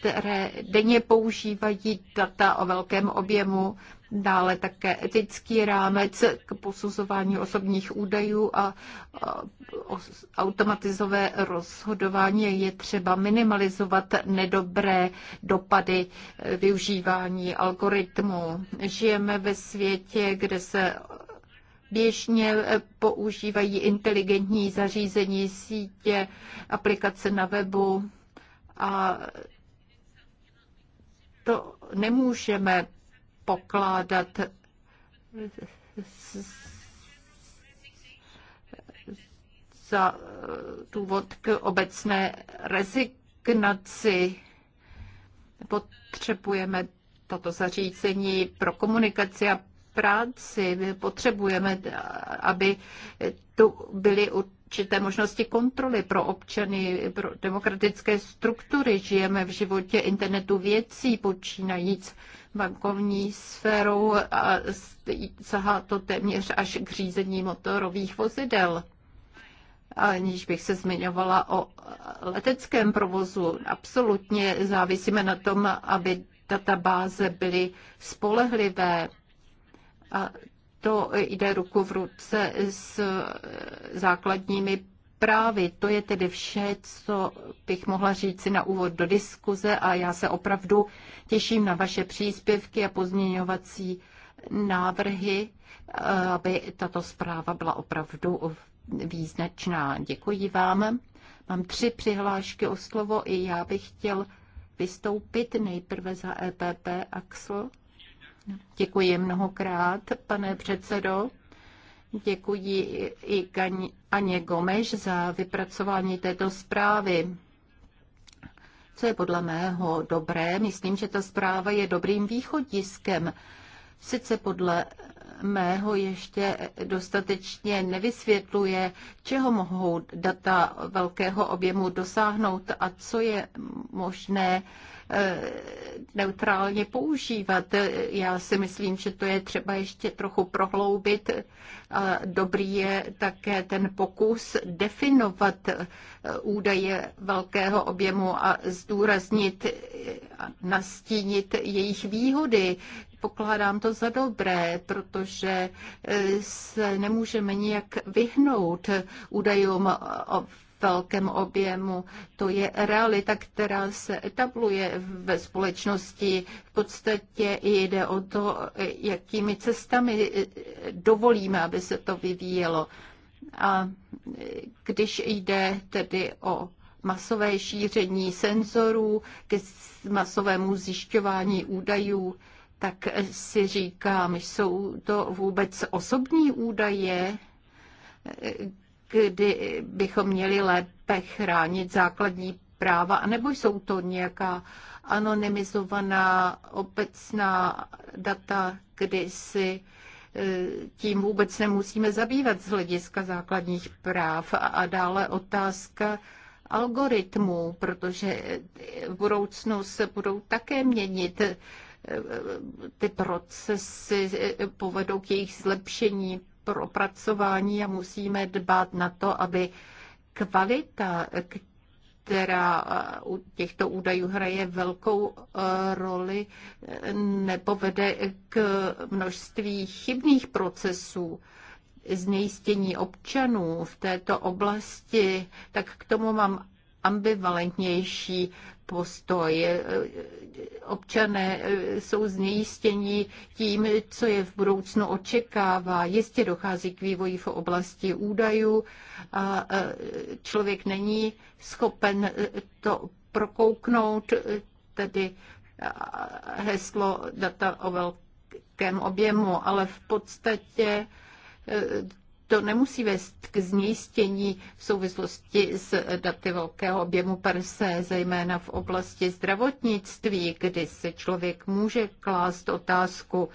které denně používají data o velkém objemu dále také etický rámec k posuzování osobních údajů a automatizové rozhodování je třeba minimalizovat nedobré dopady e, využívání algoritmu. Žijeme ve světě, kde se běžně e, používají inteligentní zařízení, sítě, aplikace na webu a to nemůžeme pokládat za důvod k obecné rezignaci. Potřebujeme toto zařízení pro komunikaci a práci. My potřebujeme, aby tu byly určité možnosti kontroly pro občany, pro demokratické struktury. Žijeme v životě internetu věcí, počínajíc bankovní sférou a sahá to téměř až k řízení motorových vozidel aniž bych se zmiňovala o leteckém provozu. Absolutně závisíme na tom, aby databáze byly spolehlivé. A to jde ruku v ruce s základními právy. To je tedy vše, co bych mohla říci na úvod do diskuze a já se opravdu těším na vaše příspěvky a pozměňovací návrhy, aby tato zpráva byla opravdu význačná. Děkuji vám. Mám tři přihlášky o slovo i já bych chtěl vystoupit nejprve za EPP Axel. Děkuji mnohokrát, pane předsedo. Děkuji i Aně Gomeš za vypracování této zprávy. Co je podle mého dobré, myslím, že ta zpráva je dobrým východiskem. Sice podle mého ještě dostatečně nevysvětluje, čeho mohou data velkého objemu dosáhnout a co je možné Eh, neutrálně používat. Já si myslím, že to je třeba ještě trochu prohloubit. Dobrý je také ten pokus definovat eh, údaje velkého objemu a zdůraznit, eh, nastínit jejich výhody, pokládám to za dobré, protože se nemůžeme nijak vyhnout údajům o velkém objemu. To je realita, která se etabluje ve společnosti. V podstatě jde o to, jakými cestami dovolíme, aby se to vyvíjelo. A když jde tedy o masové šíření senzorů, k masovému zjišťování údajů, tak si říkám, jsou to vůbec osobní údaje, kdy bychom měli lépe chránit základní práva, anebo jsou to nějaká anonymizovaná obecná data, kdy si e, tím vůbec nemusíme zabývat z hlediska základních práv. A dále otázka algoritmů, protože e, v budoucnu se budou také měnit e, ty procesy povedou k jejich zlepšení opracování a musíme dbát na to, aby kvalita, která u těchto údajů hraje velkou eh, roli, eh, nepovede k množství chybných procesů znejistění občanů v této oblasti, tak k tomu mám ambivalentnější postoj. Eh, Občané eh, jsou znejistění tím, co je v budoucnu očekává. Jistě dochází k vývoji v oblasti údajů a eh, člověk není schopen to prokouknout, tedy heslo data o velkém objemu, ale v podstatě to nemusí vést k znějistění v souvislosti s daty velkého objemu per zejména v oblasti zdravotnictví, kdy se člověk může klást otázku,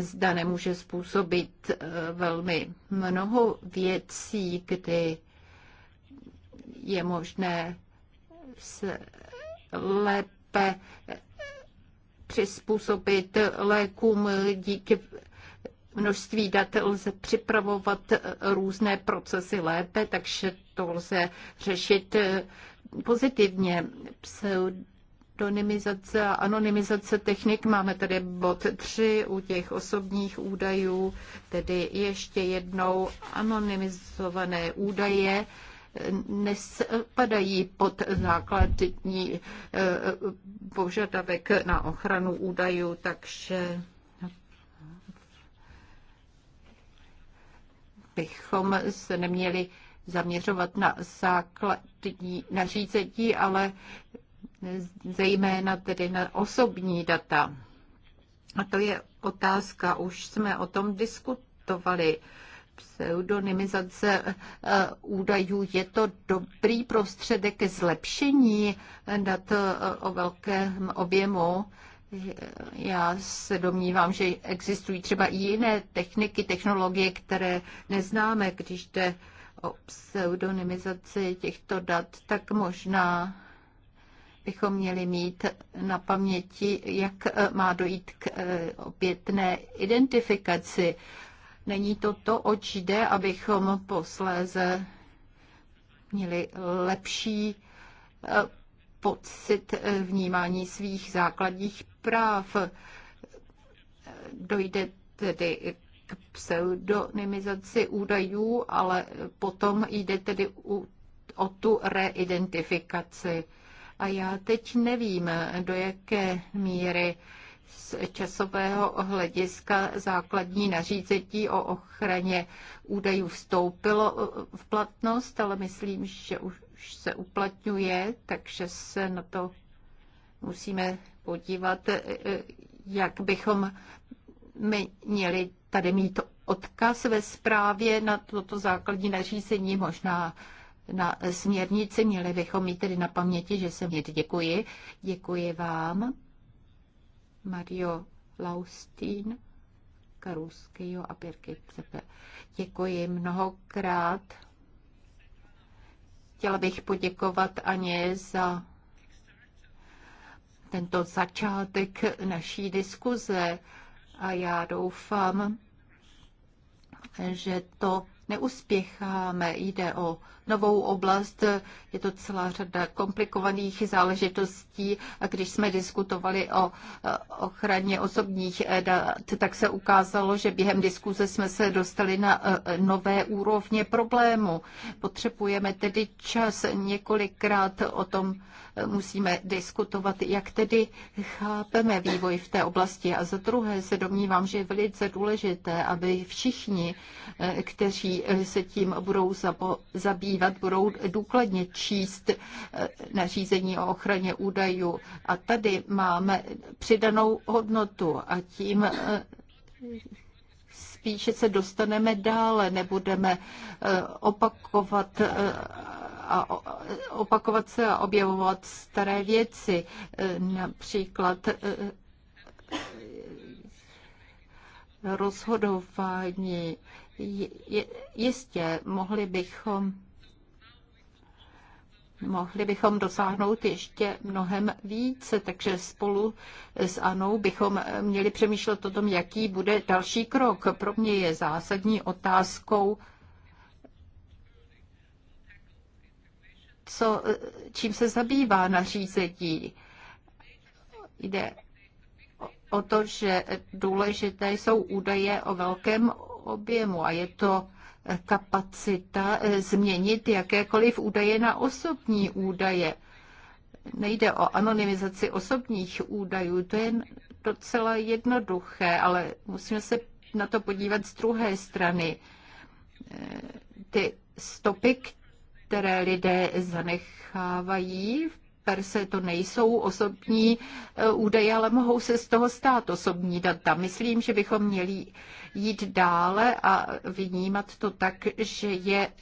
zda nemůže způsobit eh, velmi mnoho věcí, kdy je možné se lépe eh, přizpůsobit lékům díky množství dat lze připravovat různé procesy lépe, takže to lze řešit eh, pozitivně. Pseudonymizace a anonymizace technik máme tady bod 3 u těch osobních údajů, tedy ještě jednou anonymizované údaje eh, nespadají pod základní eh, požadavek na ochranu údajů, takže bychom se neměli zaměřovat na základní nařízení, ale zejména tedy na osobní data. A to je otázka, už jsme o tom diskutovali. Pseudonymizace eh, údajů je to dobrý prostředek ke zlepšení dat eh, o velkém objemu já se domnívám, že existují třeba i jiné techniky, technologie, které neznáme. Když jde o pseudonymizaci těchto dat, tak možná bychom měli mít na paměti, jak e, má dojít k e, opětné identifikaci. Není to to, oč jde, abychom posléze měli lepší e, pocit vnímání svých základních práv. Dojde tedy k pseudonymizaci údajů, ale potom jde tedy o tu reidentifikaci. A já teď nevím, do jaké míry z časového hlediska základní nařízení o ochraně údajů vstoupilo v platnost, ale myslím, že už se uplatňuje, takže se na to musíme podívat, e, e, jak bychom měli tady mít odkaz ve zprávě na toto základní nařízení, možná na směrnici. Měli bychom mít tedy na paměti, že se mět Děkuji. Děkuji vám. Mario Laustín, Karuského a Pirky Děkuji mnohokrát. Chtěla bych poděkovat Aně za tento začátek naší diskuze a já doufám, že to neuspěcháme. Jde o novou oblast. Je to celá řada komplikovaných záležitostí a když jsme diskutovali o eh, ochraně osobních eh, dat, tak se ukázalo, že během diskuze jsme se dostali na eh, nové úrovně problému. Potřebujeme tedy čas několikrát o tom musíme diskutovat, jak tedy chápeme vývoj v té oblasti. A za druhé se domnívám, že je velice důležité, aby všichni, kteří se tím budou zabývat, využívat, budou důkladně číst eh, nařízení o ochraně údajů. A tady máme přidanou hodnotu a tím eh, spíše se dostaneme dále, nebudeme eh, opakovat a opakovat se a objevovat staré věci. Například rozhodování. Jistě, mohli bychom mohli bychom dosáhnout ještě mnohem více, takže spolu s Anou bychom měli přemýšlet o tom, jaký bude další krok. Pro mě je zásadní otázkou, co, čím se zabývá nařízení. Jde o to, že důležité jsou údaje o velkém objemu a je to kapacita eh, změnit jakékoliv údaje na osobní údaje. Nejde o anonymizaci osobních údajů, to je docela jednoduché, ale musíme se na to podívat z druhé strany. Eh, ty stopy, které lidé zanechávají v per se to nejsou osobní e, údaje, ale mohou se z toho stát osobní data. Myslím, že bychom měli jít dále a vnímat to tak, že je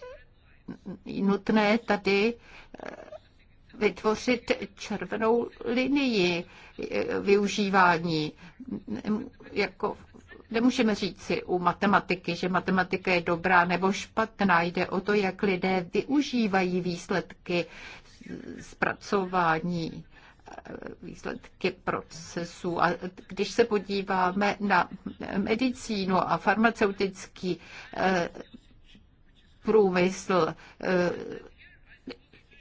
nutné tady e, vytvořit červenou linii e, využívání. Jako nemůžeme říct si u matematiky, že matematika je dobrá nebo špatná. Jde o to, jak lidé využívají výsledky zpracování eh, výsledky procesu. A když se podíváme na medicínu a farmaceutický eh, průmysl, eh,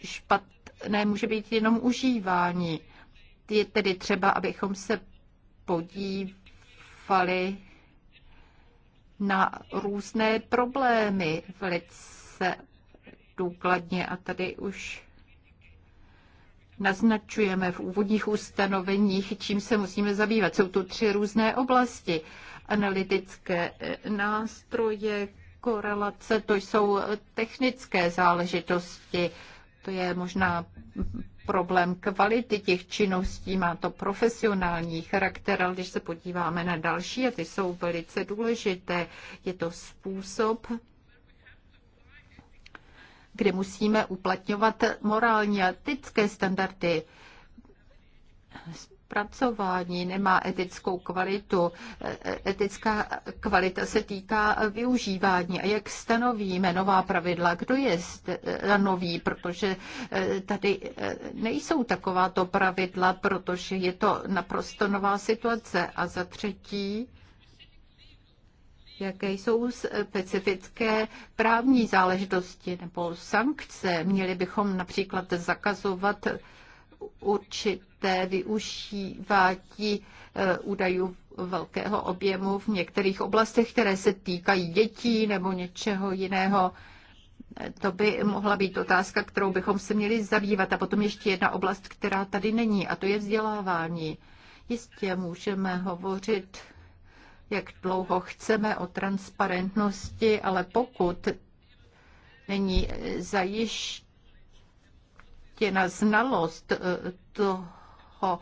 špatné může být jenom užívání. Je tedy třeba, abychom se podívali na různé problémy velice důkladně a tady už naznačujeme v úvodních ustanoveních, čím se musíme zabývat. Jsou tu tři různé oblasti. Analytické eh, nástroje, korelace, to jsou technické záležitosti. To je možná problém kvality těch činností, má to profesionální charakter, ale když se podíváme na další, a ty jsou velice důležité, je to způsob, kdy musíme uplatňovat morální a etické standardy. pracování nemá etickou kvalitu. Etická kvalita se týká využívání. A jak stanovíme nová pravidla? Kdo je nový? Protože eh, tady eh, nejsou takováto pravidla, protože je to naprosto nová situace. A za třetí, jaké jsou specifické právní záležitosti nebo sankce. Měli bychom například zakazovat určité využívání eh, údajů velkého objemu v některých oblastech, které se týkají dětí nebo něčeho jiného. To by mohla být otázka, kterou bychom se měli zabývat. A potom ještě jedna oblast, která tady není, a to je vzdělávání. Jistě můžeme hovořit jak dlouho chceme o transparentnosti, ale pokud není zajištěna znalost eh, toho,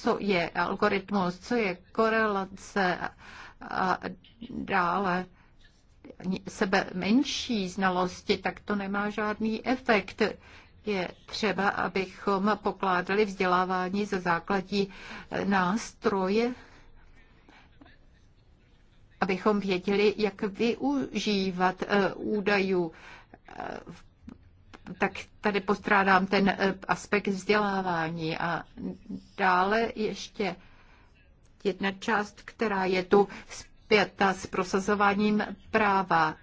co je algoritmus, co je korelace a dále sebe menší znalosti, tak to nemá žádný efekt. Je třeba, abychom pokládali vzdělávání za základní eh, nástroje abychom věděli, jak využívat eh, údajů. Eh, tak tady postrádám ten eh, aspekt vzdělávání. A dále ještě jedna část, která je tu zpěta s prosazováním práva.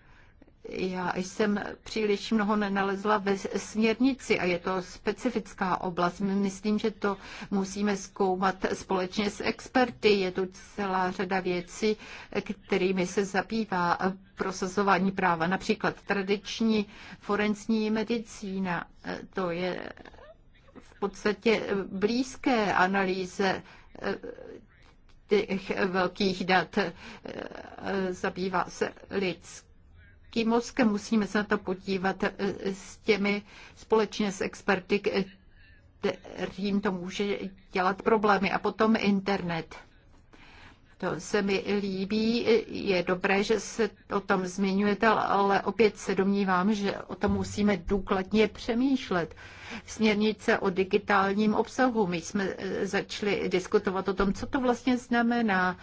Já jsem příliš mnoho nenalezla ve směrnici a je to specifická oblast. Myslím, že to musíme zkoumat společně s experty. Je tu celá řada věcí, kterými se zabývá prosazování práva. Například tradiční forenzní medicína, to je v podstatě blízké analýze eh, těch velkých dat. Eh, zabývá se lidský tím mozkem. Musíme se na to podívat eh, s těmi společně s experty, kterým to může dělat problémy. A potom internet. To se mi líbí, je dobré, že se o tom zmiňujete, ale opět se domnívám, že o tom musíme důkladně přemýšlet. Směrnice o digitálním obsahu. My jsme eh, začali diskutovat o tom, co to vlastně znamená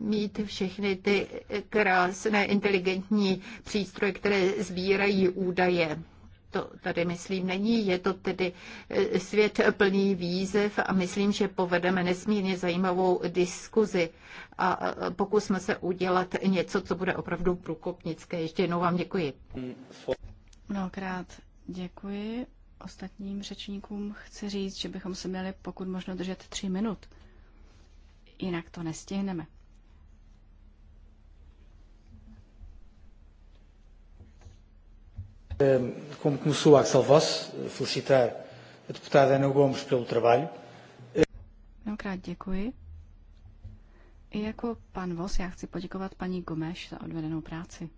mít všechny ty krásné inteligentní přístroje, které sbírají údaje. To tady, myslím, není. Je to tedy eh, svět plný výzev a myslím, že povedeme nesmírně zajímavou diskuzi a pokusme se udělat něco, co bude opravdu průkopnické. Ještě jednou vám děkuji. Mnohokrát děkuji. Ostatním řečníkům chci říct, že bychom se měli pokud možno držet tři minut. Jinak to nestihneme. Como começou Axel Voss, felicitar a deputada Ana Gomes pelo trabalho. Mnohokrát děkuji. I jako pan Vos já chci poděkovat paní Gomeš za odvedenou práci.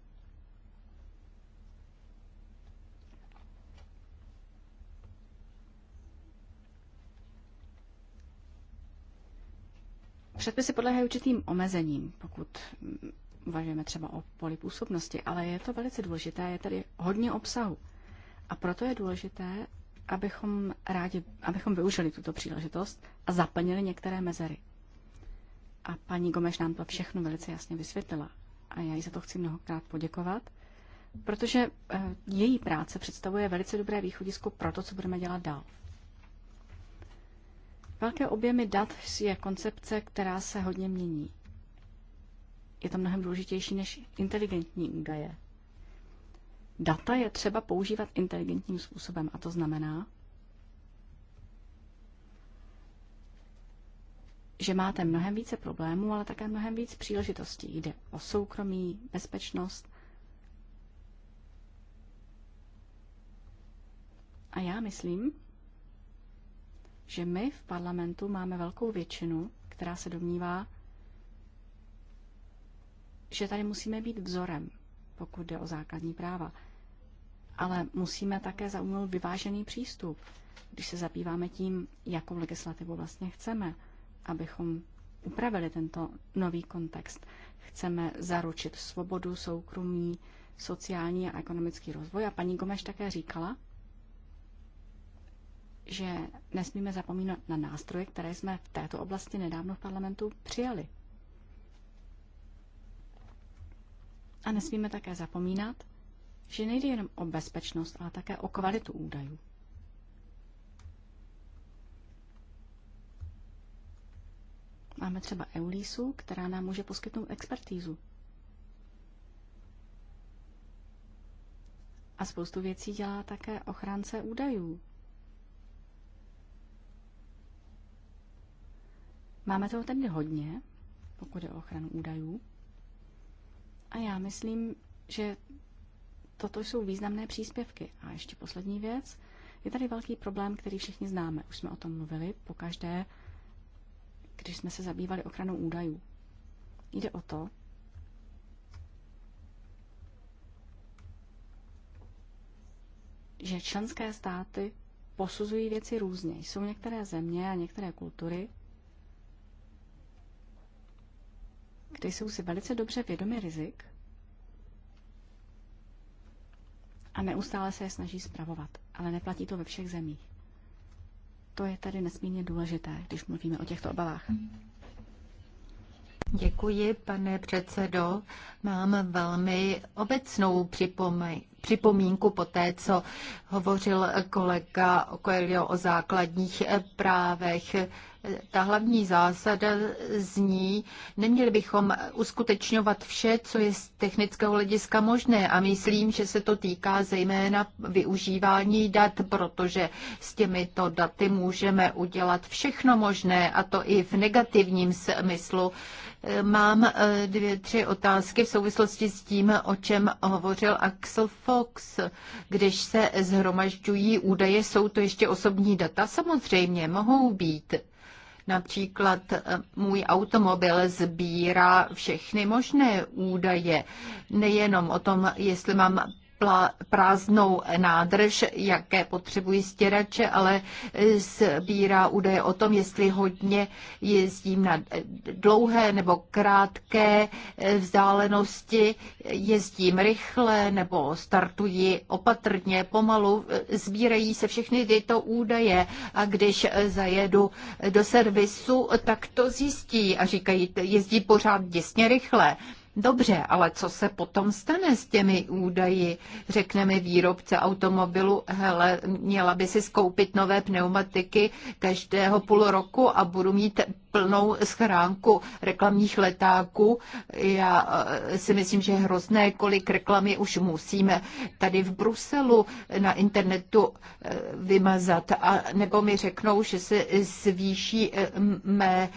Předpisy podléhají určitým omezením, pokud uvažujeme třeba o polipůsobnosti, ale je to velice důležité, je tady hodně obsahu. A proto je důležité, abychom rádi, abychom využili tuto příležitost a zaplnili některé mezery. A paní Gomeš nám to všechno velice jasně vysvětlila. A já jí za to chci mnohokrát poděkovat, protože eh, její práce představuje velice dobré východisko pro to, co budeme dělat dál. Velké objemy dat je koncepce, která se hodně mění je to mnohem důležitější než inteligentní údaje. Data je třeba používat inteligentním způsobem a to znamená, že máte mnohem více problémů, ale také mnohem víc příležitostí. Jde o soukromí, bezpečnost. A já myslím, že my v parlamentu máme velkou většinu, která se domnívá, že tady musíme být vzorem, pokud jde o základní práva. Ale musíme také zaujmout vyvážený přístup, když se zabýváme tím, jakou legislativu vlastně chceme, abychom upravili tento nový kontext. Chceme zaručit svobodu, soukromí, sociální a ekonomický rozvoj. A paní Gomeš také říkala, že nesmíme zapomínat na nástroje, které jsme v této oblasti nedávno v parlamentu přijali. A nesmíme také zapomínat, že nejde jenom o bezpečnost, ale také o kvalitu údajů. Máme třeba Eulisu, která nám může poskytnout expertízu. A spoustu věcí dělá také ochránce údajů. Máme toho tedy hodně, pokud je o ochranu údajů. A já myslím, že toto jsou významné příspěvky. A ještě poslední věc. Je tady velký problém, který všichni známe. Už jsme o tom mluvili pokaždé, když jsme se zabývali ochranou údajů. Jde o to, že členské státy posuzují věci různě. Jsou některé země a některé kultury, kde jsou si velice dobře vědomi rizik a neustále se je snaží spravovat, ale neplatí to ve všech zemích. To je tady nesmírně důležité, když mluvíme o těchto obavách. Děkuji, pane předsedo. Mám velmi obecnou připomínku připomínku po té, co hovořil kolega Coelho o základních právech ta hlavní zásada zní, neměli bychom uskutečňovat vše, co je z technického hlediska možné a myslím, že se to týká zejména využívání dat, protože s těmito daty můžeme udělat všechno možné a to i v negativním smyslu. Mám eh, dvě, tři otázky v souvislosti s tím, o čem hovořil Axel Fox. Když se zhromažďují údaje, jsou to ještě osobní data? Samozřejmě, mohou být. Například eh, můj automobil sbírá všechny možné údaje, nejenom o tom, jestli mám prázdnou nádrž, jaké potřebují stěrače, ale sbírá údaje o tom, jestli hodně jezdím na dlouhé nebo krátké vzdálenosti, jezdím rychle nebo startuji opatrně, pomalu. Sbírají se všechny tyto údaje a když zajedu do servisu, tak to zjistí a říkají, jezdí pořád děsně rychle. Dobře, ale co se potom stane s těmi údaji? Řekne mi výrobce automobilu, hele, měla by si skoupit nové pneumatiky každého půl roku a budu mít plnou schránku reklamních letáků. Já eh, si myslím, že hrozné, kolik reklamy už musíme tady v Bruselu na internetu eh, vymazat. A nebo mi řeknou, že se zvýší eh, mé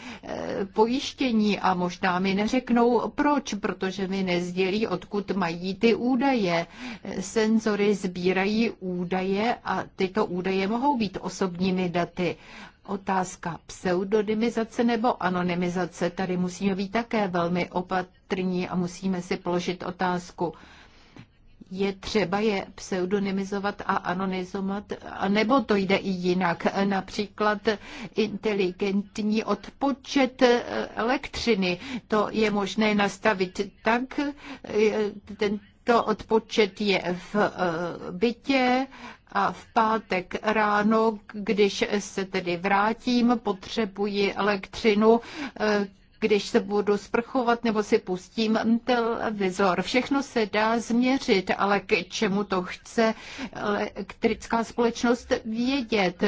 pojištění a možná mi neřeknou proč, protože mi nezdělí, odkud mají ty údaje. Senzory sbírají údaje a tyto údaje mohou být osobními daty. Otázka pseudonymizace nebo anonymizace. Tady musíme být také velmi opatrní a musíme si položit otázku. Je třeba je pseudonymizovat a anonymizovat, nebo to jde i jinak, například inteligentní odpočet eh, elektřiny. To je možné nastavit tak, eh, ten to odpočet je v eh, bytě a v pátek ráno, když se tedy vrátím, potřebuji elektřinu eh, když se budu sprchovat nebo si pustím televizor. Všechno se dá změřit, ale k čemu to chce elektrická společnost vědět?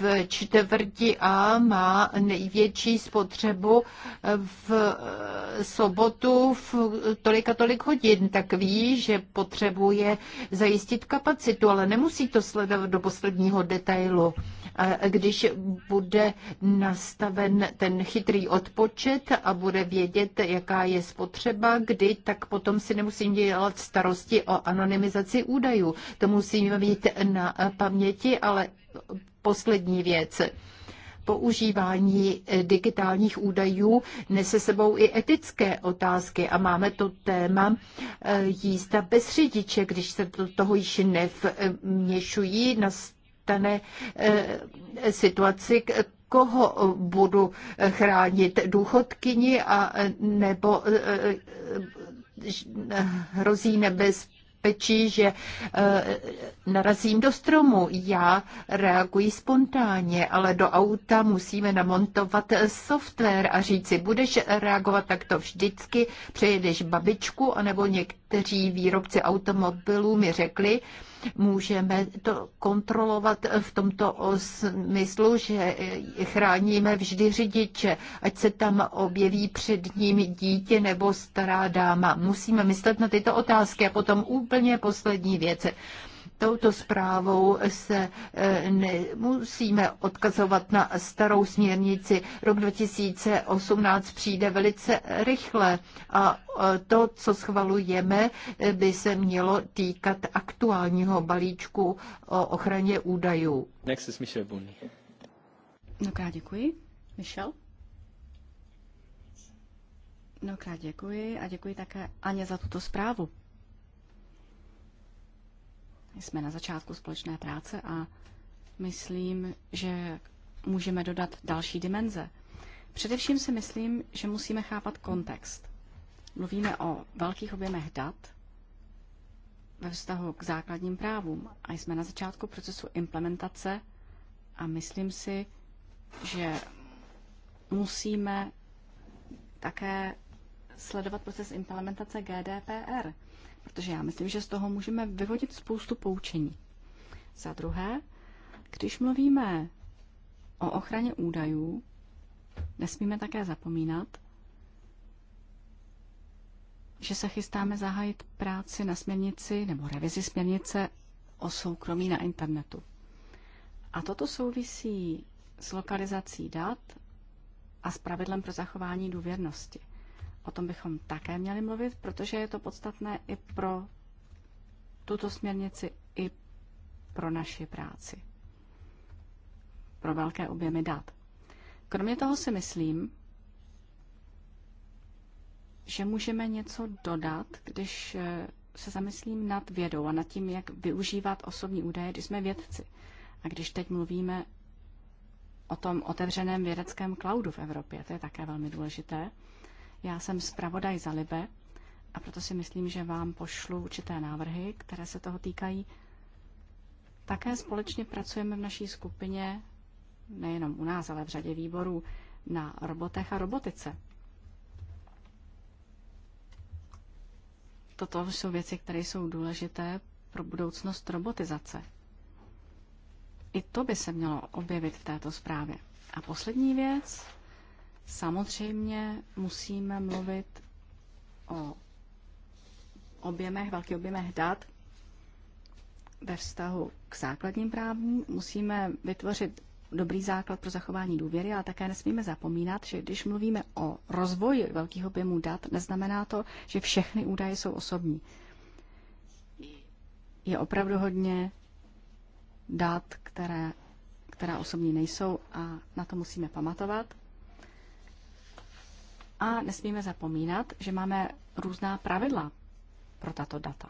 V čtvrti A má největší spotřebu v sobotu v tolik a tolik hodin, tak ví, že potřebuje zajistit kapacitu, ale nemusí to sledovat do posledního detailu když bude nastaven ten chytrý odpočet a bude vědět, jaká je spotřeba, kdy, tak potom si nemusím dělat starosti o anonymizaci údajů. To musíme mít na paměti, ale poslední věc používání digitálních údajů nese sebou i etické otázky a máme to téma eh, jízda bez řidiče, když se do toho již nevměšují, dané eh, situaci, koho budu chránit, důchodkyni a eh, nebo eh, hrozí nebezpečí nebezpečí, že narazím do stromu. Já reaguji spontánně, ale do auta musíme namontovat software a říci, budeš reagovat takto vždycky, přejedeš babičku, anebo někteří výrobci automobilů mi řekli, Můžeme to kontrolovat v tomto smyslu, že chráníme vždy řidiče, ať se tam objeví před ním dítě nebo stará dáma. Musíme myslet na tyto otázky. A potom úplně poslední věce touto zprávou se e, nemusíme odkazovat na starou směrnici. Rok 2018 přijde velice rychle a e, to, co schvalujeme, e, by se mělo týkat aktuálního balíčku o ochraně údajů. Next is Michel Bunny. Mnohokrát děkuji. Michel? Mnohokrát děkuji a děkuji také Aně za tuto zprávu. Jsme na začátku společné práce a myslím, že můžeme dodat další dimenze. Především si myslím, že musíme chápat kontext. Mluvíme o velkých objemech dat ve vztahu k základním právům a jsme na začátku procesu implementace a myslím si, že musíme také sledovat proces implementace GDPR protože já myslím, že z toho můžeme vyvodit spoustu poučení. Za druhé, když mluvíme o ochraně údajů, nesmíme také zapomínat, že se chystáme zahájit práci na směrnici nebo revizi směrnice o soukromí na internetu. A toto souvisí s lokalizací dat a s pravidlem pro zachování důvěrnosti. O tom bychom také měli mluvit, protože je to podstatné i pro tuto směrnici, i pro naši práci. Pro velké objemy dat. Kromě toho si myslím, že můžeme něco dodat, když eh, se zamyslím nad vědou a nad tím, jak využívat osobní údaje, když jsme vědci. A když teď mluvíme o tom otevřeném vědeckém cloudu v Evropě, to je také velmi důležité. Já jsem zpravodaj za Libe a proto si myslím, že vám pošlu určité návrhy, které se toho týkají. Také společně pracujeme v naší skupině, nejenom u nás, ale v řadě výborů, na robotech a robotice. Toto jsou věci, které jsou důležité pro budoucnost robotizace. I to by se mělo objevit v této zprávě. A poslední věc, Samozřejmě musíme mluvit o objemech, velký objemech dat ve vztahu k základním právům. Musíme vytvořit dobrý základ pro zachování důvěry, ale také nesmíme zapomínat, že když mluvíme o rozvoji velkých objemů dat, neznamená to, že všechny údaje jsou osobní. Je opravdu hodně dat, které, která osobní nejsou a na to musíme pamatovat. A nesmíme zapomínat, že máme různá pravidla pro tato data.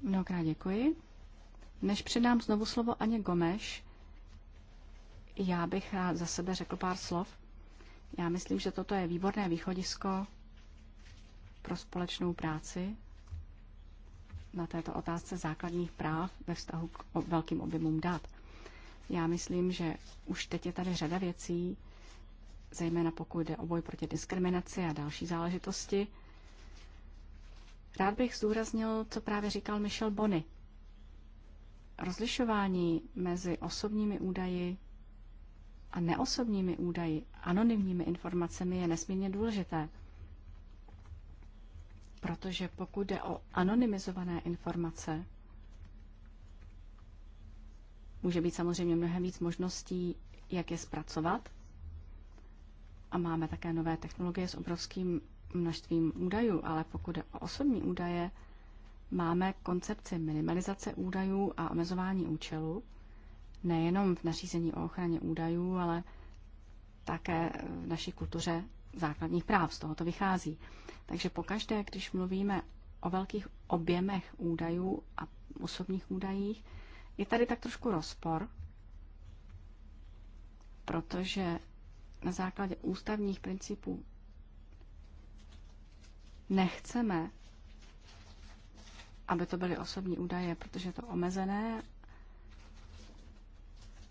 Mnohokrát děkuji. Než předám znovu slovo Aně Gomeš, já bych rád za sebe řekl pár slov. Já myslím, že toto je výborné východisko pro společnou práci na této otázce základních práv ve vztahu k velkým objemům dat. Já myslím, že už teď je tady řada věcí, zejména pokud jde o boj proti diskriminaci a další záležitosti. Rád bych zdůraznil, co právě říkal Michel Bonny. Rozlišování mezi osobními údaji a neosobními údaji, anonymními informacemi je nesmírně důležité. Protože pokud jde o anonymizované informace, Může být samozřejmě mnohem víc možností, jak je zpracovat. A máme také nové technologie s obrovským množstvím údajů, ale pokud je o osobní údaje, máme koncepci minimalizace údajů a omezování účelu, nejenom v nařízení o ochraně údajů, ale také v naší kultuře základních práv. Z toho to vychází. Takže pokaždé, když mluvíme o velkých objemech údajů a osobních údajích, je tady tak trošku rozpor, protože na základě ústavních principů nechceme, aby to byly osobní údaje, protože je to omezené.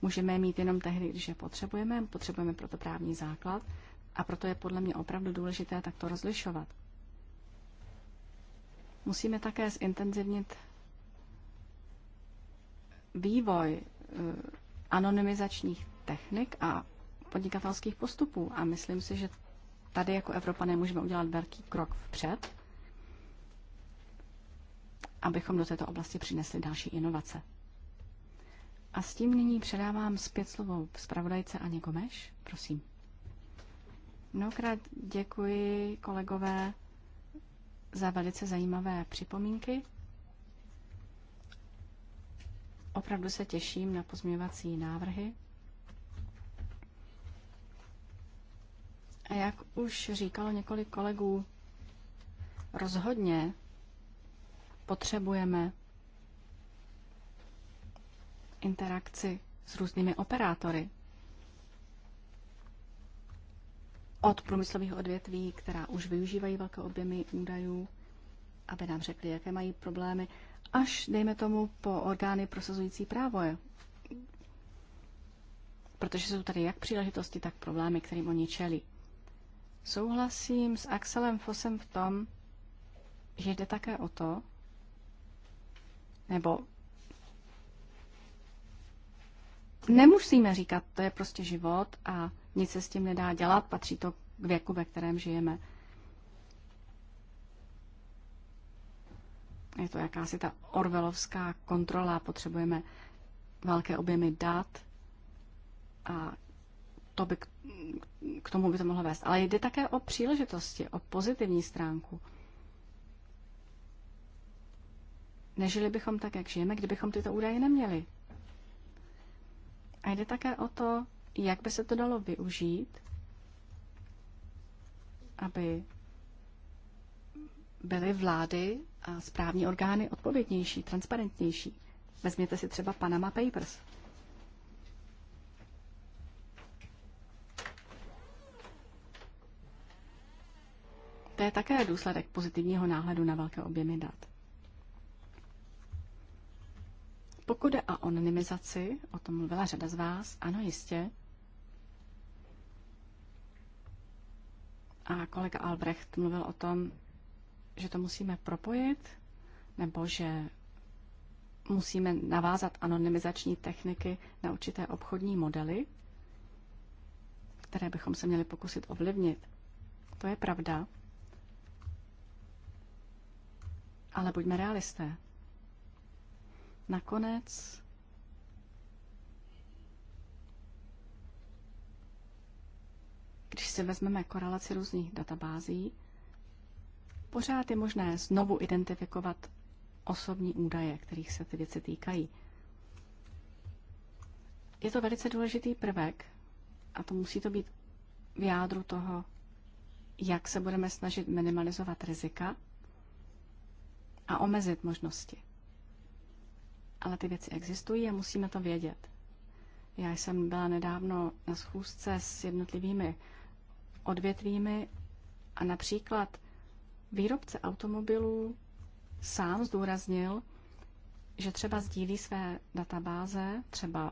Můžeme je mít jenom tehdy, když je potřebujeme, potřebujeme proto právní základ a proto je podle mě opravdu důležité takto rozlišovat. Musíme také zintenzivnit vývoj eh, anonymizačních technik a podnikatelských postupů. A myslím si, že tady jako Evropa nemůžeme udělat velký krok vpřed, abychom do této oblasti přinesli další inovace. A s tím nyní předávám zpět slovo zpravodajce Aně Gomeš. Prosím. Mnohokrát děkuji kolegové za velice zajímavé připomínky. Opravdu se těším na pozměňovací návrhy. A jak už říkalo několik kolegů, rozhodně potřebujeme interakci s různými operátory. Od průmyslových odvětví, která už využívají velké objemy údajů, aby nám řekli, jaké mají problémy, až, dejme tomu, po orgány prosazující právo. Protože jsou tady jak příležitosti, tak problémy, kterým oni čelí. Souhlasím s Axelem Fosem v tom, že jde také o to, nebo nemusíme říkat, to je prostě život a nic se s tím nedá dělat, patří to k věku, ve kterém žijeme. Je to jakási ta orvelovská kontrola. Potřebujeme velké objemy dat a to by k, tomu by to mohlo vést. Ale jde také o příležitosti, o pozitivní stránku. Nežili bychom tak, jak žijeme, kdybychom tyto údaje neměli. A jde také o to, jak by se to dalo využít, aby byly vlády správní orgány odpovědnější, transparentnější. Vezměte si třeba Panama Papers. To je také důsledek pozitivního náhledu na velké objemy dat. Pokud jde o anonymizaci, o tom mluvila řada z vás, ano, jistě. A kolega Albrecht mluvil o tom, že to musíme propojit, nebo že musíme navázat anonymizační techniky na určité obchodní modely, které bychom se měli pokusit ovlivnit. To je pravda. Ale buďme realisté. Nakonec když si vezmeme korelaci různých databází, pořád je možné znovu identifikovat osobní údaje, kterých se ty věci týkají. Je to velice důležitý prvek a to musí to být v jádru toho, jak se budeme snažit minimalizovat rizika a omezit možnosti. Ale ty věci existují a musíme to vědět. Já jsem byla nedávno na schůzce s jednotlivými odvětvími a například Výrobce automobilů sám zdůraznil, že třeba sdílí své databáze, třeba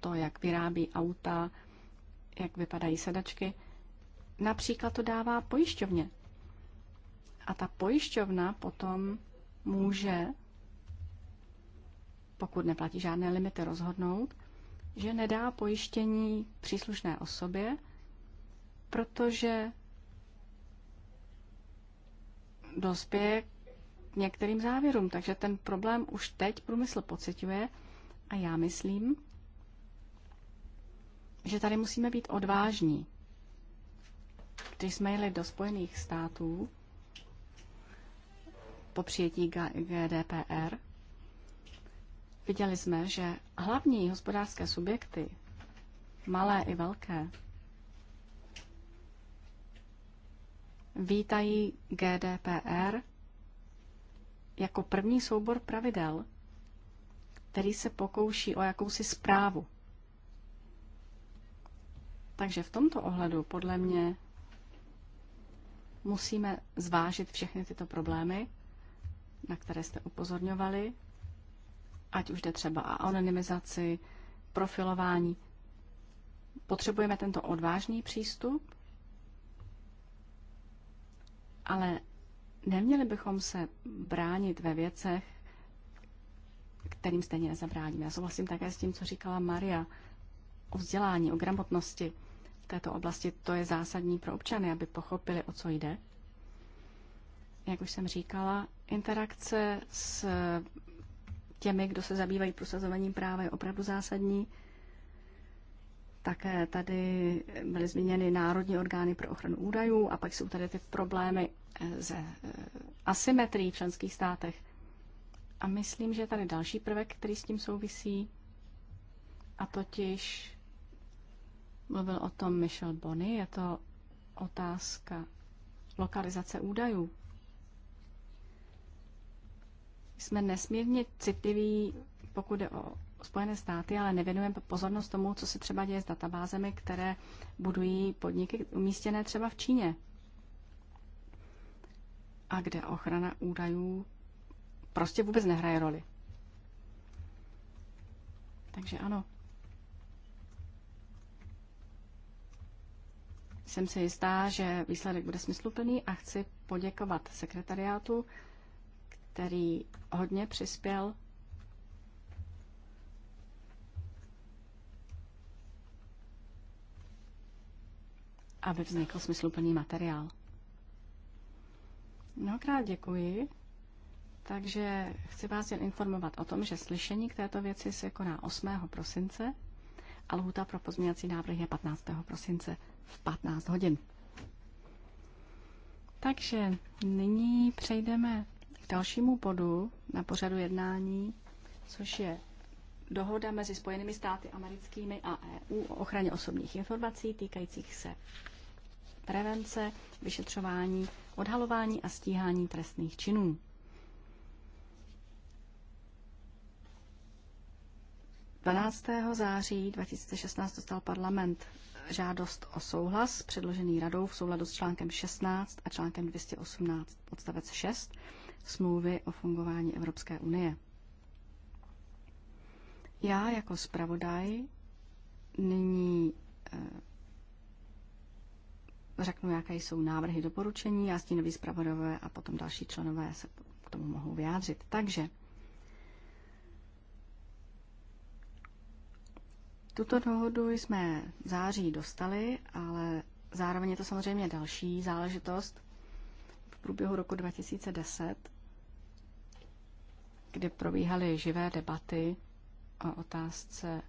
to, jak vyrábí auta, jak vypadají sedačky. Například to dává pojišťovně. A ta pojišťovna potom může, pokud neplatí žádné limity, rozhodnout, že nedá pojištění příslušné osobě, protože dospěje k některým závěrům. Takže ten problém už teď průmysl pociťuje a já myslím, že tady musíme být odvážní. Když jsme jeli do Spojených států po přijetí GDPR, viděli jsme, že hlavní hospodářské subjekty, malé i velké, vítají GDPR jako první soubor pravidel, který se pokouší o jakousi zprávu. Takže v tomto ohledu podle mě musíme zvážit všechny tyto problémy, na které jste upozorňovali, ať už jde třeba o anonymizaci, profilování. Potřebujeme tento odvážný přístup, ale neměli bychom se bránit ve věcech, kterým stejně nezabráníme. Já souhlasím také s tím, co říkala Maria o vzdělání, o gramotnosti v této oblasti. To je zásadní pro občany, aby pochopili, o co jde. Jak už jsem říkala, interakce s těmi, kdo se zabývají prosazováním práva, je opravdu zásadní. Také tady byly zmíněny národní orgány pro ochranu údajů a pak jsou tady ty problémy ze eh, asymetrií v členských státech. A myslím, že je tady další prvek, který s tím souvisí, a totiž mluvil o tom Michel Bonny, je to otázka lokalizace údajů. Jsme nesmírně citliví, pokud jde o Spojené státy, ale nevěnujeme pozornost tomu, co se třeba děje s databázemi, které budují podniky umístěné třeba v Číně a kde ochrana údajů prostě vůbec nehraje roli. Takže ano. Jsem si jistá, že výsledek bude smysluplný a chci poděkovat sekretariátu, který hodně přispěl aby vznikl smysluplný materiál. Mnohokrát děkuji. Takže chci vás jen informovat o tom, že slyšení k této věci se koná 8. prosince a lhůta pro pozměňovací návrh je 15. prosince v 15 hodin. Takže nyní přejdeme k dalšímu bodu na pořadu jednání, což je dohoda mezi Spojenými státy americkými a EU o ochraně osobních informací týkajících se prevence, vyšetřování, odhalování a stíhání trestných činů. V 12. září 2016 dostal parlament žádost o souhlas předložený radou v souladu s článkem 16 a článkem 218 odstavec 6 smlouvy o fungování Evropské unie. Já jako zpravodaj nyní eh, řeknu, jaké jsou návrhy doporučení a stínoví zpravodové a potom další členové se k tomu mohou vyjádřit. Takže tuto dohodu jsme v září dostali, ale zároveň je to samozřejmě další záležitost v průběhu roku 2010, kdy probíhaly živé debaty o otázce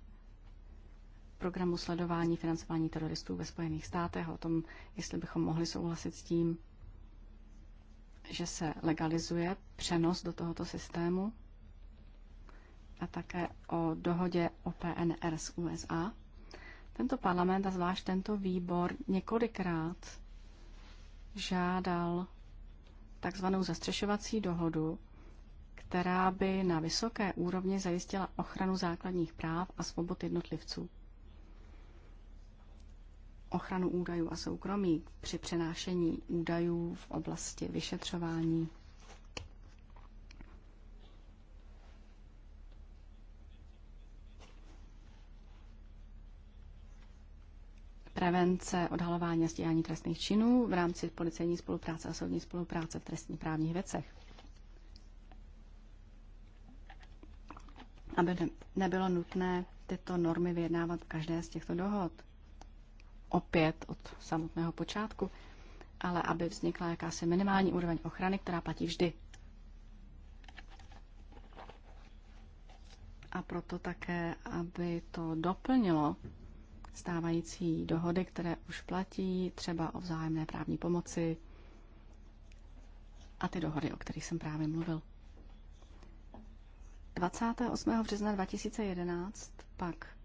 programu sledování financování teroristů ve Spojených státech, o tom, jestli bychom mohli souhlasit s tím, že se legalizuje přenos do tohoto systému a také o dohodě o PNR s USA. Tento parlament a zvlášť tento výbor několikrát žádal takzvanou zastřešovací dohodu, která by na vysoké úrovni zajistila ochranu základních práv a svobod jednotlivců ochranu údajů a soukromí při přenášení údajů v oblasti vyšetřování. prevence, odhalování a stíhání trestných činů v rámci policejní spolupráce a soudní spolupráce v trestních právních věcech. Aby nebylo nutné tyto normy vyjednávat v každé z těchto dohod opět od samotného počátku, ale aby vznikla jakási minimální úroveň ochrany, která platí vždy. A proto také, aby to doplnilo stávající dohody, které už platí, třeba o vzájemné právní pomoci a ty dohody, o kterých jsem právě mluvil. 28. března 2011 pak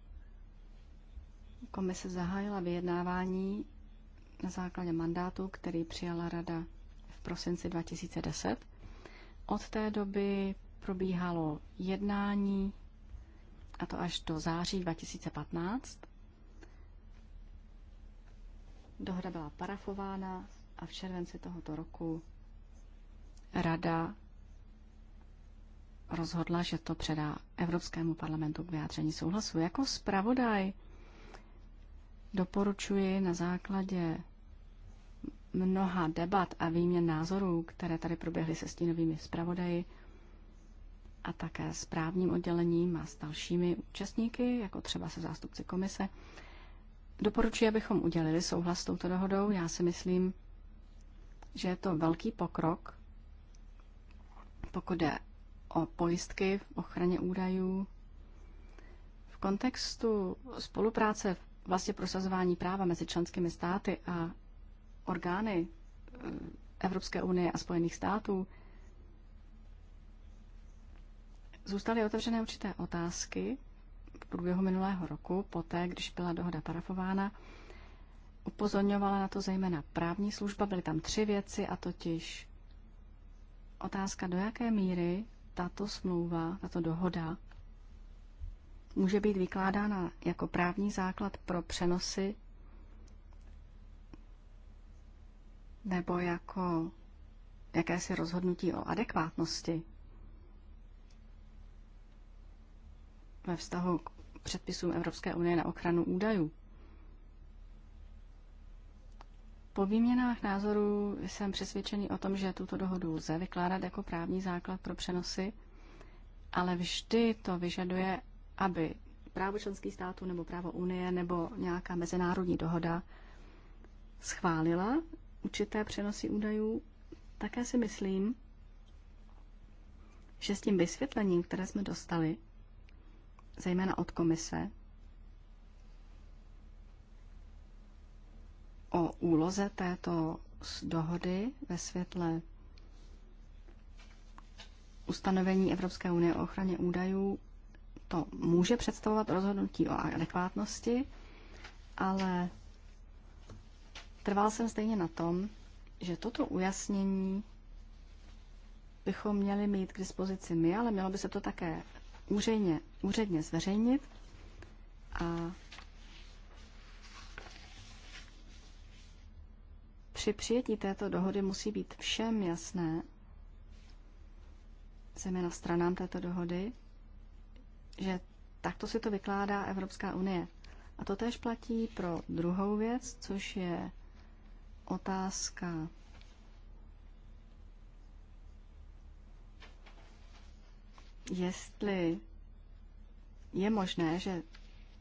Komise zahájila vyjednávání na základě mandátu, který přijala Rada v prosinci 2010. Od té doby probíhalo jednání, a to až do září 2015. Dohoda byla parafována a v červenci tohoto roku Rada rozhodla, že to předá Evropskému parlamentu k vyjádření souhlasu. Jako zpravodaj doporučuji na základě mnoha debat a výměn názorů, které tady proběhly se stínovými zpravodaji a také s právním oddělením a s dalšími účastníky, jako třeba se zástupci komise, doporučuji, abychom udělili souhlas s touto dohodou. Já si myslím, že je to velký pokrok, pokud jde o pojistky v ochraně údajů. V kontextu spolupráce v vlastně prosazování práva mezi členskými státy a orgány eh, Evropské unie a Spojených států, zůstaly otevřené určité otázky v průběhu minulého roku, poté, když byla dohoda parafována. Upozorňovala na to zejména právní služba, byly tam tři věci, a totiž otázka, do jaké míry tato smlouva, tato dohoda může být vykládána jako právní základ pro přenosy nebo jako jakési rozhodnutí o adekvátnosti ve vztahu k předpisům Evropské unie na ochranu údajů. Po výměnách názorů jsem přesvědčený o tom, že tuto dohodu lze vykládat jako právní základ pro přenosy, ale vždy to vyžaduje aby právo členských států nebo právo Unie nebo nějaká mezinárodní dohoda schválila určité přenosy údajů, také si myslím, že s tím vysvětlením, které jsme dostali, zejména od komise, o úloze této dohody ve světle ustanovení Evropské unie o ochraně údajů to může představovat rozhodnutí o adekvátnosti, ale trval jsem stejně na tom, že toto ujasnění bychom měli mít k dispozici my, ale mělo by se to také úředně, úředně zveřejnit a při přijetí této dohody musí být všem jasné, zejména stranám této dohody, že takto si to vykládá Evropská unie. A to tež platí pro druhou věc, což je otázka jestli je možné, že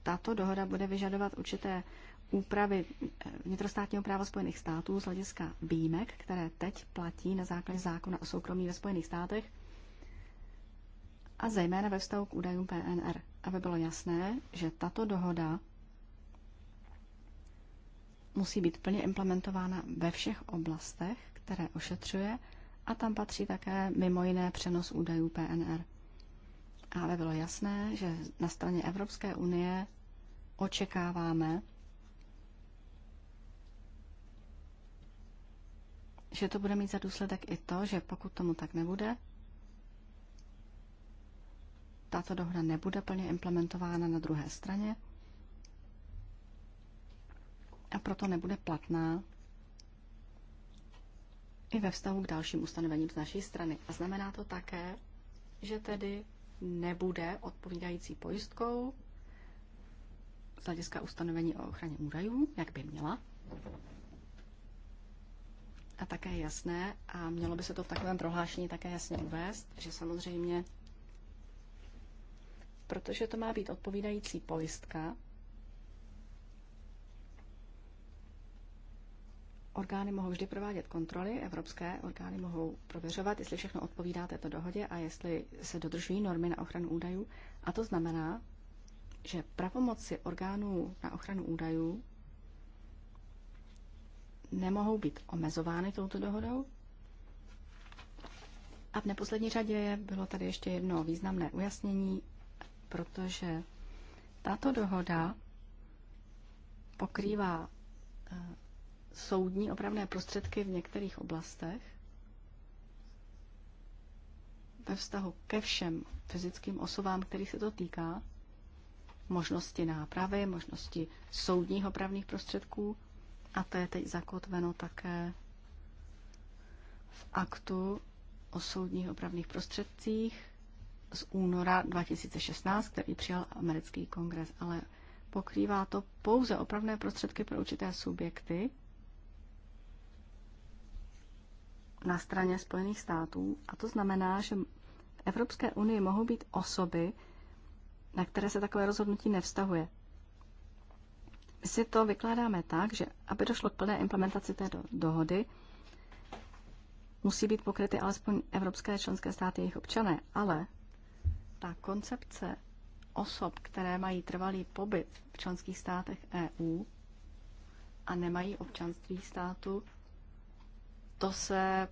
tato dohoda bude vyžadovat určité úpravy eh, vnitrostátního práva Spojených států z hlediska výjimek, které teď platí na základě zákona o soukromí ve Spojených státech a zejména ve vztahu k údajům PNR, aby bylo jasné, že tato dohoda musí být plně implementována ve všech oblastech, které ošetřuje, a tam patří také mimo jiné přenos údajů PNR. A aby bylo jasné, že na straně Evropské unie očekáváme, že to bude mít za důsledek i to, že pokud tomu tak nebude, tato dohoda nebude plně implementována na druhé straně a proto nebude platná i ve vztahu k dalším ustanovením z naší strany. A znamená to také, že tedy nebude odpovídající pojistkou z hlediska ustanovení o ochraně údajů, jak by měla. A také jasné, a mělo by se to v takovém prohlášení také jasně uvést, že samozřejmě protože to má být odpovídající pojistka. Orgány mohou vždy provádět kontroly, evropské orgány mohou prověřovat, jestli všechno odpovídá této dohodě a jestli se dodržují normy na ochranu údajů. A to znamená, že pravomoci orgánů na ochranu údajů nemohou být omezovány touto dohodou. A v neposlední řadě bylo tady ještě jedno významné ujasnění protože tato dohoda pokrývá eh, soudní opravné prostředky v některých oblastech ve vztahu ke všem fyzickým osobám, kterých se to týká, možnosti nápravy, možnosti soudních opravných prostředků a to je teď zakotveno také v aktu o soudních opravných prostředcích z února 2016, který přijal americký kongres, ale pokrývá to pouze opravné prostředky pro určité subjekty na straně Spojených států. A to znamená, že v Evropské unii mohou být osoby, na které se takové rozhodnutí nevztahuje. My si to vykládáme tak, že aby došlo k plné implementaci té do- dohody, musí být pokryty alespoň evropské členské státy jejich občané, ale ta koncepce osob, které mají trvalý pobyt v členských státech EU a nemají občanství státu, to se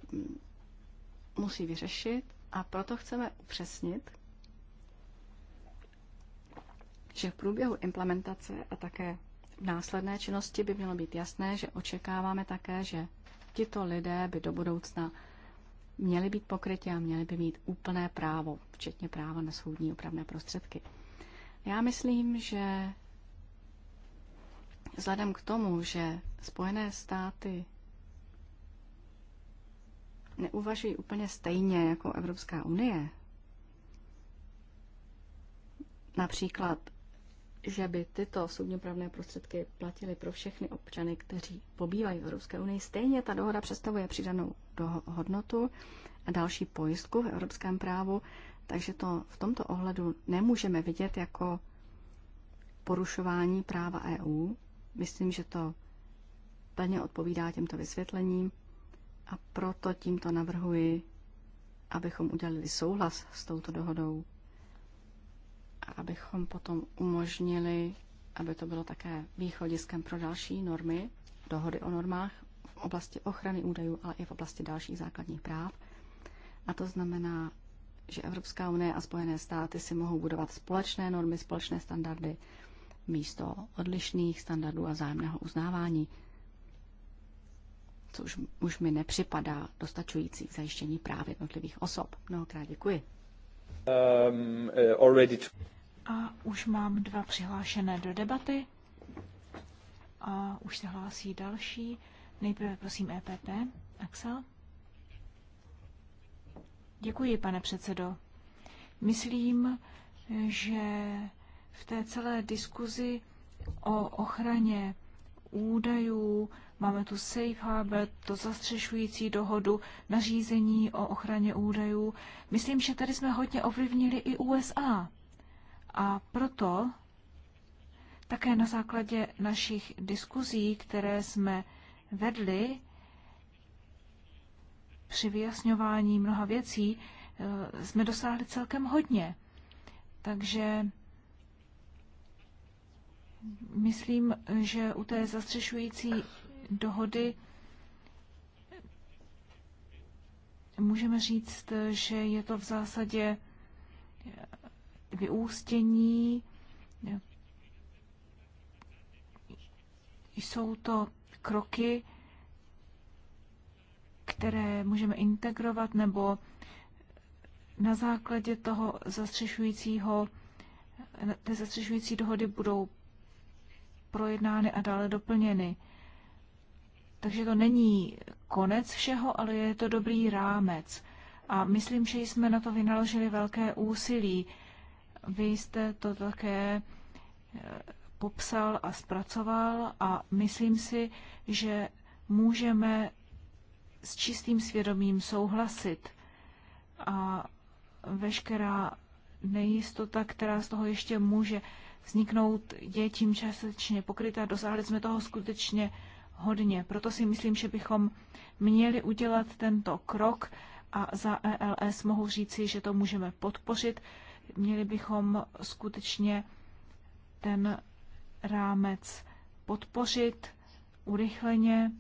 musí vyřešit a proto chceme upřesnit, že v průběhu implementace a také v následné činnosti by mělo být jasné, že očekáváme také, že tito lidé by do budoucna měly být pokrytě a měly by mít úplné právo, včetně práva na soudní opravné prostředky. Já myslím, že vzhledem k tomu, že Spojené státy neuvažují úplně stejně jako Evropská unie, například, že by tyto soudněpravné prostředky platily pro všechny občany, kteří pobývají v Evropské unii, stejně ta dohoda představuje přidanou do hodnotu a další pojistku v evropském právu, takže to v tomto ohledu nemůžeme vidět jako porušování práva EU. Myslím, že to plně odpovídá těmto vysvětlením a proto tímto navrhuji, abychom udělali souhlas s touto dohodou a abychom potom umožnili, aby to bylo také východiskem pro další normy, dohody o normách, v oblasti ochrany údajů, ale i v oblasti dalších základních práv. A to znamená, že Evropská unie a Spojené státy si mohou budovat společné normy, společné standardy místo odlišných standardů a zájemného uznávání, což už mi nepřipadá dostačující k zajištění práv jednotlivých osob. Mnohokrát děkuji. Um, uh, already to... A už mám dva přihlášené do debaty. A už se hlásí další. Nejprve prosím EPP. Axel? Děkuji, pane předsedo. Myslím, že v té celé diskuzi o ochraně údajů máme tu Safe Harbor, to zastřešující dohodu, nařízení o ochraně údajů. Myslím, že tady jsme hodně ovlivnili i USA. A proto také na základě našich diskuzí, které jsme vedly při vyjasňování mnoha věcí, eh, jsme dosáhli celkem hodně. Takže myslím, že u té zastřešující dohody můžeme říct, že je to v zásadě vyústění. Jsou to kroky, které můžeme integrovat nebo na základě toho zastřešujícího, té zastřešující dohody budou projednány a dále doplněny. Takže to není konec všeho, ale je to dobrý rámec. A myslím, že jsme na to vynaložili velké úsilí. Vy jste to také popsal a zpracoval a myslím si, že můžeme s čistým svědomím souhlasit a veškerá nejistota, která z toho ještě může vzniknout, je tím částečně pokryta. Dosáhli jsme toho skutečně hodně. Proto si myslím, že bychom měli udělat tento krok a za ELS mohu říci, že to můžeme podpořit. Měli bychom skutečně ten rámec podpořit urychleně.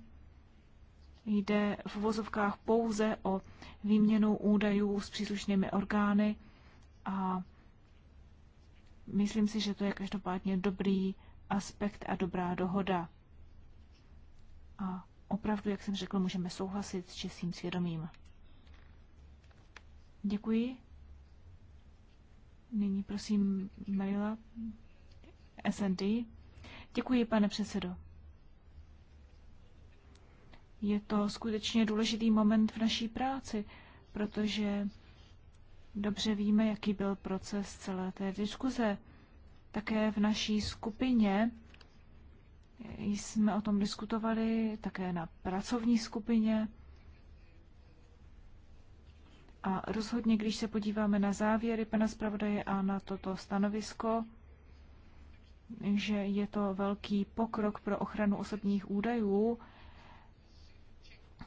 Jde v uvozovkách pouze o výměnu údajů s příslušnými orgány a myslím si, že to je každopádně dobrý aspekt a dobrá dohoda. A opravdu, jak jsem řekl, můžeme souhlasit s čistým svědomím. Děkuji. Nyní prosím Marila SND. Děkuji, pane předsedo. Je to skutečně důležitý moment v naší práci, protože dobře víme, jaký byl proces celé té diskuze. Také v naší skupině jsme o tom diskutovali, také na pracovní skupině. A rozhodně, když se podíváme na závěry pana zpravodaje a na toto stanovisko, že je to velký pokrok pro ochranu osobních údajů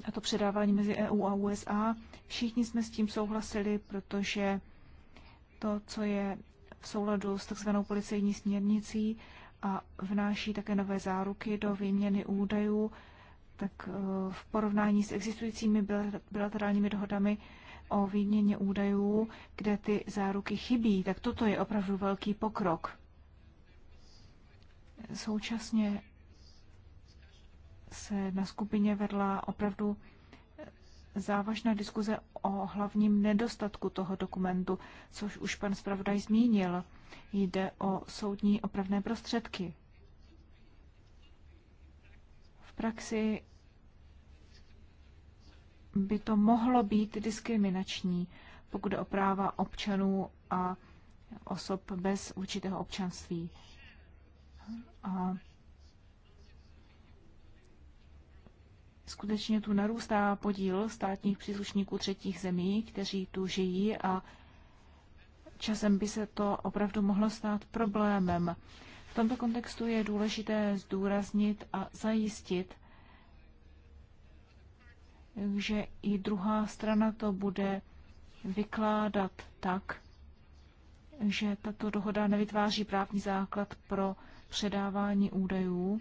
a to předávání mezi EU a USA. Všichni jsme s tím souhlasili, protože to, co je v souladu s takzvanou policejní směrnicí a vnáší také nové záruky do výměny údajů, tak eh, v porovnání s existujícími bilaterálními dohodami o výměně údajů, kde ty záruky chybí, tak toto je opravdu velký pokrok. Současně se na skupině vedla opravdu závažná diskuze o hlavním nedostatku toho dokumentu, což už pan zpravodaj zmínil. Jde o soudní opravné prostředky. V praxi by to mohlo být diskriminační, pokud jde o práva občanů a osob bez určitého občanství. A skutečně tu narůstá podíl státních příslušníků třetích zemí, kteří tu žijí a časem by se to opravdu mohlo stát problémem. V tomto kontextu je důležité zdůraznit a zajistit, že i druhá strana to bude vykládat tak, že tato dohoda nevytváří právní základ pro předávání údajů,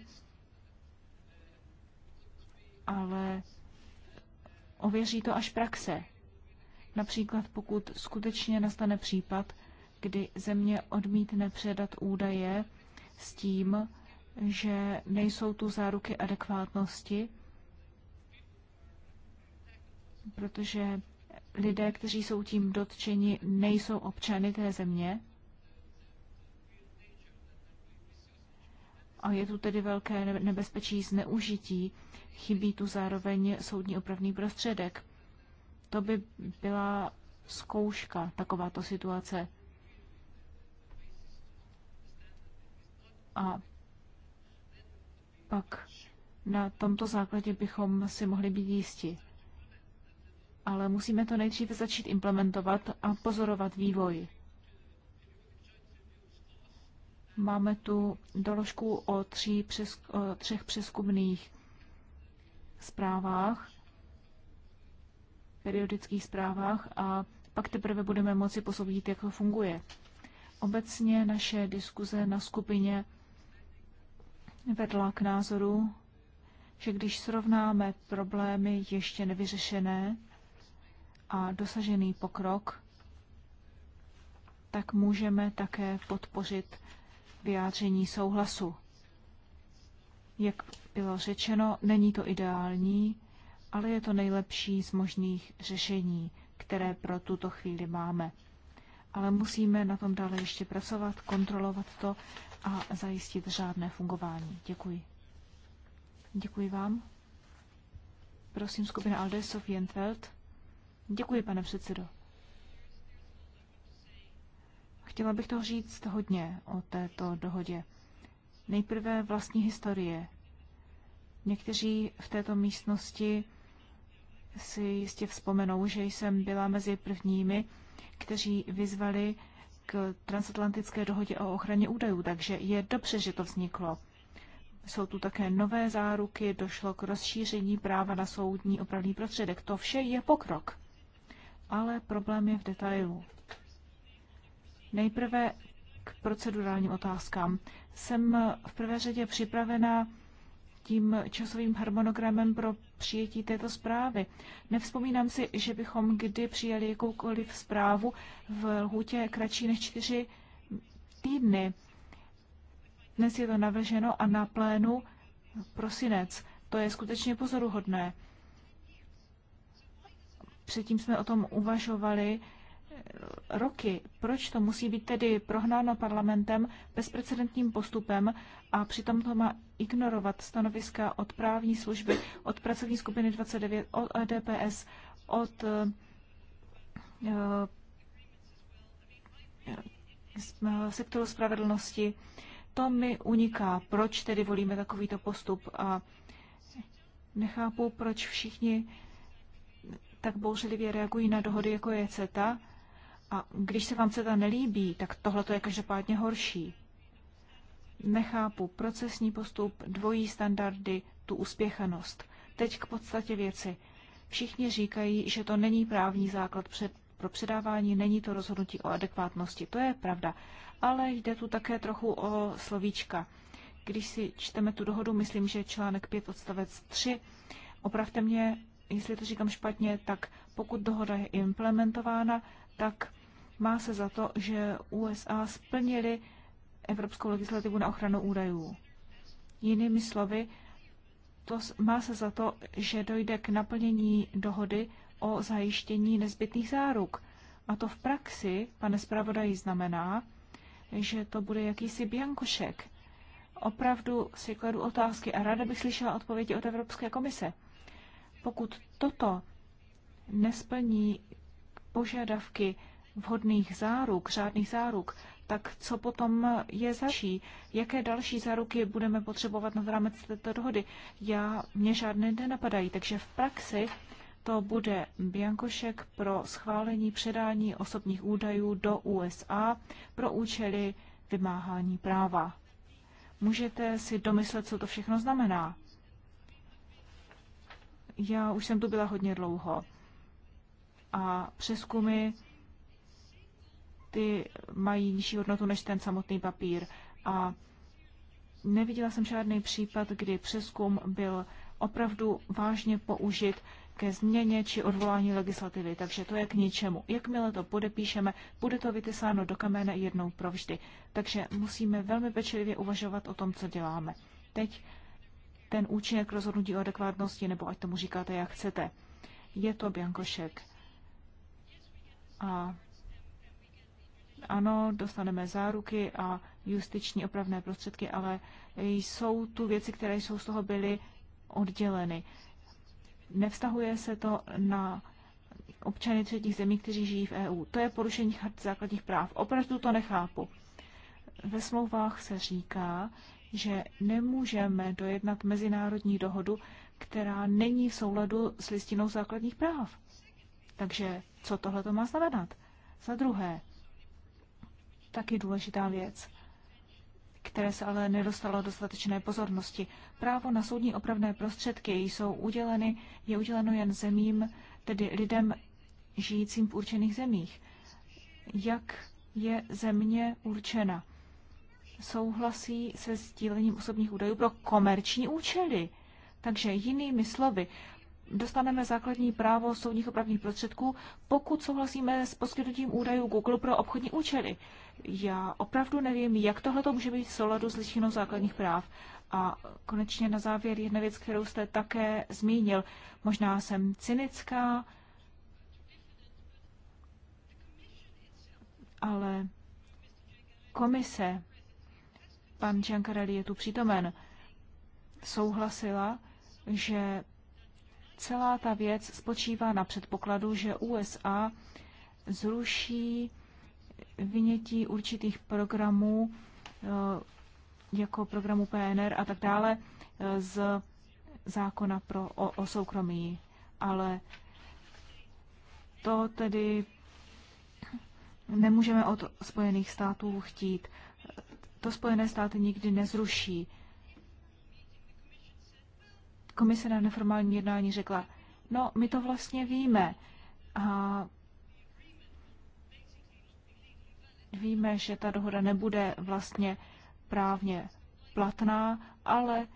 ale ověří to až praxe. Například pokud skutečně nastane případ, kdy země odmítne předat údaje s tím, že nejsou tu záruky adekvátnosti, protože lidé, kteří jsou tím dotčeni, nejsou občany té země. A je tu tedy velké nebezpečí zneužití. Chybí tu zároveň soudní opravný prostředek. To by byla zkouška, takováto situace. A pak na tomto základě bychom si mohli být jisti. Ale musíme to nejdříve začít implementovat a pozorovat vývoj. Máme tu doložku o, tří přes, o třech přeskumných zprávách, periodických zprávách a pak teprve budeme moci posoudit, jak to funguje. Obecně naše diskuze na skupině vedla k názoru, že když srovnáme problémy ještě nevyřešené a dosažený pokrok, tak můžeme také podpořit vyjádření souhlasu. Jak bylo řečeno, není to ideální, ale je to nejlepší z možných řešení, které pro tuto chvíli máme. Ale musíme na tom dále ještě pracovat, kontrolovat to a zajistit řádné fungování. Děkuji. Děkuji vám. Prosím, skupina Alde Jentfeld. Děkuji, pane předsedo. Chtěla bych toho říct hodně o této dohodě. Nejprve vlastní historie. Někteří v této místnosti si jistě vzpomenou, že jsem byla mezi prvními, kteří vyzvali k transatlantické dohodě o ochraně údajů, takže je dobře, že to vzniklo. Jsou tu také nové záruky, došlo k rozšíření práva na soudní opravný prostředek. To vše je pokrok. Ale problém je v detailu. Nejprve k procedurálním otázkám. Jsem v prvé řadě připravena tím časovým harmonogramem pro přijetí této zprávy. Nevzpomínám si, že bychom kdy přijali jakoukoliv zprávu v lhůtě kratší než čtyři týdny. Dnes je to navrženo a na plénu prosinec. To je skutečně pozoruhodné. Předtím jsme o tom uvažovali roky. Proč to musí být tedy prohnáno parlamentem bezprecedentním postupem a přitom to má ignorovat stanoviska od právní služby, od pracovní skupiny 29, od e DPS, od eh, eh, sektoru spravedlnosti. To mi uniká, proč tedy volíme takovýto postup a nechápu, proč všichni tak bouřlivě reagují na dohody, jako je CETA, a když se vám CETA nelíbí, tak tohle to je každopádně horší. Nechápu procesní postup, dvojí standardy, tu uspěchanost. Teď k podstatě věci. Všichni říkají, že to není právní základ před, pro předávání, není to rozhodnutí o adekvátnosti. To je pravda. Ale jde tu také trochu o slovíčka. Když si čteme tu dohodu, myslím, že článek 5 odstavec 3, opravte mě, jestli to říkám špatně, tak pokud dohoda je implementována, tak má se za to, že USA splnili evropskou legislativu na ochranu údajů. Jinými slovy, to má se za to, že dojde k naplnění dohody o zajištění nezbytných záruk. A to v praxi, pane zpravodaji, znamená, že to bude jakýsi biankošek. Opravdu si kladu otázky a ráda bych slyšela odpovědi od Evropské komise. Pokud toto nesplní požadavky vhodných záruk, řádných záruk, tak co potom je zaší? Jaké další záruky budeme potřebovat na rámec této dohody? Já, mě žádné nenapadají, takže v praxi to bude biankošek pro schválení předání osobních údajů do USA pro účely vymáhání práva. Můžete si domyslet, co to všechno znamená. Já už jsem tu byla hodně dlouho. A přeskumy ty mají nižší hodnotu než ten samotný papír. A neviděla jsem žádný případ, kdy přeskum byl opravdu vážně použit ke změně či odvolání legislativy, takže to je k ničemu. Jakmile to podepíšeme, bude to vytesáno do kamene jednou provždy. Takže musíme velmi pečlivě uvažovat o tom, co děláme. Teď ten účinek rozhodnutí o adekvátnosti, nebo ať tomu říkáte, jak chcete. Je to Biankošek. A ano, dostaneme záruky a justiční opravné prostředky, ale jsou tu věci, které jsou z toho byly odděleny. Nevztahuje se to na občany třetích zemí, kteří žijí v EU. To je porušení charty základních práv. Opravdu to nechápu. Ve smlouvách se říká, že nemůžeme dojednat mezinárodní dohodu, která není v souladu s listinou základních práv. Takže co tohle to má znamenat? Za druhé, taky důležitá věc které se ale nedostalo dostatečné pozornosti. Právo na soudní opravné prostředky jsou uděleny, je uděleno jen zemím, tedy lidem žijícím v určených zemích. Jak je země určena? Souhlasí se sdílením osobních údajů pro komerční účely. Takže jinými slovy, dostaneme základní právo soudních opravních prostředků, pokud souhlasíme s poskytnutím údajů Google pro obchodní účely. Já opravdu nevím, jak tohle to může být v souladu s lišinou základních práv. A konečně na závěr jedna věc, kterou jste také zmínil. Možná jsem cynická, ale komise, pan Giancarelli je tu přítomen, souhlasila, že Celá ta věc spočívá na předpokladu, že USA zruší vynětí určitých programů eh, jako programu PNR a tak dále eh, z zákona pro, o, o soukromí. Ale to tedy nemůžeme od Spojených států chtít. To Spojené státy nikdy nezruší komise na neformální jednání řekla, no, my to vlastně víme. A víme, že ta dohoda nebude vlastně právně platná, ale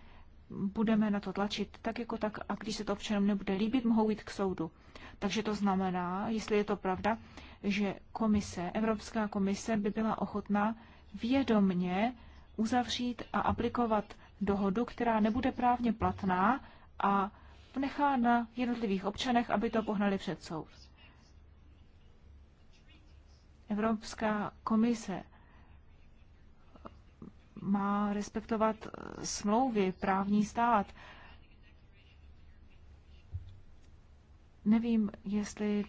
budeme na to tlačit tak jako tak a když se to občanům nebude líbit, mohou jít k soudu. Takže to znamená, jestli je to pravda, že komise, Evropská komise by byla ochotná vědomně uzavřít a aplikovat dohodu, která nebude právně platná a nechá na jednotlivých občanech, aby to pohnali před soud. Evropská komise má respektovat smlouvy, právní stát. Nevím, jestli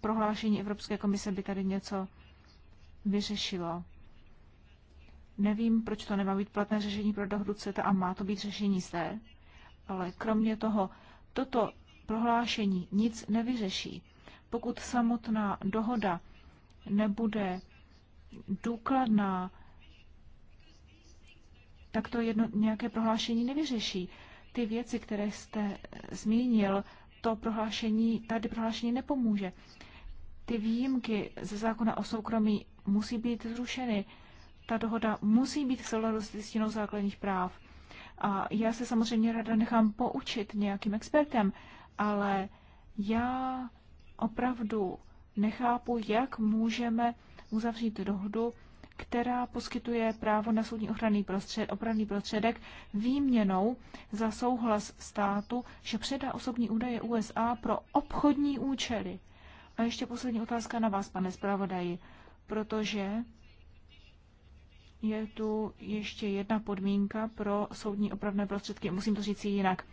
prohlášení Evropské komise by tady něco vyřešilo. Nevím, proč to nemá být platné řešení pro dohodu CETA a má to být řešení zde, ale kromě toho, toto prohlášení nic nevyřeší. Pokud samotná dohoda nebude důkladná, tak to jedno, nějaké prohlášení nevyřeší. Ty věci, které jste eh, zmínil, to prohlášení, tady prohlášení nepomůže. Ty výjimky ze zákona o soukromí musí být zrušeny ta dohoda musí být v souladu s listinou základních práv. A já se samozřejmě rada nechám poučit nějakým expertem, ale já opravdu nechápu, jak můžeme uzavřít dohodu, která poskytuje právo na soudní ochranný prostřed, opravný prostředek výměnou za souhlas státu, že předá osobní údaje USA pro obchodní účely. A ještě poslední otázka na vás, pane zpravodaji, protože je tu ještě jedna podmínka pro soudní opravné prostředky. Musím to říct jinak.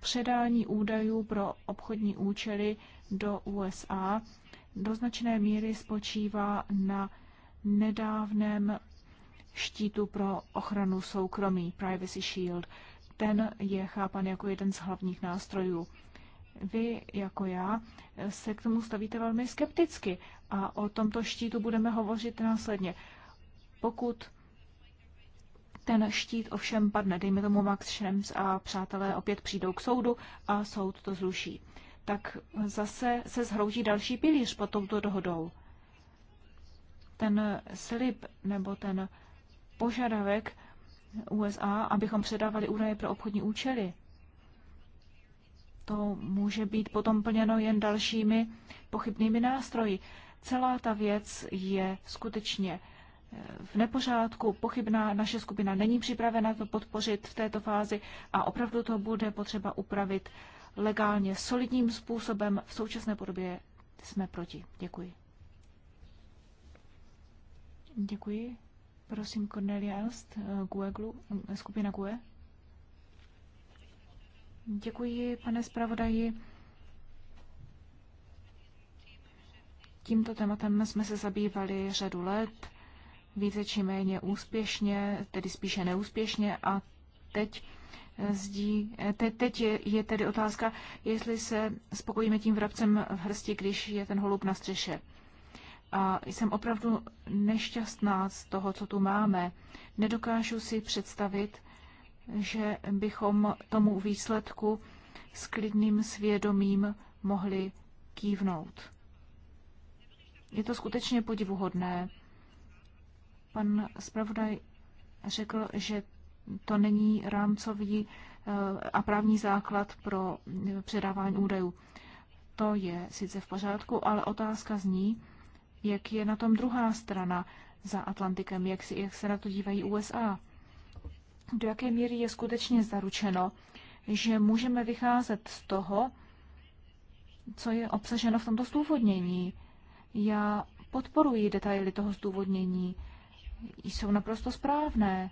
Předání údajů pro obchodní účely do USA do značné míry spočívá na nedávném štítu pro ochranu soukromí, Privacy Shield. Ten je chápan jako jeden z hlavních nástrojů. Vy, jako já, se k tomu stavíte velmi skepticky a o tomto štítu budeme hovořit následně. Pokud ten štít ovšem padne, dejme tomu Max Schrems a přátelé opět přijdou k soudu a soud to zruší. Tak zase se zhroutí další pilíř pod touto dohodou. Ten slib nebo ten požadavek USA, abychom předávali údaje pro obchodní účely, to může být potom plněno jen dalšími pochybnými nástroji. Celá ta věc je skutečně v nepořádku, pochybná, naše skupina není připravena to podpořit v této fázi a opravdu to bude potřeba upravit legálně, solidním způsobem. V současné podobě jsme proti. Děkuji. Děkuji. Prosím, Cornelia Elst, eh, Gueglu, eh, skupina GUE. Děkuji, pane zpravodaji. Tímto tématem jsme se zabývali řadu let více či méně úspěšně, tedy spíše neúspěšně a teď zdí. Te, teď je, je tedy otázka, jestli se spokojíme tím vrabcem v hrsti, když je ten holub na střeše. A jsem opravdu nešťastná z toho, co tu máme. Nedokážu si představit, že bychom tomu výsledku s klidným svědomím mohli kývnout. Je to skutečně podivuhodné. Pan zpravodaj řekl, že to není rámcový eh, a právní základ pro eh, předávání údajů. To je sice v pořádku, ale otázka zní, jak je na tom druhá strana za Atlantikem, jak, si, jak se na to dívají USA. Do jaké míry je skutečně zaručeno, že můžeme vycházet z toho, co je obsaženo v tomto zdůvodnění. Já podporuji detaily toho zdůvodnění, jsou naprosto správné,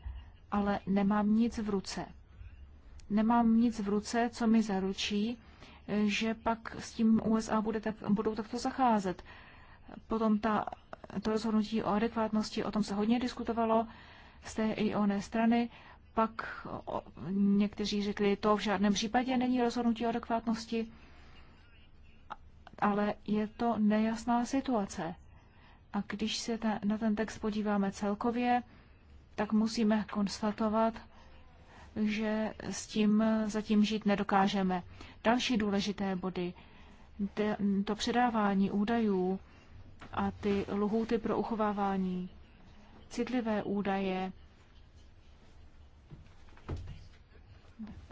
ale nemám nic v ruce. Nemám nic v ruce, co mi zaručí, že pak s tím USA bude tak, budou takto zacházet. Potom ta, to rozhodnutí o adekvátnosti, o tom se hodně diskutovalo z té i oné strany. Pak o, někteří řekli, to v žádném případě není rozhodnutí o adekvátnosti, ale je to nejasná situace. A když se ta, na ten text podíváme celkově, tak musíme konstatovat, že s tím zatím žít nedokážeme. Další důležité body. To předávání údajů a ty lhůty pro uchovávání. Citlivé údaje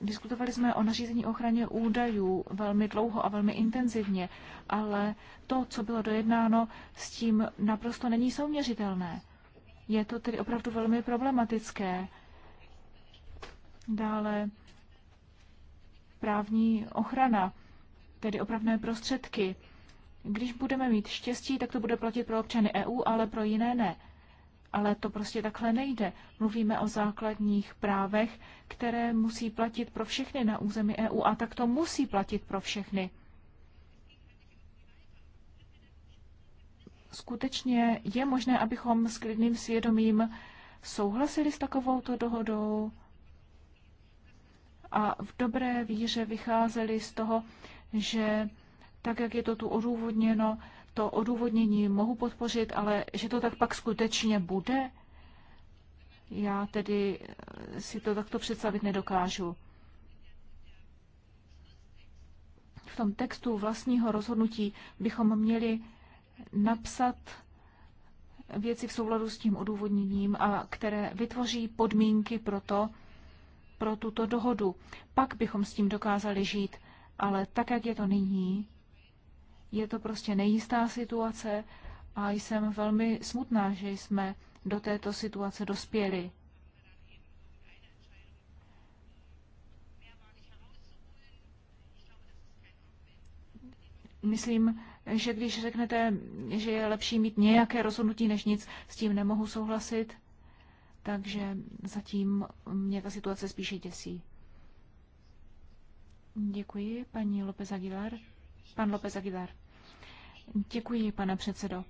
Diskutovali jsme o nařízení ochraně údajů velmi dlouho a velmi intenzivně, ale to, co bylo dojednáno, s tím naprosto není souměřitelné. Je to tedy opravdu velmi problematické. Dále právní ochrana, tedy opravné prostředky. Když budeme mít štěstí, tak to bude platit pro občany EU, ale pro jiné ne ale to prostě takhle nejde. Mluvíme o základních právech, které musí platit pro všechny na území EU a tak to musí platit pro všechny. Skutečně je možné, abychom s klidným svědomím souhlasili s takovouto dohodou a v dobré víře vycházeli z toho, že tak, jak je to tu odůvodněno, to odůvodnění mohu podpořit, ale že to tak pak skutečně bude, já tedy eh, si to takto představit nedokážu. V tom textu vlastního rozhodnutí bychom měli napsat věci v souladu s tím odůvodněním, a které vytvoří podmínky pro to, pro tuto dohodu. Pak bychom s tím dokázali žít, ale tak, jak je to nyní, je to prostě nejistá situace a jsem velmi smutná, že jsme do této situace dospěli. Myslím, že když řeknete, že je lepší mít nějaké rozhodnutí než nic, s tím nemohu souhlasit, takže zatím mě ta situace spíše děsí. Děkuji, paní López Aguilar. Pan López Aguilar. Děkuji, pane předsedo.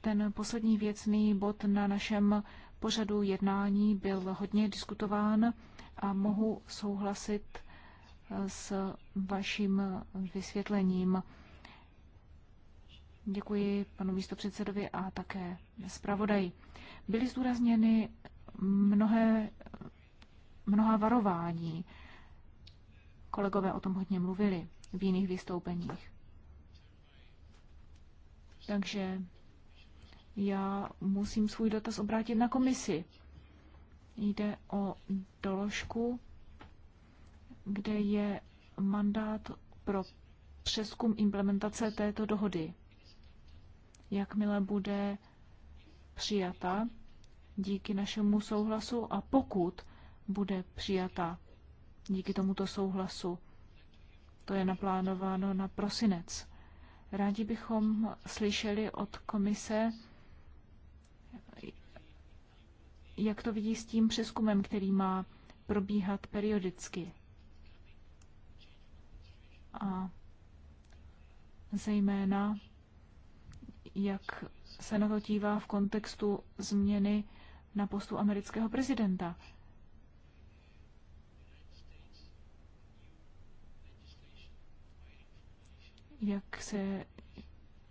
Ten poslední věcný bod na našem pořadu jednání byl hodně diskutován a mohu souhlasit s vaším vysvětlením. Děkuji panu místopředsedovi a také zpravodaji. Byly zdůrazněny mnohé, mnoha varování. Kolegové o tom hodně mluvili v jiných vystoupeních. Takže já musím svůj dotaz obrátit na komisi. Jde o doložku, kde je mandát pro přeskum implementace této dohody. Jakmile bude přijata díky našemu souhlasu a pokud bude přijata díky tomuto souhlasu, to je naplánováno na prosinec. Rádi bychom slyšeli od komise, jak to vidí s tím přeskumem, který má probíhat periodicky. A zejména, jak se na to dívá v kontextu změny na postu amerického prezidenta. jak se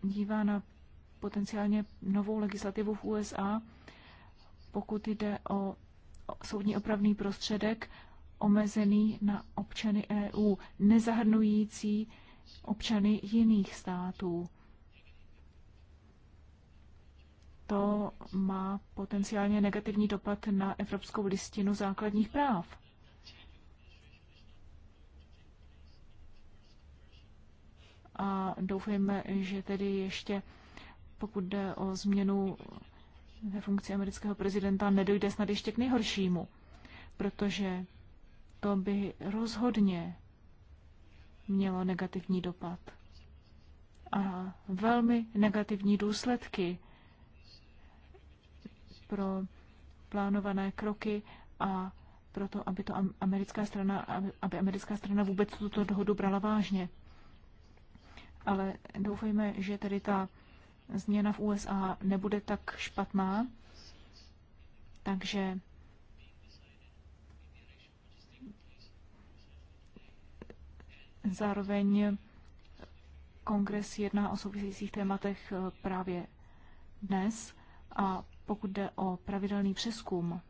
dívá na potenciálně novou legislativu v USA, pokud jde o soudní opravný prostředek omezený na občany EU, nezahrnující občany jiných států. To má potenciálně negativní dopad na Evropskou listinu základních práv. a doufejme, že tedy ještě pokud jde o změnu ve funkci amerického prezidenta, nedojde snad ještě k nejhoršímu, protože to by rozhodně mělo negativní dopad a velmi negativní důsledky pro plánované kroky a proto, aby to americká strana, aby americká strana vůbec tuto dohodu brala vážně ale doufejme, že tedy ta změna v USA nebude tak špatná, takže zároveň kongres jedná o souvisejících tématech eh, právě dnes a pokud jde o pravidelný přeskum,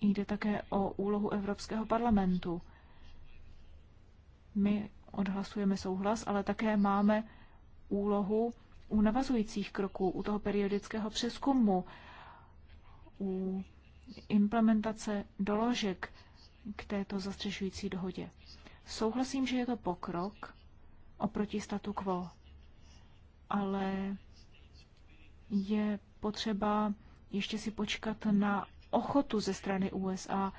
jde také o úlohu Evropského parlamentu. My odhlasujeme souhlas, ale také máme úlohu u navazujících kroků, u toho periodického přeskumu, u implementace doložek k této zastřešující dohodě. Souhlasím, že je to pokrok oproti statu quo, ale je potřeba ještě si počkat na ochotu ze strany USA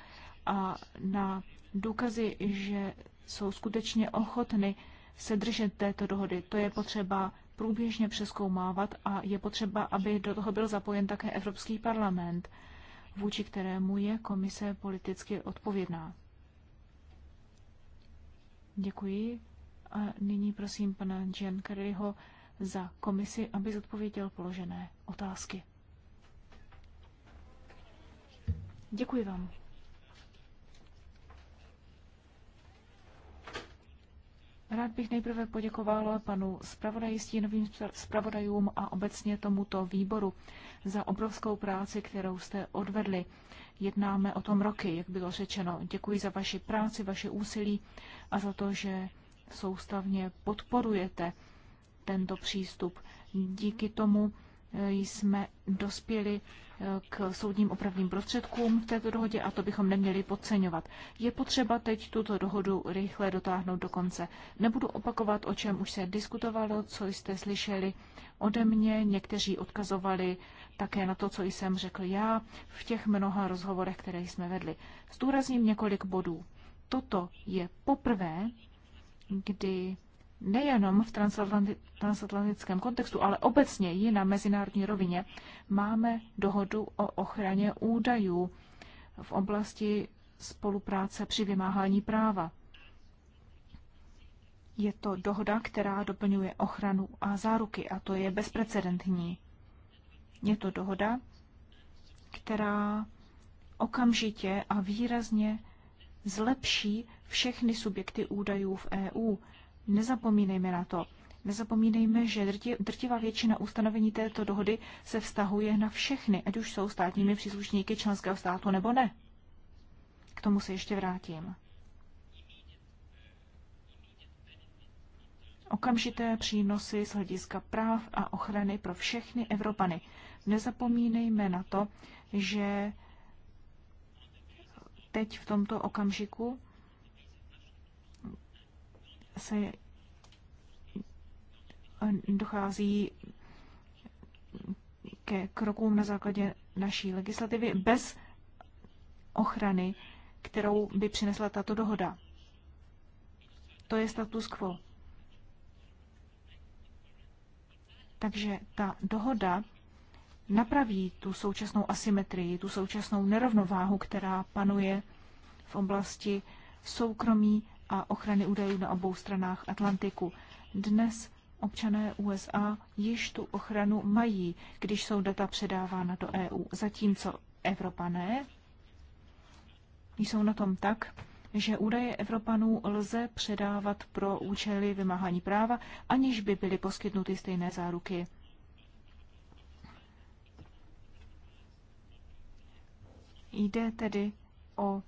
a na důkazy, že jsou skutečně ochotny se držet této dohody. To je potřeba průběžně přeskoumávat a je potřeba, aby do toho byl zapojen také Evropský parlament, vůči kterému je komise politicky odpovědná. Děkuji. A nyní prosím pana Giancarliho za komisi, aby zodpověděl položené otázky. Děkuji vám. Rád bych nejprve poděkoval panu zpravodaji, stínovým zpravodajům a obecně tomuto výboru za obrovskou práci, kterou jste odvedli. Jednáme o tom roky, jak bylo řečeno. Děkuji za vaši práci, vaše úsilí a za to, že soustavně podporujete tento přístup. Díky tomu Eh, jsme dospěli eh, k soudním opravným prostředkům v této dohodě a to bychom neměli podceňovat. Je potřeba teď tuto dohodu rychle dotáhnout do konce. Nebudu opakovat, o čem už se diskutovalo, co jste slyšeli ode mě. Někteří odkazovali také na to, co jsem řekl já v těch mnoha rozhovorech, které jsme vedli. Zdůrazním několik bodů. Toto je poprvé, kdy nejenom v transatlantickém kontextu, ale obecně i na mezinárodní rovině máme dohodu o ochraně údajů v oblasti spolupráce při vymáhání práva. Je to dohoda, která doplňuje ochranu a záruky a to je bezprecedentní. Je to dohoda, která okamžitě a výrazně zlepší všechny subjekty údajů v EU Nezapomínejme na to. Nezapomínejme, že drtivá většina ustanovení této dohody se vztahuje na všechny, ať už jsou státními příslušníky členského státu nebo ne. K tomu se ještě vrátím. Okamžité přínosy z hlediska práv a ochrany pro všechny Evropany. Nezapomínejme na to, že teď v tomto okamžiku se eh, dochází ke krokům na základě naší legislativy bez ochrany, kterou by přinesla tato dohoda. To je status quo. Takže ta dohoda napraví tu současnou asymetrii, tu současnou nerovnováhu, která panuje v oblasti soukromí a ochrany údajů na obou stranách Atlantiku. Dnes občané USA již tu ochranu mají, když jsou data předávána do EU, zatímco Evropané jsou na tom tak, že údaje Evropanů lze předávat pro účely vymáhání práva, aniž by byly poskytnuty stejné záruky. Jde tedy o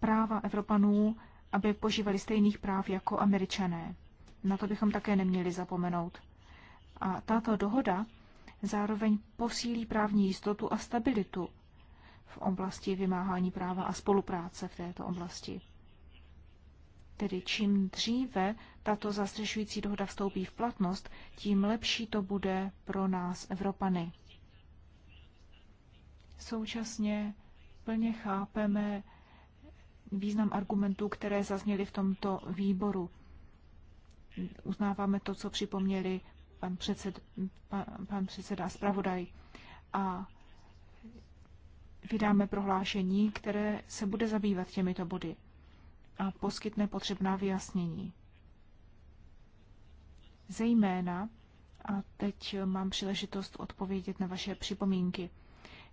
práva Evropanů aby požívali stejných práv jako američané. Na to bychom také neměli zapomenout. A tato dohoda zároveň posílí právní jistotu a stabilitu v oblasti vymáhání práva a spolupráce v této oblasti. Tedy čím dříve tato zastřešující dohoda vstoupí v platnost, tím lepší to bude pro nás, Evropany. Současně plně chápeme význam argumentů, které zazněly v tomto výboru. Uznáváme to, co připomněli pan, předsed, pan, pan předseda zpravodaj. A vydáme prohlášení, které se bude zabývat těmito body a poskytne potřebná vyjasnění. Zejména, a teď mám příležitost odpovědět na vaše připomínky,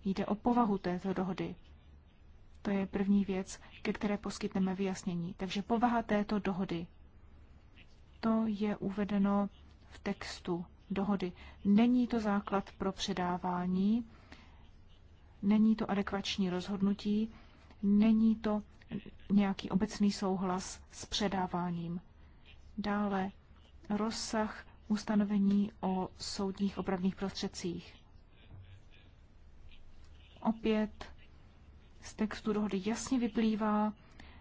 jde o povahu této dohody. To je první věc, ke které poskytneme vyjasnění. Takže povaha této dohody. To je uvedeno v textu dohody. Není to základ pro předávání, není to adekvační rozhodnutí, není to nějaký obecný souhlas s předáváním. Dále rozsah ustanovení o soudních opravných prostředcích. Opět z textu dohody jasně vyplývá,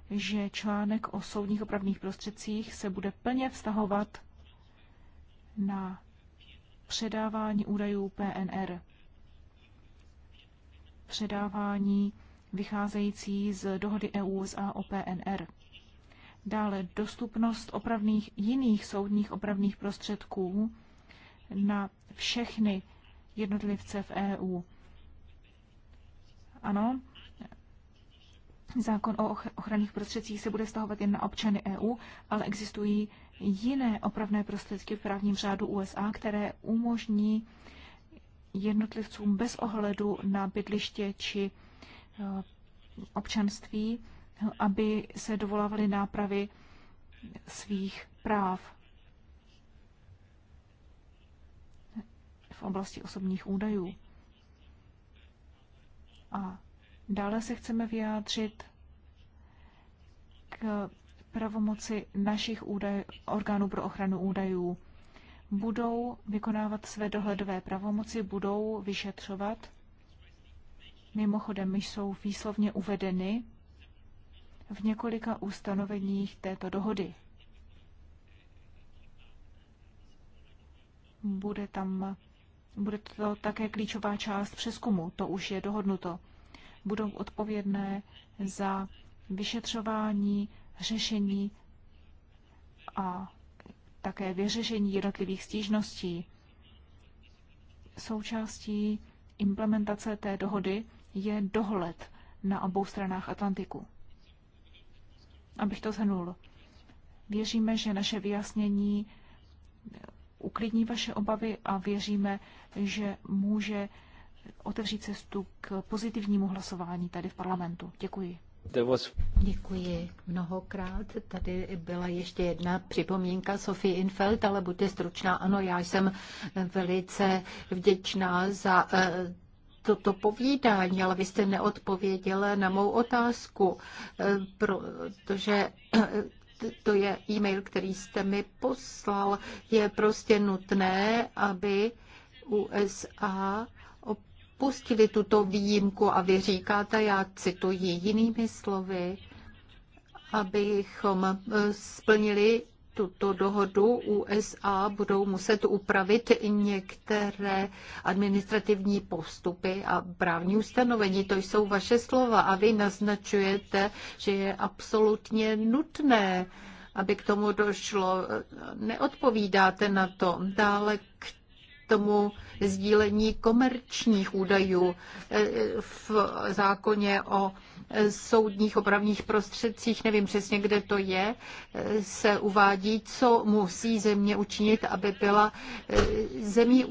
že článek o soudních opravných prostředcích se bude plně vztahovat na předávání údajů PNR. Předávání vycházející z dohody EU-USA o PNR. Dále dostupnost opravných jiných soudních opravných prostředků na všechny jednotlivce v EU. Ano, Zákon o ochranných prostředcích se bude stahovat jen na občany EU, ale existují jiné opravné prostředky v právním řádu USA, které umožní jednotlivcům bez ohledu na bydliště či eh, občanství, aby se dovolávali nápravy svých práv v oblasti osobních údajů. A Dále se chceme vyjádřit k pravomoci našich údaj, orgánů pro ochranu údajů. Budou vykonávat své dohledové pravomoci, budou vyšetřovat. Mimochodem, jsou výslovně uvedeny v několika ustanoveních této dohody. Bude tam bude to také klíčová část přeskumu, to už je dohodnuto budou odpovědné za vyšetřování, řešení a také vyřešení jednotlivých stížností. Součástí implementace té dohody je dohled na obou stranách Atlantiku. Abych to zhrnul. Věříme, že naše vyjasnění uklidní vaše obavy a věříme, že může otevřít cestu k pozitivnímu hlasování tady v parlamentu. Děkuji. Děkuji mnohokrát. Tady byla ještě jedna připomínka Sofie Infeld, ale buďte stručná. Ano, já jsem velice vděčná za eh, toto povídání, ale vy jste neodpověděla na mou otázku, eh, protože eh, to je e-mail, který jste mi poslal. Je prostě nutné, aby USA pustili tuto výjimku a vy říkáte, já cituji jinými slovy, abychom e, splnili tuto dohodu USA budou muset upravit některé administrativní postupy a právní ustanovení. To jsou vaše slova a vy naznačujete, že je absolutně nutné, aby k tomu došlo. E, neodpovídáte na to. Dále k tomu sdílení komerčních údajů eh, v zákoně o soudních opravních prostředcích, nevím přesně, kde to je, eh, se uvádí, co musí země učinit, aby byla eh, zemí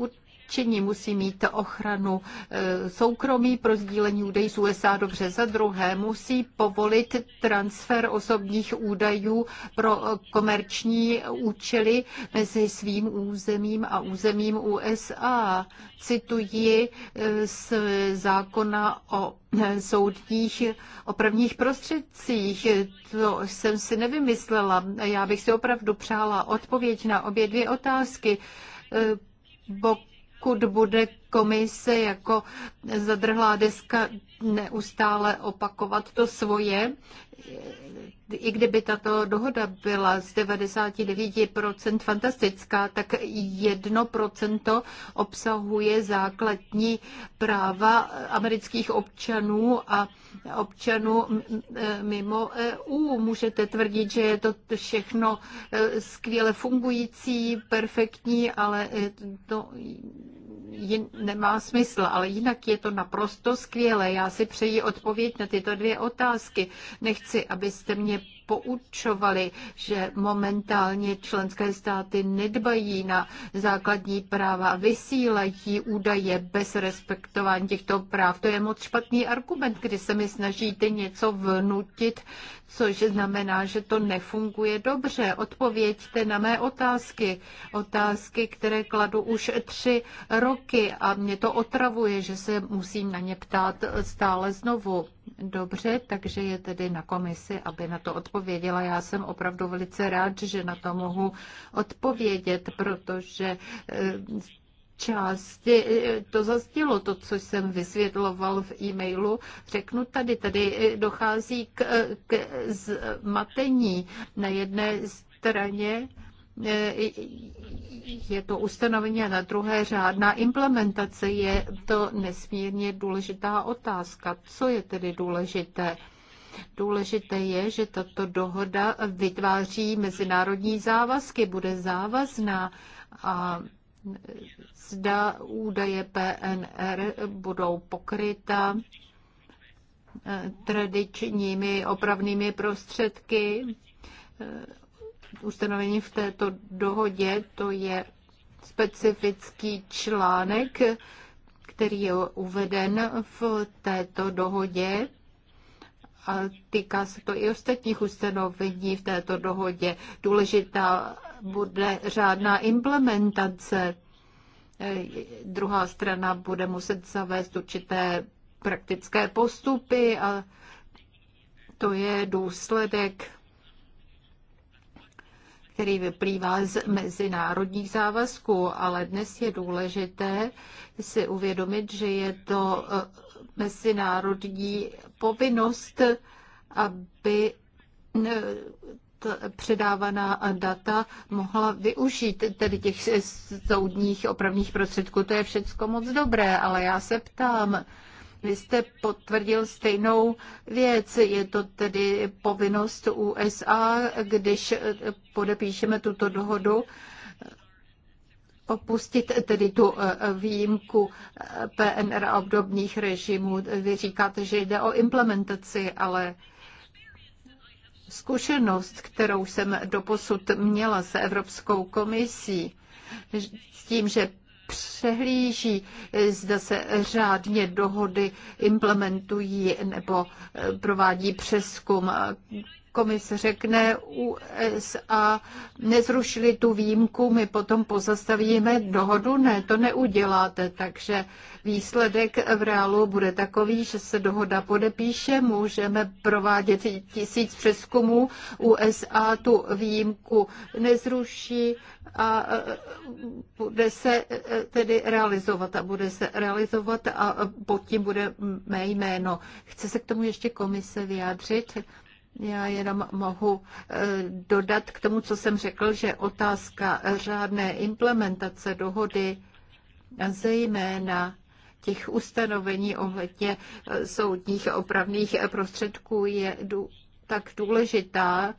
zatčení, musí mít ochranu eh, soukromí pro sdílení údajů z USA dobře. Za druhé, musí povolit transfer osobních údajů pro eh, komerční účely mezi svým územím a územím USA. Cituji eh, z zákona o soudních opravních prostředcích. To jsem si nevymyslela. Já bych si opravdu přála odpověď na obě dvě otázky. bo pokud bude komise jako zadrhlá deska neustále opakovat to svoje, i kdyby tato dohoda byla z 99% fantastická, tak 1% obsahuje základní práva amerických občanů a občanů e, mimo EU. Můžete tvrdit, že je to všechno e, skvěle fungující, perfektní, ale e, to jin, nemá smysl, ale jinak je to naprosto skvělé. Já si přeji odpověď na tyto dvě otázky. Nechci, abyste mě mě vlastně poučovali, že momentálně členské státy nedbají na základní práva vysílají údaje bez respektování těchto práv. To je moc špatný argument, kdy se mi snažíte něco vnutit, což znamená, že to nefunguje dobře. Odpověďte na mé otázky. Otázky, které kladu už tři roky a mě to otravuje, že se musím na ně ptát stále znovu. Dobře, takže je tedy na komisi, aby na to to odpověděla. Já jsem opravdu velice rád, že na to mohu odpovědět, protože eh, části eh, to zastilo, to, co jsem vysvětloval v e-mailu. Řeknu tady, tady eh, dochází k, k zmatení. Na jedné straně je to ustanovení a na druhé řádná implementace. Je to nesmírně důležitá otázka. Co je tedy důležité? Důležité je, že tato dohoda vytváří mezinárodní závazky, bude závazná a zda údaje PNR budou pokryta eh, tradičními opravnými prostředky. Eh, ustanovení v této dohodě to je specifický článek, který je uveden v této dohodě a týká se to i ostatních ustanovení v této dohodě. Důležitá bude řádná implementace. E, druhá strana bude muset zavést určité praktické postupy a to je důsledek který vyplývá z mezinárodních závazků, ale dnes je důležité si uvědomit, že je to e, mezinárodní povinnost, aby eh, předávaná data mohla využít tedy těch soudních opravných prostředků. To je všecko moc dobré, ale já se ptám, vy jste potvrdil stejnou věc. Je to tedy povinnost USA, když eh, podepíšeme tuto dohodu, opustit tedy tu eh, výjimku eh, PNR a obdobných režimů. Vy říkáte, že jde o implementaci, ale zkušenost, kterou jsem doposud měla s Evropskou komisí, s tím, že přehlíží, eh, zda se řádně dohody implementují nebo provádí přeskum komise řekne USA, nezrušili tu výjimku, my potom pozastavíme dohodu, ne, to neuděláte, takže výsledek v reálu bude takový, že se dohoda podepíše, můžeme provádět tisíc přeskumů, USA tu výjimku nezruší a e, bude se e, tedy realizovat a bude se realizovat a e, pod tím bude mé jméno. Chce se k tomu ještě komise vyjádřit? Já jenom mohu eh, dodat k tomu, co jsem řekl, že otázka řádné implementace dohody, zejména těch ustanovení ohledně eh, soudních opravných prostředků, je tak důležitá,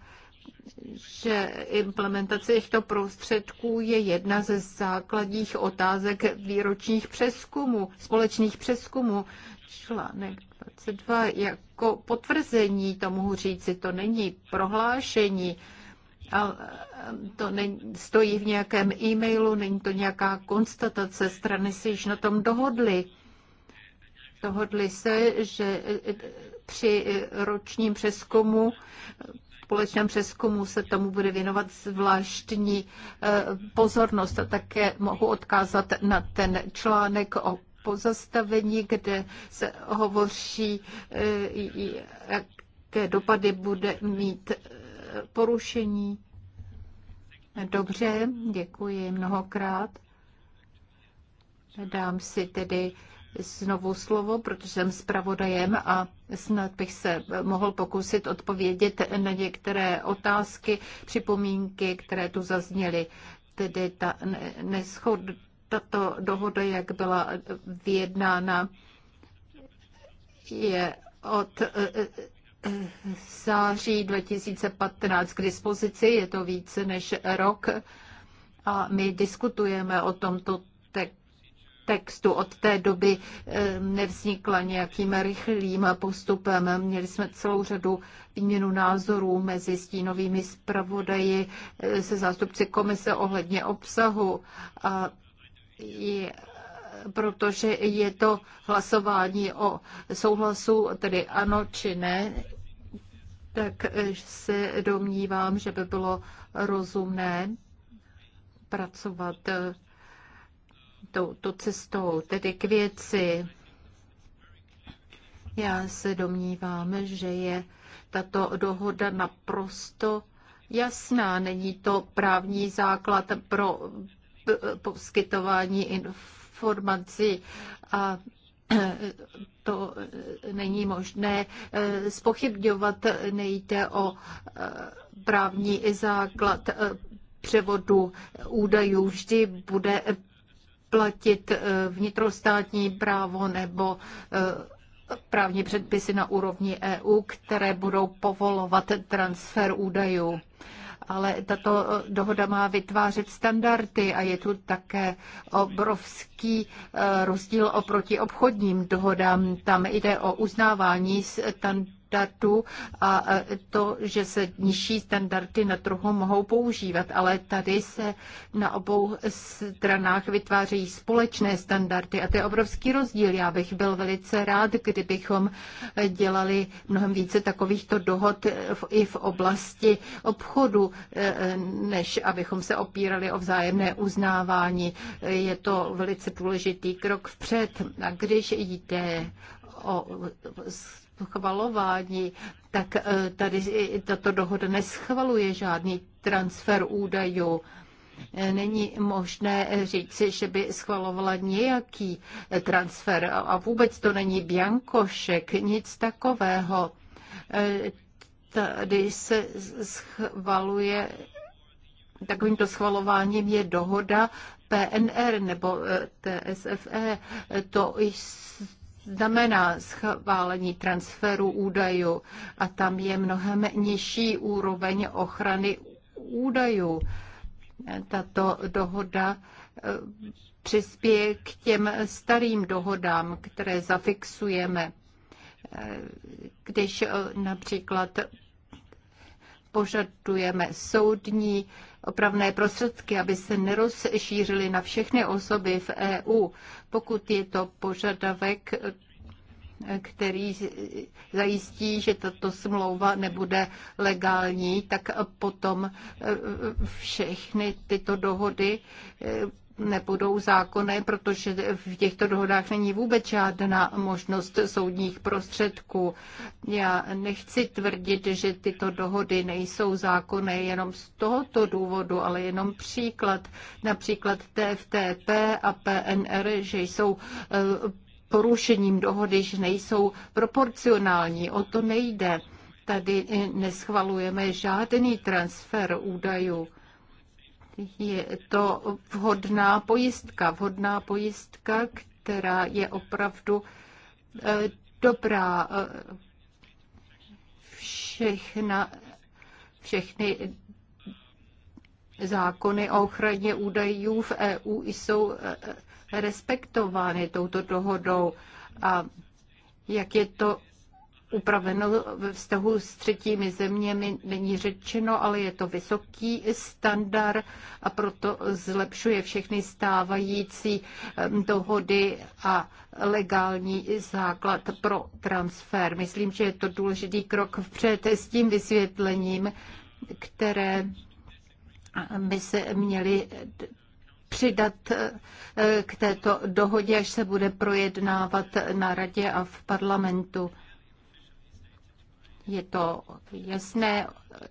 že implementace těchto prostředků je jedna ze základních otázek výročních přeskumů, společných přeskumů. Článek 22, jak jako potvrzení, to mohu říct, to není prohlášení, a to ne, stojí v nějakém e-mailu, není to nějaká konstatace, strany si již na tom dohodly. Dohodli se, že e, při e, ročním přeskumu, společném přeskumu se tomu bude věnovat zvláštní e, pozornost. A také mohu odkázat na ten článek o pozastavení, kde se hovoří, eh, jaké dopady bude mít eh, porušení. Dobře, děkuji mnohokrát. Dám si tedy znovu slovo, protože jsem zpravodajem a snad bych se mohl pokusit odpovědět na některé otázky, připomínky, které tu zazněly. Tedy ta neschod, tato dohoda, jak byla vyjednána, je od eh, eh, září 2015 k dispozici, je to více než rok a my diskutujeme o tomto textu. Od té doby eh, nevznikla nějakým rychlým postupem. Měli jsme celou řadu výměnu názorů mezi stínovými zpravodaji se zástupci komise ohledně obsahu a je, protože je to hlasování o souhlasu, tedy ano či ne, tak eh, se domnívám, že by bylo rozumné pracovat eh, touto cestou, tedy k věci. Já se domnívám, že je tato dohoda naprosto jasná. Není to právní základ pro poskytování informací a to není možné eh, spochybňovat, nejde o eh, právní základ eh, převodu údajů. Vždy bude platit vnitrostátní právo nebo právní předpisy na úrovni EU, které budou povolovat transfer údajů ale tato dohoda má vytvářet standardy a je tu také obrovský eh, rozdíl oproti obchodním dohodám. Tam jde o uznávání standardů standardů a to, že se nižší standardy na trhu mohou používat, ale tady se na obou stranách vytvářejí společné standardy a to je obrovský rozdíl. Já bych byl velice rád, kdybychom dělali mnohem více takovýchto dohod i v oblasti obchodu, e, než abychom se opírali o vzájemné uznávání. Je to velice důležitý krok vpřed. A když jde o schvalování, tak eh, tady tato dohoda neschvaluje žádný transfer údajů. Eh, není možné říci, že by schvalovala nějaký eh, transfer a vůbec to není biankošek, nic takového. Tady se schvaluje takovýmto schvalováním je dohoda PNR nebo TSFE. To, znamená schválení transferu údajů a tam je mnohem nižší úroveň ochrany údajů. Tato dohoda eh, přispěje k těm starým dohodám, které zafixujeme. Eh, když eh, například požadujeme soudní opravné prostředky, aby se nerozšířily na všechny osoby v EU, pokud je to požadavek který zajistí, že tato smlouva nebude legální, tak potom eh, všechny tyto dohody eh, nebudou zákonné, protože v těchto dohodách není vůbec žádná možnost soudních prostředků. Já nechci tvrdit, že tyto dohody nejsou zákonné jenom z tohoto důvodu, ale jenom příklad, například TFTP a PNR, že jsou eh, porušením dohody, že nejsou proporcionální. O to nejde. Tady eh, neschvalujeme žádný transfer údajů je to vhodná pojistka, vhodná pojistka, která je opravdu eh, dobrá. Eh, všechna, všechny zákony o ochraně údajů v EU jsou eh, respektovány touto dohodou. A jak je to upraveno ve vztahu s třetími zeměmi není řečeno, ale je to vysoký standard a proto zlepšuje všechny stávající dohody a legální základ pro transfer. Myslím, že je to důležitý krok vpřed s tím vysvětlením, které by se měly přidat eh, k této dohodě, až se bude projednávat na radě a v parlamentu. Je to jasné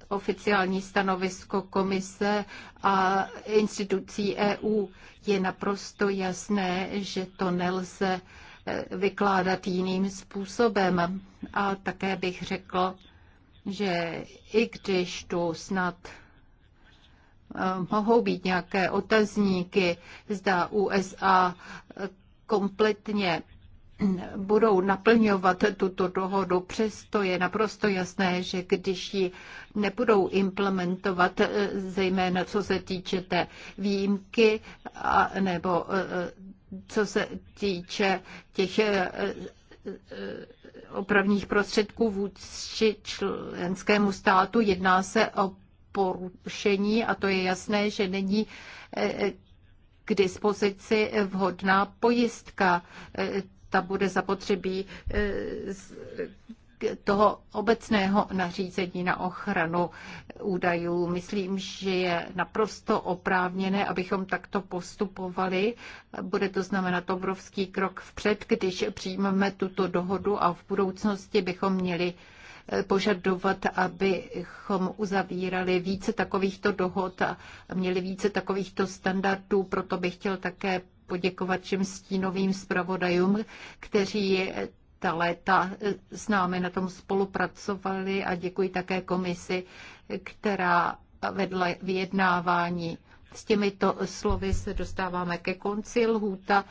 oficiální stanovisko komise a institucí EU. Je naprosto jasné, že to nelze eh, vykládat jiným způsobem. A také bych řekl, že i když tu snad eh, mohou být nějaké otazníky, zda USA eh, kompletně budou naplňovat tuto dohodu. Přesto je naprosto jasné, že když ji nebudou implementovat, eh, zejména co se týče té výjimky a, nebo eh, co se týče těch eh, opravních prostředků vůči členskému státu, jedná se o porušení a to je jasné, že není k dispozici vhodná pojistka ta bude zapotřebí eh, toho obecného nařízení na ochranu údajů. Myslím, že je naprosto oprávněné, abychom takto postupovali. Bude to znamenat obrovský krok vpřed, když přijmeme tuto dohodu a v budoucnosti bychom měli eh, požadovat, abychom uzavírali více takovýchto dohod a měli více takovýchto standardů. Proto bych chtěl také poděkovat všem stínovým zpravodajům, kteří ta léta s námi na tom spolupracovali a děkuji také komisi, která vedla vyjednávání. S těmito slovy se dostáváme ke konci lhůta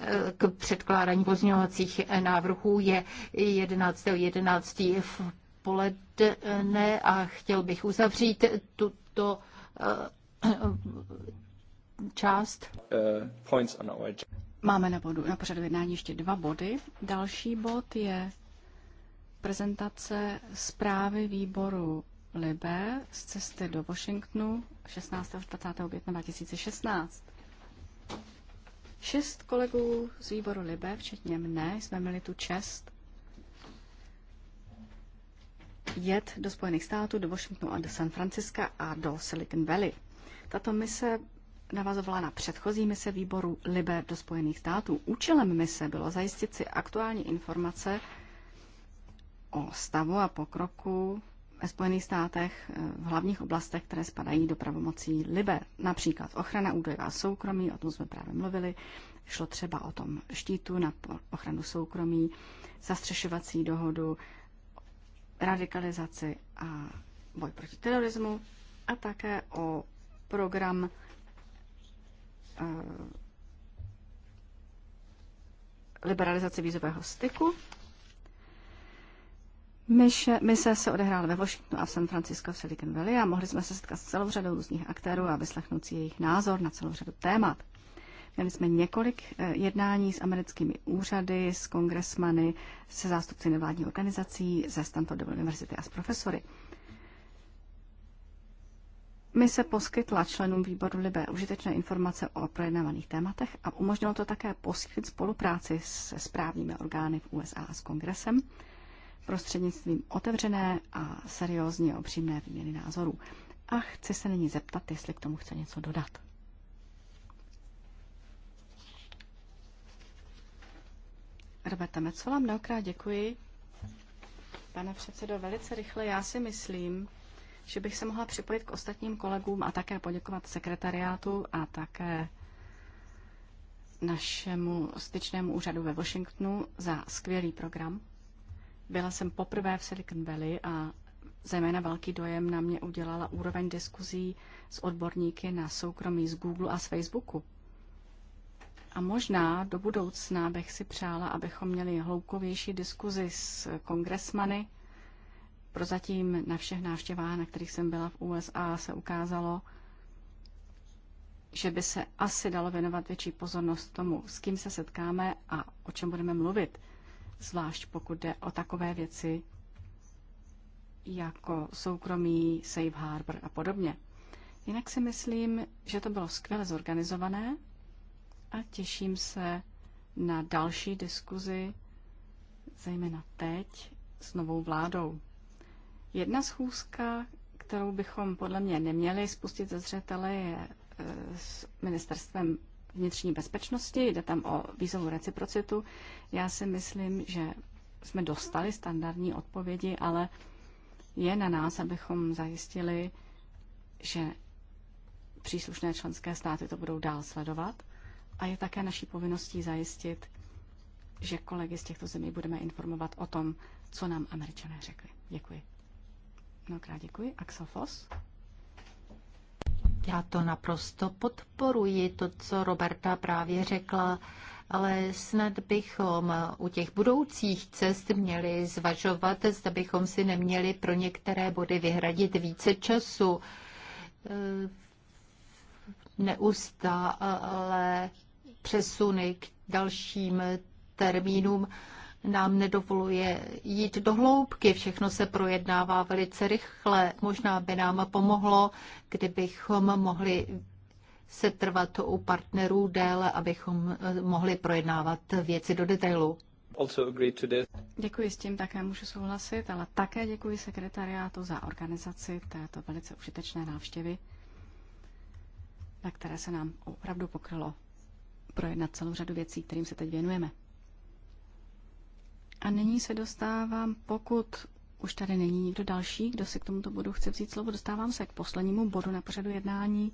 eh, k předkládání pozměňovacích eh, návrhů je 11.11. 11. v poledne a chtěl bych uzavřít tuto eh, část. Uh, Máme na, bodu, na pořadu jednání ještě dva body. Další bod je prezentace zprávy výboru Libe z cesty do Washingtonu 16. až 20. května 2016. Šest kolegů z výboru Libe, včetně mne, jsme měli tu čest jet do Spojených států, do Washingtonu a do San Francisca a do Silicon Valley. Tato mise navazovala na předchozí mise výboru Libe do Spojených států. Účelem mise bylo zajistit si aktuální informace o stavu a pokroku ve Spojených státech eh, v hlavních oblastech, které spadají do pravomocí Libe. Například ochrana údajů a soukromí, o tom jsme právě mluvili. Šlo třeba o tom štítu na ochranu soukromí, zastřešovací dohodu, radikalizaci a boj proti terorismu a také o program liberalizaci vízového styku. Myše, mise se odehrála ve Washingtonu a v San Francisco v Silicon Valley a mohli jsme se setkat s celou řadou různých aktérů a vyslechnout si jejich názor na celou řadu témat. Měli jsme několik eh, jednání s americkými úřady, s kongresmany, se zástupci nevládních organizací, ze Stanfordovy univerzity a s profesory. Komise poskytla členům výboru Libe užitečné informace o projednávaných tématech a umožnilo to také posílit spolupráci se správními orgány v USA a s kongresem prostřednictvím otevřené a seriózně opřímné výměny názorů. A chci se nyní zeptat, jestli k tomu chce něco dodat. Roberta Mecola, mnohokrát děkuji. Pane předsedo, velice rychle, já si myslím, že bych se mohla připojit k ostatním kolegům a také poděkovat sekretariátu a také našemu styčnému úřadu ve Washingtonu za skvělý program. Byla jsem poprvé v Silicon Valley a zejména velký dojem na mě udělala úroveň diskuzí s odborníky na soukromí z Google a z Facebooku. A možná do budoucna bych si přála, abychom měli hloukovější diskuzi s kongresmany Prozatím na všech návštěvách, na kterých jsem byla v USA, se ukázalo, že by se asi dalo věnovat větší pozornost tomu, s kým se setkáme a o čem budeme mluvit, zvlášť pokud jde o takové věci jako soukromí, safe harbor a podobně. Jinak si myslím, že to bylo skvěle zorganizované a těším se na další diskuzi, zejména teď s novou vládou. Jedna schůzka, kterou bychom podle mě neměli spustit ze zřetele, je e, s ministerstvem vnitřní bezpečnosti, jde tam o vízovou reciprocitu. Já si myslím, že jsme dostali standardní odpovědi, ale je na nás, abychom zajistili, že příslušné členské státy to budou dál sledovat a je také naší povinností zajistit, že kolegy z těchto zemí budeme informovat o tom, co nám američané řekli. Děkuji. Mnohokrát děkuji. Axel Foss. Já to naprosto podporuji, to, co Roberta právě řekla, ale snad bychom u těch budoucích cest měli zvažovat, zda bychom si neměli pro některé body vyhradit více času. E, neustále přesuny k dalším termínům nám nedovoluje jít do hloubky. Všechno se projednává velice rychle. Možná by nám pomohlo, kdybychom mohli se trvat u partnerů déle, abychom eh, mohli projednávat věci do detailu. Děkuji, s tím také můžu souhlasit, ale také děkuji sekretariátu za organizaci této velice užitečné návštěvy, na které se nám opravdu pokrylo projednat celou řadu věcí, kterým se teď věnujeme. A nyní se dostávám, pokud už tady není nikdo další, kdo si k tomuto bodu chce vzít slovo, dostávám se k poslednímu bodu na pořadu jednání,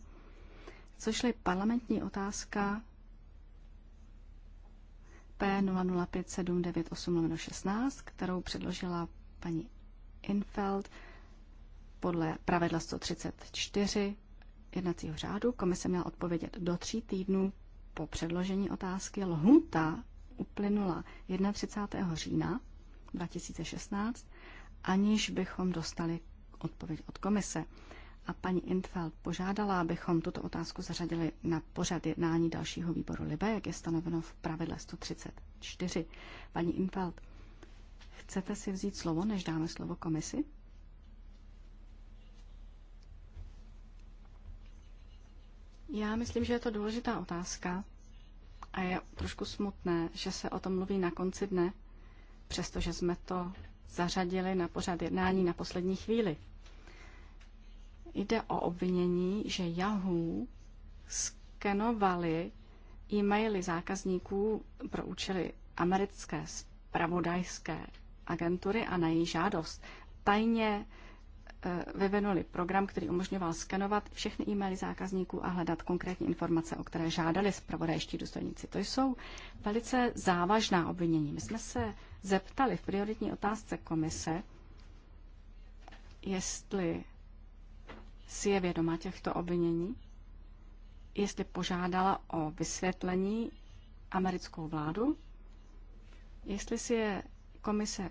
což je parlamentní otázka P005798-16, kterou předložila paní Infeld podle pravidla 134 jednacího řádu. Komise měla odpovědět do tří týdnů po předložení otázky. Lhuta uplynula 31. října 2016, aniž bychom dostali odpověď od komise. A paní Intfeld požádala, abychom tuto otázku zařadili na pořad jednání dalšího výboru LIBE, jak je stanoveno v pravidle 134. Paní Intfeld, chcete si vzít slovo, než dáme slovo komisi? Já myslím, že je to důležitá otázka a je trošku smutné, že se o tom mluví na konci dne, přestože jsme to zařadili na pořad jednání na poslední chvíli. Jde o obvinění, že Yahoo skenovali e-maily zákazníků pro účely americké spravodajské agentury a na její žádost tajně Eh, vyvinuli program, který umožňoval skenovat všechny e-maily zákazníků a hledat konkrétní informace, o které žádali zpravodajští důstojníci. To jsou velice závažná obvinění. My jsme se zeptali v prioritní otázce komise, jestli si je vědoma těchto obvinění, jestli požádala o vysvětlení americkou vládu, jestli si je komise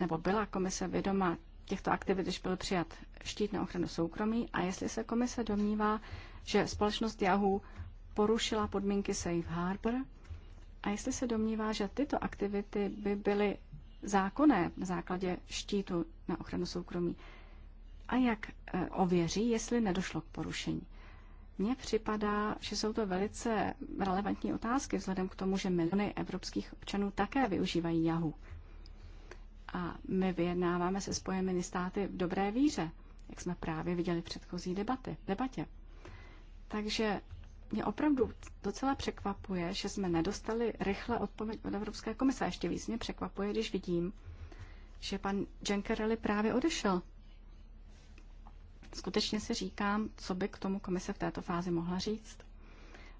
nebo byla komise vědoma těchto aktivit, když byl přijat štít na ochranu soukromí a jestli se komise domnívá, že společnost Yahoo porušila podmínky Safe Harbor a jestli se domnívá, že tyto aktivity by byly zákonné na základě štítu na ochranu soukromí a jak eh, ověří, jestli nedošlo k porušení. Mně připadá, že jsou to velice relevantní otázky vzhledem k tomu, že miliony evropských občanů také využívají Yahoo. A my vyjednáváme se spojenými státy v dobré víře, jak jsme právě viděli v předchozí debaty, debatě. Takže mě opravdu docela překvapuje, že jsme nedostali rychle odpověď od Evropské komise. ještě víc mě překvapuje, když vidím, že pan Genkerelli právě odešel. Skutečně si říkám, co by k tomu komise v této fázi mohla říct.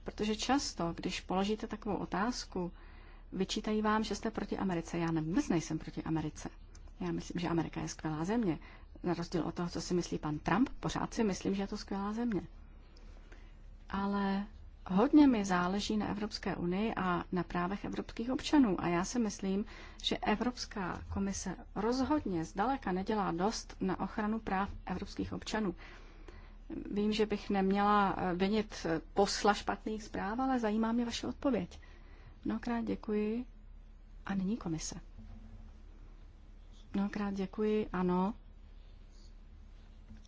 Protože často, když položíte takovou otázku, vyčítají vám, že jste proti Americe. Já vůbec nejsem proti Americe. Já myslím, že Amerika je skvělá země. Na rozdíl od toho, co si myslí pan Trump, pořád si myslím, že je to skvělá země. Ale hodně mi záleží na Evropské unii a na právech evropských občanů. A já si myslím, že Evropská komise rozhodně zdaleka nedělá dost na ochranu práv evropských občanů. Vím, že bych neměla vinit posla špatných zpráv, ale zajímá mě vaše odpověď. Mnohokrát děkuji. A nyní komise. Mnohokrát děkuji, ano.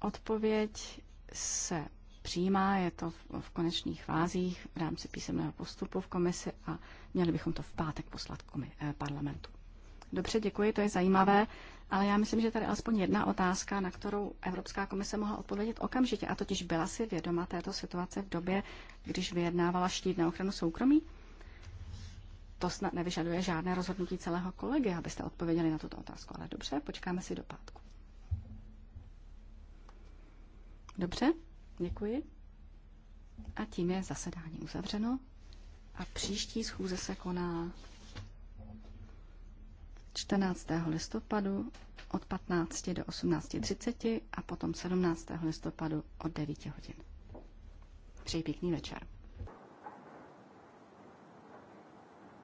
Odpověď se přijímá, je to v, v konečných fázích v rámci písemného postupu v komisi a měli bychom to v pátek poslat komi, eh, parlamentu. Dobře, děkuji, to je zajímavé, ale já myslím, že tady alespoň jedna otázka, na kterou Evropská komise mohla odpovědět okamžitě, a totiž byla si vědoma této situace v době, když vyjednávala štít na ochranu soukromí? to snad nevyžaduje žádné rozhodnutí celého kolegy, abyste odpověděli na tuto otázku. Ale dobře, počkáme si do pátku. Dobře, děkuji. A tím je zasedání uzavřeno. A příští schůze se koná 14. listopadu od 15 do 18.30 a potom 17. listopadu od 9 hodin. Přeji pěkný večer.